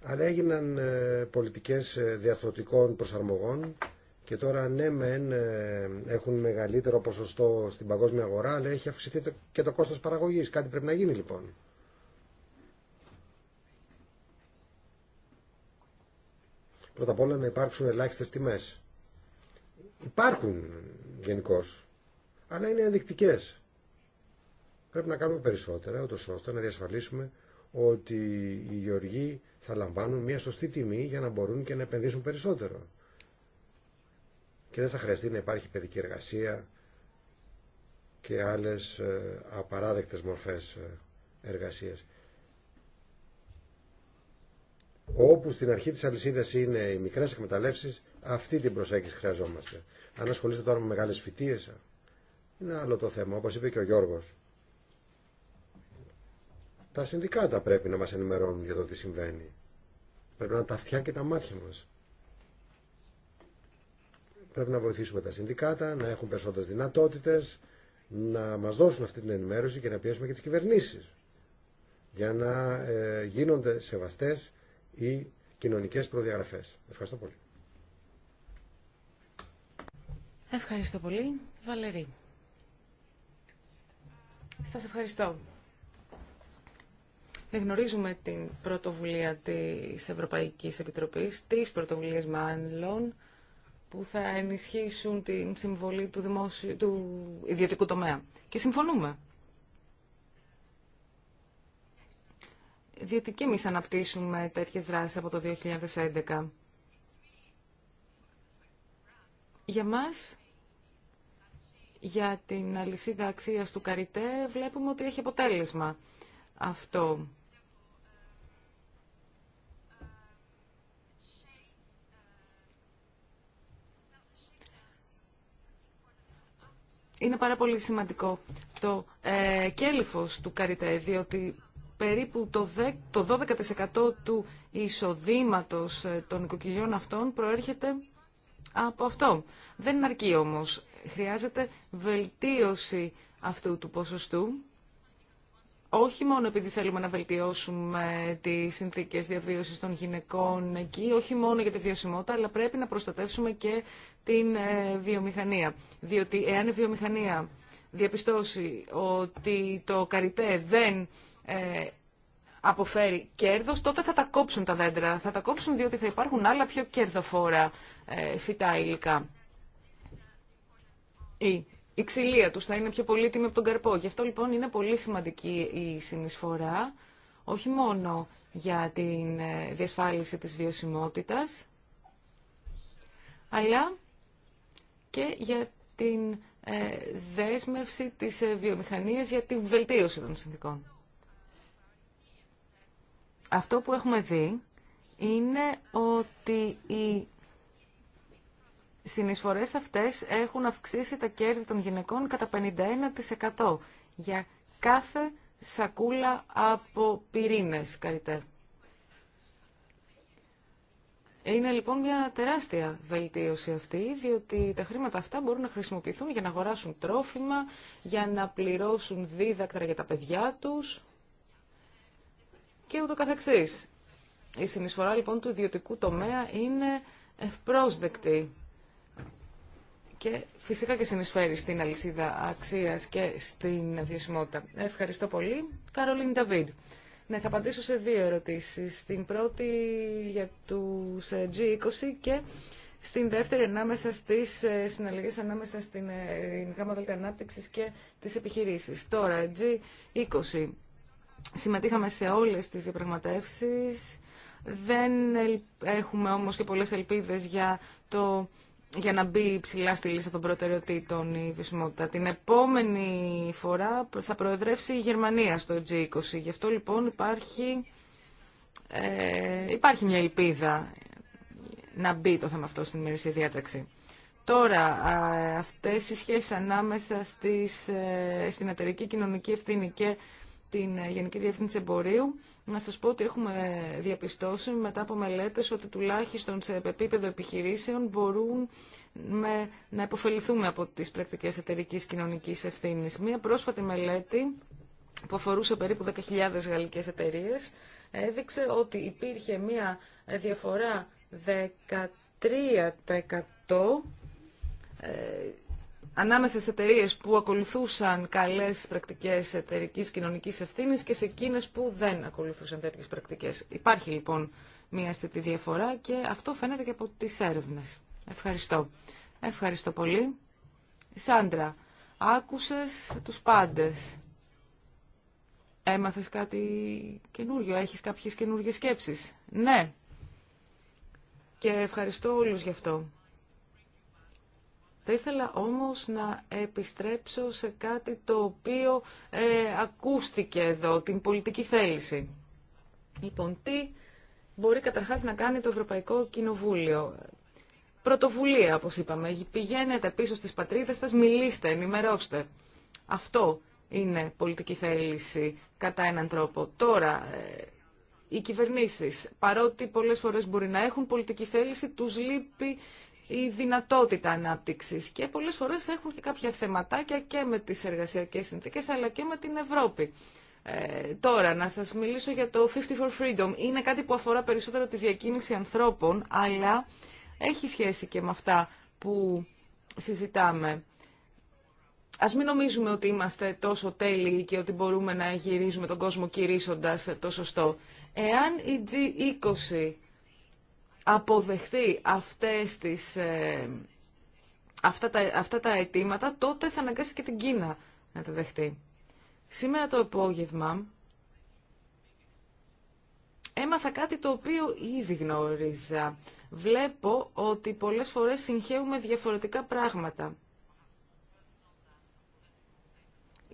αλλά έγιναν ε, πολιτικές ε, διαθροτικών προσαρμογών και τώρα ναι μεν ε, έχουν μεγαλύτερο ποσοστό στην παγκόσμια αγορά αλλά έχει αυξηθεί και το κόστος παραγωγής. Κάτι πρέπει να γίνει λοιπόν. Πρώτα απ' όλα να υπάρξουν ελάχιστες τιμές. Υπάρχουν γενικώ, αλλά είναι ενδεικτικές. Πρέπει να κάνουμε περισσότερα, ούτως ώστε να διασφαλίσουμε ότι οι γεωργοί θα λαμβάνουν μια σωστή τιμή για να μπορούν και να επενδύσουν περισσότερο. Και δεν θα χρειαστεί να υπάρχει παιδική εργασία και άλλες ε, απαράδεκτες μορφές ε, εργασίας. Όπου στην αρχή της αλυσίδας είναι οι μικρές εκμεταλλεύσεις, αυτή την προσέγγιση χρειαζόμαστε. Αν ασχολείστε τώρα με μεγάλες φοιτίες, είναι άλλο το θέμα, όπως είπε και ο Γιώργος. Τα συνδικάτα πρέπει να μας ενημερώνουν για το τι συμβαίνει. Πρέπει να τα αυτιά και τα μάτια μας. Πρέπει να βοηθήσουμε τα συνδικάτα να έχουν περισσότερες δυνατότητες, να μας δώσουν αυτή την ενημέρωση και να πιέσουμε και τις κυβερνήσεις για να ε, γίνονται σεβαστές οι κοινωνικές προδιαγραφές. Ευχαριστώ πολύ. Ευχαριστώ πολύ. Βαλερή. Σας ευχαριστώ. Ναι, γνωρίζουμε την πρωτοβουλία της Ευρωπαϊκής Επιτροπής, τις πρωτοβουλίες μάλλον, που θα ενισχύσουν την συμβολή του, δημόσιου, του ιδιωτικού τομέα. Και συμφωνούμε. Διότι και εμεί αναπτύσσουμε τέτοιες δράσεις από το 2011. Για μας, για την αλυσίδα αξίας του Καριτέ, βλέπουμε ότι έχει αποτέλεσμα αυτό. είναι πάρα πολύ σημαντικό το ε, του Καριτέ, διότι περίπου το, 12% του εισοδήματος ε, των οικοκυριών αυτών προέρχεται από αυτό. Δεν αρκεί όμως. Χρειάζεται βελτίωση αυτού του ποσοστού όχι μόνο επειδή θέλουμε να βελτιώσουμε τις συνθήκες διαβίωσης των γυναικών εκεί, όχι μόνο για τη βιωσιμότητα, αλλά πρέπει να προστατεύσουμε και την ε, βιομηχανία. Διότι εάν η βιομηχανία διαπιστώσει ότι το καριτέ δεν ε, αποφέρει κέρδος, τότε θα τα κόψουν τα δέντρα. Θα τα κόψουν διότι θα υπάρχουν άλλα πιο κερδοφόρα ε, φυτά υλικά ή η ξυλία τους θα είναι πιο πολύτιμη από τον καρπό. Γι' αυτό λοιπόν είναι πολύ σημαντική η συνεισφορά, όχι μόνο για την ε, διασφάλιση της βιωσιμότητας, αλλά και για την ε, δέσμευση της ε, βιομηχανίας για την βελτίωση των συνθήκων. Αυτό που έχουμε δει είναι ότι η συνεισφορές αυτές έχουν αυξήσει τα κέρδη των γυναικών κατά 51% για κάθε σακούλα από πυρήνες καλύτερα. Είναι λοιπόν μια τεράστια βελτίωση αυτή, διότι τα χρήματα αυτά μπορούν να χρησιμοποιηθούν για να αγοράσουν τρόφιμα, για να πληρώσουν δίδακτρα για τα παιδιά τους και ούτω καθεξής. Η συνεισφορά λοιπόν του ιδιωτικού τομέα είναι ευπρόσδεκτη και φυσικά και συνεισφέρει στην αλυσίδα αξίας και στην βιωσιμότητα. Ευχαριστώ πολύ. Καρολίν Νταβίδ. Ναι, θα απαντήσω σε δύο ερωτήσει. Στην πρώτη για του ε, G20 και στην δεύτερη ανάμεσα στις ε, συναλλαγέ ανάμεσα στην ε, ΔΕΛΤΑ ανάπτυξη και τις επιχειρήσεις. Τώρα, G20. Συμμετείχαμε σε όλες τις διαπραγματεύσει. Δεν έχουμε όμως και πολλές ελπίδες για το για να μπει ψηλά στη λίστα των προτεραιοτήτων η βιωσιμότητα. Την επόμενη φορά θα προεδρεύσει η Γερμανία στο G20. Γι' αυτό λοιπόν υπάρχει, ε, υπάρχει μια ελπίδα να μπει το θέμα αυτό στην ημερήσια διάταξη. Τώρα, αυτές οι σχέσεις ανάμεσα στις, ε, στην εταιρική κοινωνική ευθύνη και την Γενική Διεύθυνση Εμπορίου, να σας πω ότι έχουμε διαπιστώσει μετά από μελέτες ότι τουλάχιστον σε επίπεδο επιχειρήσεων μπορούν με, να υποφεληθούμε από τις πρακτικές εταιρικής κοινωνικής ευθύνης. Μία πρόσφατη μελέτη που αφορούσε περίπου 10.000 γαλλικές εταιρείε έδειξε ότι υπήρχε μία διαφορά 13% ανάμεσα σε εταιρείε που ακολουθούσαν καλές πρακτικές εταιρικής κοινωνικής ευθύνης και σε εκείνες που δεν ακολουθούσαν τέτοιες πρακτικές. Υπάρχει λοιπόν μια αισθητή διαφορά και αυτό φαίνεται και από τις έρευνες. Ευχαριστώ. Ευχαριστώ πολύ. Σάντρα, άκουσες τους πάντες. Έμαθε κάτι καινούριο, έχεις κάποιες καινούργιε σκέψει. Ναι. Και ευχαριστώ όλους γι' αυτό. Θα ήθελα όμως να επιστρέψω σε κάτι το οποίο ε, ακούστηκε εδώ, την πολιτική θέληση. Λοιπόν, τι μπορεί καταρχάς να κάνει το Ευρωπαϊκό Κοινοβούλιο. Πρωτοβουλία, όπως είπαμε. Πηγαίνετε πίσω στις πατρίδες σας, μιλήστε, ενημερώστε. Αυτό είναι πολιτική θέληση κατά έναν τρόπο. Τώρα, ε, οι κυβερνήσεις, παρότι πολλές φορές μπορεί να έχουν πολιτική θέληση, τους λείπει η δυνατότητα ανάπτυξης και πολλές φορές έχουν και κάποια θεματάκια και με τι εργασιακέ συνθήκε, αλλά και με την Ευρώπη. Ε, τώρα, να σας μιλήσω για το 50 for Freedom. Είναι κάτι που αφορά περισσότερο τη διακίνηση ανθρώπων, αλλά έχει σχέση και με αυτά που συζητάμε. Ας μην νομίζουμε ότι είμαστε τόσο τέλειοι και ότι μπορούμε να γυρίζουμε τον κόσμο κηρύσσοντα το σωστό. Εάν η G20 αποδεχθεί αυτές τις, ε, αυτά, τα, αυτά τα αιτήματα, τότε θα αναγκάσει και την Κίνα να τα δεχτεί. Σήμερα το απόγευμα έμαθα κάτι το οποίο ήδη γνώριζα. Βλέπω ότι πολλές φορές συγχέουμε διαφορετικά πράγματα.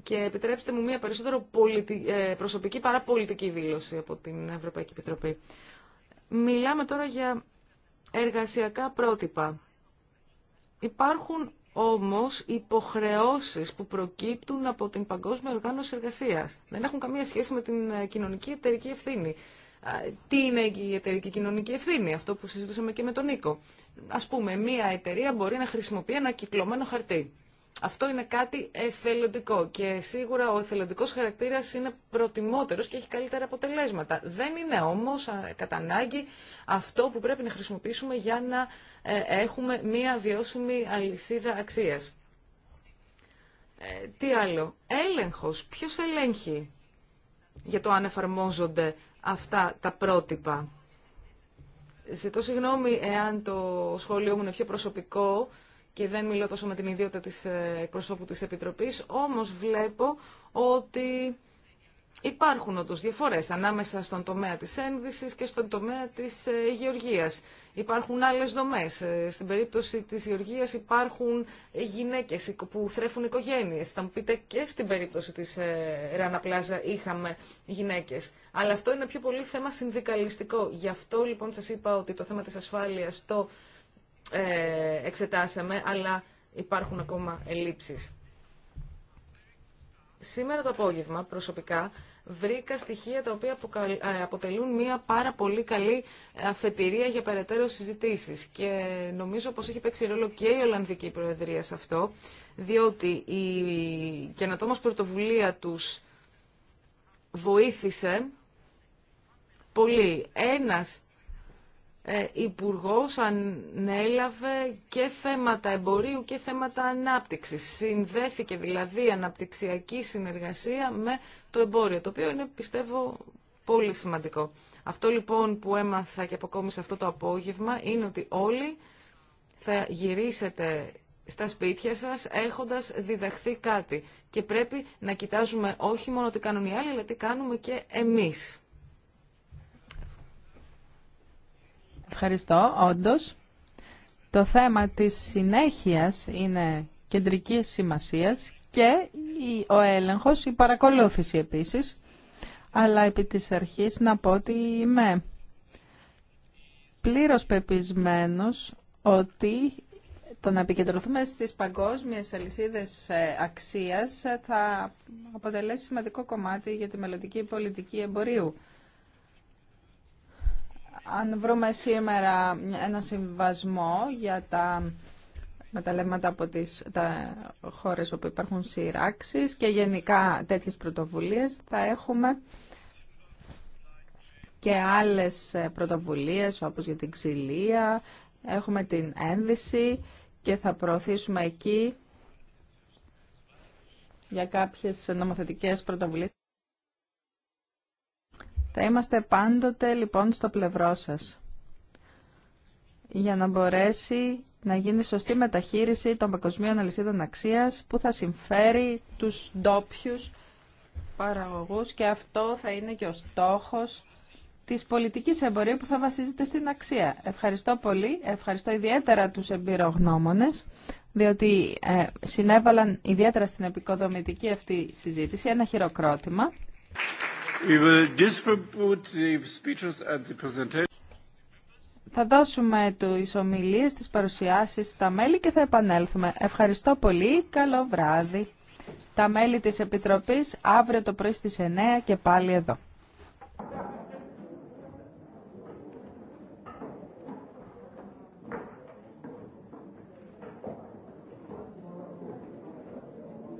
Και επιτρέψτε μου μία περισσότερο πολιτι... Ε, προσωπική παρά πολιτική δήλωση από την Ευρωπαϊκή Επιτροπή. Μιλάμε τώρα για εργασιακά πρότυπα. Υπάρχουν όμως υποχρεώσεις που προκύπτουν από την Παγκόσμια Οργάνωση Εργασίας. Δεν έχουν καμία σχέση με την ε, κοινωνική εταιρική ευθύνη. Τι είναι η εταιρική κοινωνική ευθύνη, αυτό που συζητούσαμε και με τον Νίκο. Ας πούμε, μία εταιρεία μπορεί να χρησιμοποιεί ένα κυκλωμένο χαρτί αυτό είναι κάτι εθελοντικό και σίγουρα ο εθελοντικός χαρακτήρας είναι προτιμότερος και έχει καλύτερα αποτελέσματα. Δεν είναι όμως κατά ανάγκη αυτό που πρέπει να χρησιμοποιήσουμε για να ε, έχουμε μία βιώσιμη αλυσίδα αξίας. Ε, τι άλλο, έλεγχος, ποιος ελέγχει για το αν εφαρμόζονται αυτά τα πρότυπα. Ζητώ συγγνώμη εάν το σχόλιο μου είναι πιο προσωπικό, και δεν μιλώ τόσο με την ιδιότητα της ε, εκπροσώπου της Επιτροπής, όμως βλέπω ότι υπάρχουν όντω διαφορές ανάμεσα στον τομέα της ένδυσης και στον τομέα της ε, γεωργίας. Υπάρχουν άλλες δομές. Ε, στην περίπτωση της γεωργίας υπάρχουν γυναίκες που θρέφουν οικογένειες. Θα μου πείτε και στην περίπτωση της Ραναπλάζα είχαμε γυναίκες. Αλλά αυτό είναι πιο πολύ θέμα συνδικαλιστικό. Γι' αυτό λοιπόν σας είπα ότι το θέμα της ασφάλειας, το ε, εξετάσαμε, αλλά υπάρχουν ακόμα ελλείψεις. Σήμερα το απόγευμα, προσωπικά, βρήκα στοιχεία τα οποία ε, αποτελούν μια πάρα πολύ καλή αφετηρία για περαιτέρω συζητήσεις και νομίζω πως έχει παίξει ρόλο και η Ολλανδική Προεδρία σε αυτό, διότι η καινοτόμως πρωτοβουλία τους βοήθησε πολύ. Ένας ε, υπουργός ανέλαβε και θέματα εμπορίου και θέματα ανάπτυξης. Συνδέθηκε δηλαδή αναπτυξιακή συνεργασία με το εμπόριο, το οποίο είναι πιστεύω πολύ σημαντικό. Αυτό λοιπόν που έμαθα και αποκόμισα αυτό το απόγευμα είναι ότι όλοι θα γυρίσετε στα σπίτια σας έχοντας διδαχθεί κάτι και πρέπει να κοιτάζουμε όχι μόνο τι κάνουν οι άλλοι αλλά τι κάνουμε και εμείς. Ευχαριστώ. Όντως, το θέμα της συνέχειας είναι κεντρική σημασίας και ο έλεγχος, η παρακολούθηση επίσης. Αλλά επί της αρχής να πω ότι είμαι πλήρως πεπισμένος ότι το να επικεντρωθούμε στις παγκόσμιες αλυσίδες ε, αξίας ε, θα αποτελέσει σημαντικό κομμάτι για τη μελλοντική πολιτική εμπορίου. Αν βρούμε σήμερα ένα συμβασμό για τα μεταλλεύματα από τις τα χώρες όπου υπάρχουν σειράξεις και γενικά τέτοιες πρωτοβουλίες, θα έχουμε και άλλες ε, πρωτοβουλίες όπως για την ξυλία, έχουμε την ένδυση και θα προωθήσουμε εκεί για κάποιες νομοθετικές πρωτοβουλίες. Θα είμαστε πάντοτε λοιπόν στο πλευρό σας για να μπορέσει να γίνει σωστή μεταχείριση των παγκοσμίων αλυσίδων αξίας που θα συμφέρει τους ντόπιου παραγωγούς και αυτό θα είναι και ο στόχος της πολιτικής εμπορία που θα βασίζεται στην αξία. Ευχαριστώ πολύ, ευχαριστώ ιδιαίτερα τους εμπειρογνώμονες διότι ε, συνέβαλαν ιδιαίτερα στην επικοδομητική αυτή συζήτηση ένα χειροκρότημα. Θα δώσουμε τις ομιλίες, τις παρουσιάσεις στα μέλη και θα επανέλθουμε. Ευχαριστώ πολύ. Καλό βράδυ. Τα μέλη της Επιτροπής αύριο το πρωί στις 9 και πάλι εδώ.